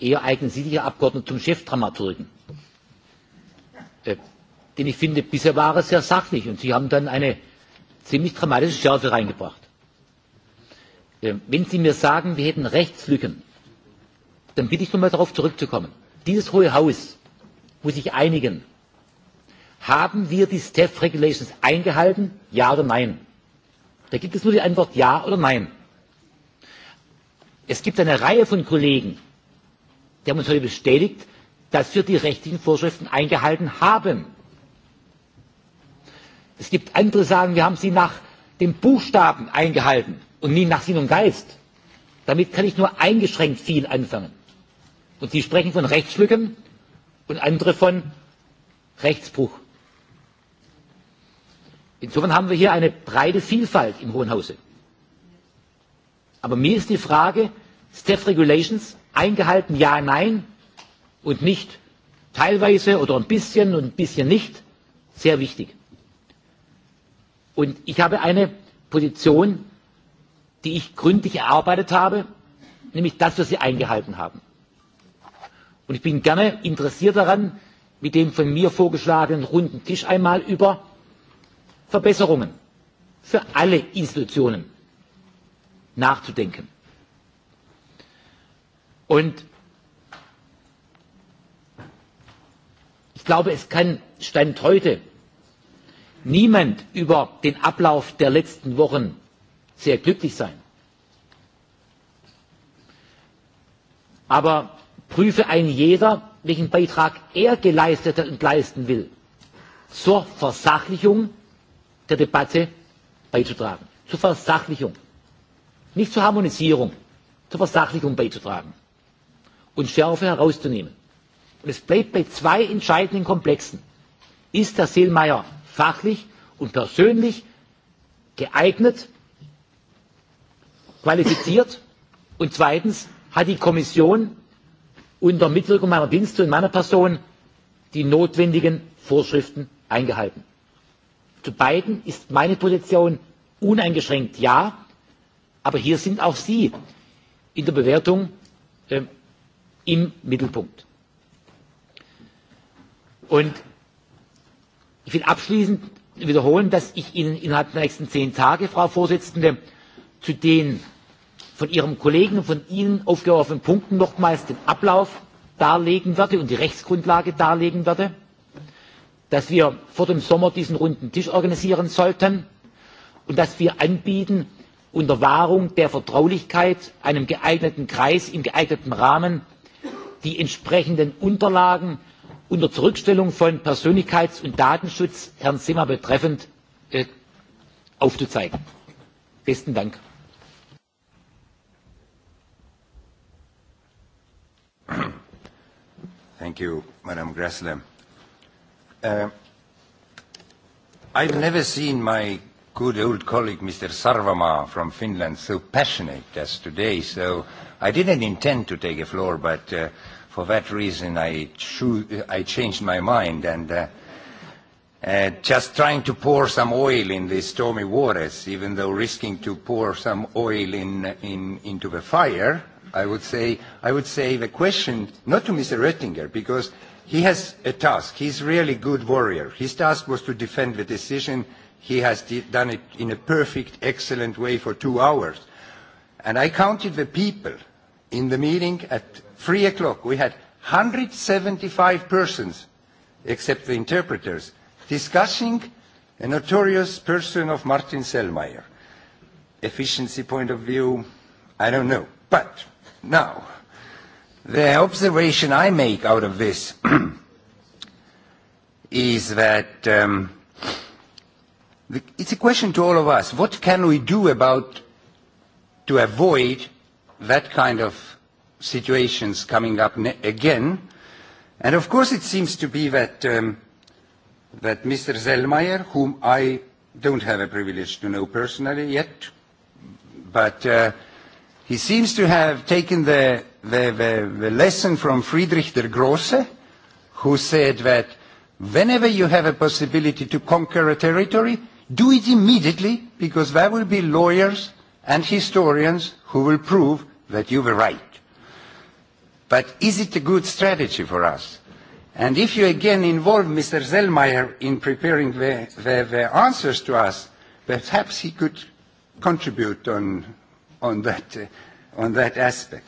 eher eignen Sie sich, Herr Abgeordneter, zum Chefdramaturgen. Äh, denn ich finde, bisher war es er sehr sachlich und Sie haben dann eine ziemlich dramatische Schärfe reingebracht. Äh, wenn Sie mir sagen, wir hätten Rechtslücken, dann bitte ich nochmal darauf zurückzukommen. Dieses Hohe Haus muss sich einigen. Haben wir die Staff Regulations eingehalten? Ja oder nein? Da gibt es nur die Antwort Ja oder Nein. Es gibt eine Reihe von Kollegen, Der uns heute bestätigt, dass wir die rechtlichen Vorschriften eingehalten haben. Es gibt andere, die sagen, wir haben sie nach dem Buchstaben eingehalten und nie nach Sinn und Geist. Damit kann ich nur eingeschränkt viel anfangen. Und Sie sprechen von Rechtslücken und andere von Rechtsbruch. Insofern haben wir hier eine breite Vielfalt im Hohen Hause. Aber mir ist die Frage, Staff Regulations eingehalten, ja, nein und nicht teilweise oder ein bisschen und ein bisschen nicht, sehr wichtig. Und ich habe eine Position, die ich gründlich erarbeitet habe, nämlich das, was Sie eingehalten haben. Und ich bin gerne interessiert daran, mit dem von mir vorgeschlagenen runden Tisch einmal über Verbesserungen für alle Institutionen nachzudenken. Und ich glaube, es kann Stand heute niemand über den Ablauf der letzten Wochen sehr glücklich sein. Aber prüfe ein jeder, welchen Beitrag er geleistet hat und leisten will, zur Versachlichung der Debatte beizutragen. Zur Versachlichung. Nicht zur Harmonisierung, zur Versachlichung beizutragen und Schärfe herauszunehmen. Und es bleibt bei zwei entscheidenden Komplexen. Ist Herr Seelmeier fachlich und persönlich geeignet, qualifiziert? Und zweitens, hat die Kommission unter Mitwirkung meiner Dienste und meiner Person die notwendigen Vorschriften eingehalten? Zu beiden ist meine Position uneingeschränkt ja, aber hier sind auch Sie in der Bewertung äh, im Mittelpunkt. Und ich will abschließend wiederholen, dass ich Ihnen innerhalb der nächsten zehn Tage, Frau Vorsitzende, zu den von Ihrem Kollegen und von Ihnen aufgeworfenen Punkten nochmals den Ablauf darlegen werde und die Rechtsgrundlage darlegen werde, dass wir vor dem Sommer diesen runden Tisch organisieren sollten und dass wir anbieten, unter Wahrung der Vertraulichkeit einem geeigneten Kreis im geeigneten Rahmen die entsprechenden Unterlagen unter Zurückstellung von Persönlichkeits- und Datenschutz Herrn Zimmer betreffend äh, aufzuzeigen. Besten Dank. Thank you, Madam Gressler. Uh, I've never seen my good old colleague, Mr. Sarvama from Finland, so passionate as today, so I didn't intend to take a floor, but uh, for that reason I, choo I changed my mind and uh, uh, just trying to pour some oil in the stormy waters, even though risking to pour some oil in, in, into the fire, I would, say, I would say the question, not to Mr. Oettinger, because he has a task. He's a really good warrior. His task was to defend the decision. He has done it in a perfect, excellent way for two hours. And I counted the people in the meeting at 3 o'clock, we had 175 persons, except the interpreters, discussing a notorious person of Martin Selmayr. Efficiency point of view, I don't know. But now, the observation I make out of this is that um, the, it's a question to all of us. What can we do about to avoid that kind of situations coming up again. And of course it seems to be that, um, that Mr. Zellmeyer, whom I don't have a privilege to know personally yet, but uh, he seems to have taken the, the, the, the lesson from Friedrich der Große, who said that whenever you have a possibility to conquer a territory, do it immediately because there will be lawyers and historians who will prove that you were right. But is it a good strategy for us? And if you again involve Mr. Zellmeyer in preparing the, the, the answers to us, perhaps he could contribute on, on, that, uh, on that aspect.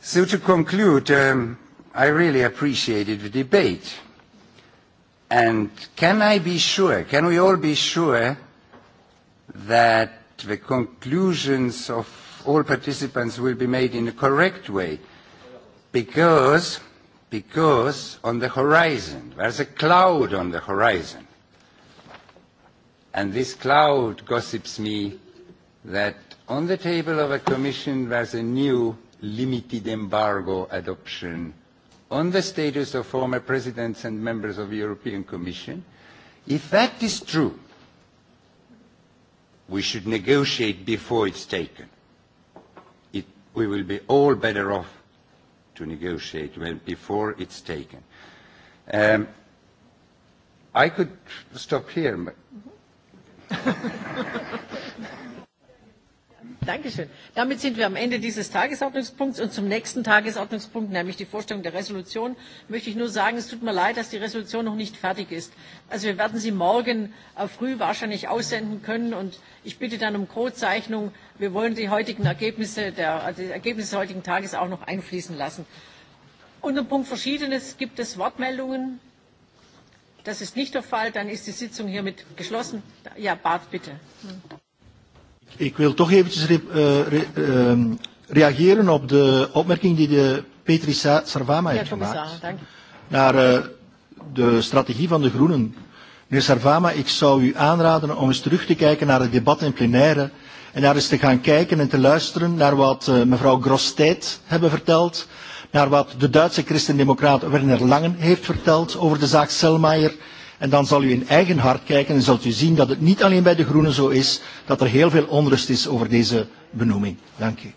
So to conclude, um, I really appreciated the debate. And can I be sure, can we all be sure that the conclusions of all participants will be made in a correct way because, because on the horizon, there's a cloud on the horizon. And this cloud gossips me that on the table of a commission there's a new limited embargo adoption on the status of former presidents and members of the European Commission. If that is true, we should negotiate before it's taken. It, we will be all better off to negotiate when, before it's taken. Um, I could stop here. but Dankeschön. Damit sind wir am Ende dieses Tagesordnungspunkts und zum nächsten Tagesordnungspunkt, nämlich die Vorstellung der Resolution, möchte ich nur sagen, es tut mir leid, dass die Resolution noch nicht fertig ist. Also wir werden sie morgen äh, früh wahrscheinlich aussenden können und ich bitte dann um Codezeichnung. Wir wollen die heutigen Ergebnisse, der, äh, die Ergebnisse des heutigen Tages auch noch einfließen lassen. Unter Punkt Verschiedenes gibt es Wortmeldungen. Das ist nicht der Fall. Dann ist die Sitzung hiermit geschlossen. Ja, Bart, bitte. Hm. Ik wil toch eventjes re, uh, re, um, reageren op de opmerking die de Petri Sarvama heeft ja, gemaakt. Naar uh, de strategie van de Groenen. Meneer Sarvama, ik zou u aanraden om eens terug te kijken naar het debat in plenaire. En daar eens te gaan kijken en te luisteren naar wat uh, mevrouw Grosteit hebben verteld. Naar wat de Duitse christendemocraat Werner Langen heeft verteld over de zaak Selmayr. En dan zal u in eigen hart kijken en zult u zien dat het niet alleen bij de Groenen zo is, dat er heel veel onrust is over deze benoeming. Dank u.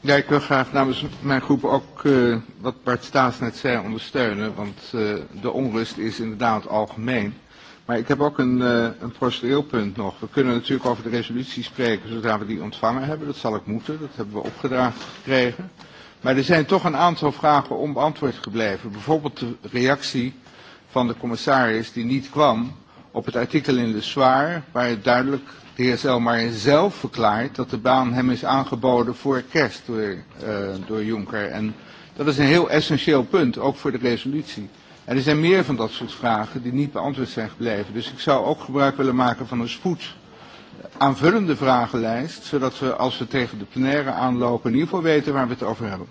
Ja, ik wil graag namens mijn groep ook uh, wat Bart Staes net zei ondersteunen, want uh, de onrust is inderdaad algemeen. Maar ik heb ook een, uh, een procedureel punt nog. We kunnen natuurlijk over de resolutie spreken zodra we die ontvangen hebben. Dat zal ik moeten, dat hebben we opgedragen gekregen. Maar er zijn toch een aantal vragen onbeantwoord gebleven. Bijvoorbeeld de reactie van de commissaris die niet kwam op het artikel in Le Soir, waar het duidelijk de heer Zelmar zelf verklaart dat de baan hem is aangeboden voor kerst door, uh, door Juncker. En dat is een heel essentieel punt, ook voor de resolutie. En er zijn meer van dat soort vragen die niet beantwoord zijn gebleven. Dus ik zou ook gebruik willen maken van een spoed aanvullende vragenlijst, zodat we als we tegen de plenaire aanlopen in ieder geval weten waar we het over hebben.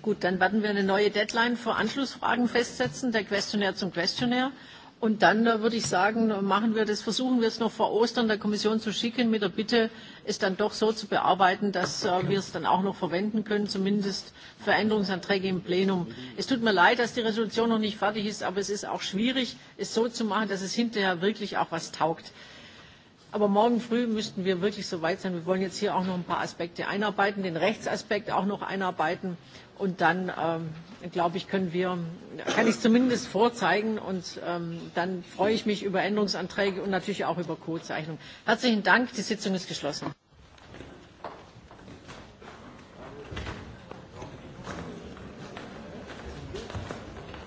Goed, dan werden we een nieuwe Deadline voor Anschlussfragen vastzetten, de Questionnaire zum Questionnaire. Und dann äh, würde ich sagen, äh, machen wir das, versuchen wir es noch vor Ostern der Kommission zu schicken, mit der Bitte, es dann doch so zu bearbeiten, dass äh, wir es dann auch noch verwenden können, zumindest für Änderungsanträge im Plenum. Es tut mir leid, dass die Resolution noch nicht fertig ist, aber es ist auch schwierig, es so zu machen, dass es hinterher wirklich auch was taugt. Aber morgen früh müssten wir wirklich so weit sein. Wir wollen jetzt hier auch noch ein paar Aspekte einarbeiten, den Rechtsaspekt auch noch einarbeiten Und dann, ähm, glaube ich, können wir, kann ich zumindest vorzeigen und ähm, dann freue ich mich über Änderungsanträge und natürlich auch über Co-Zeichnung. Herzlichen Dank, die Sitzung ist geschlossen.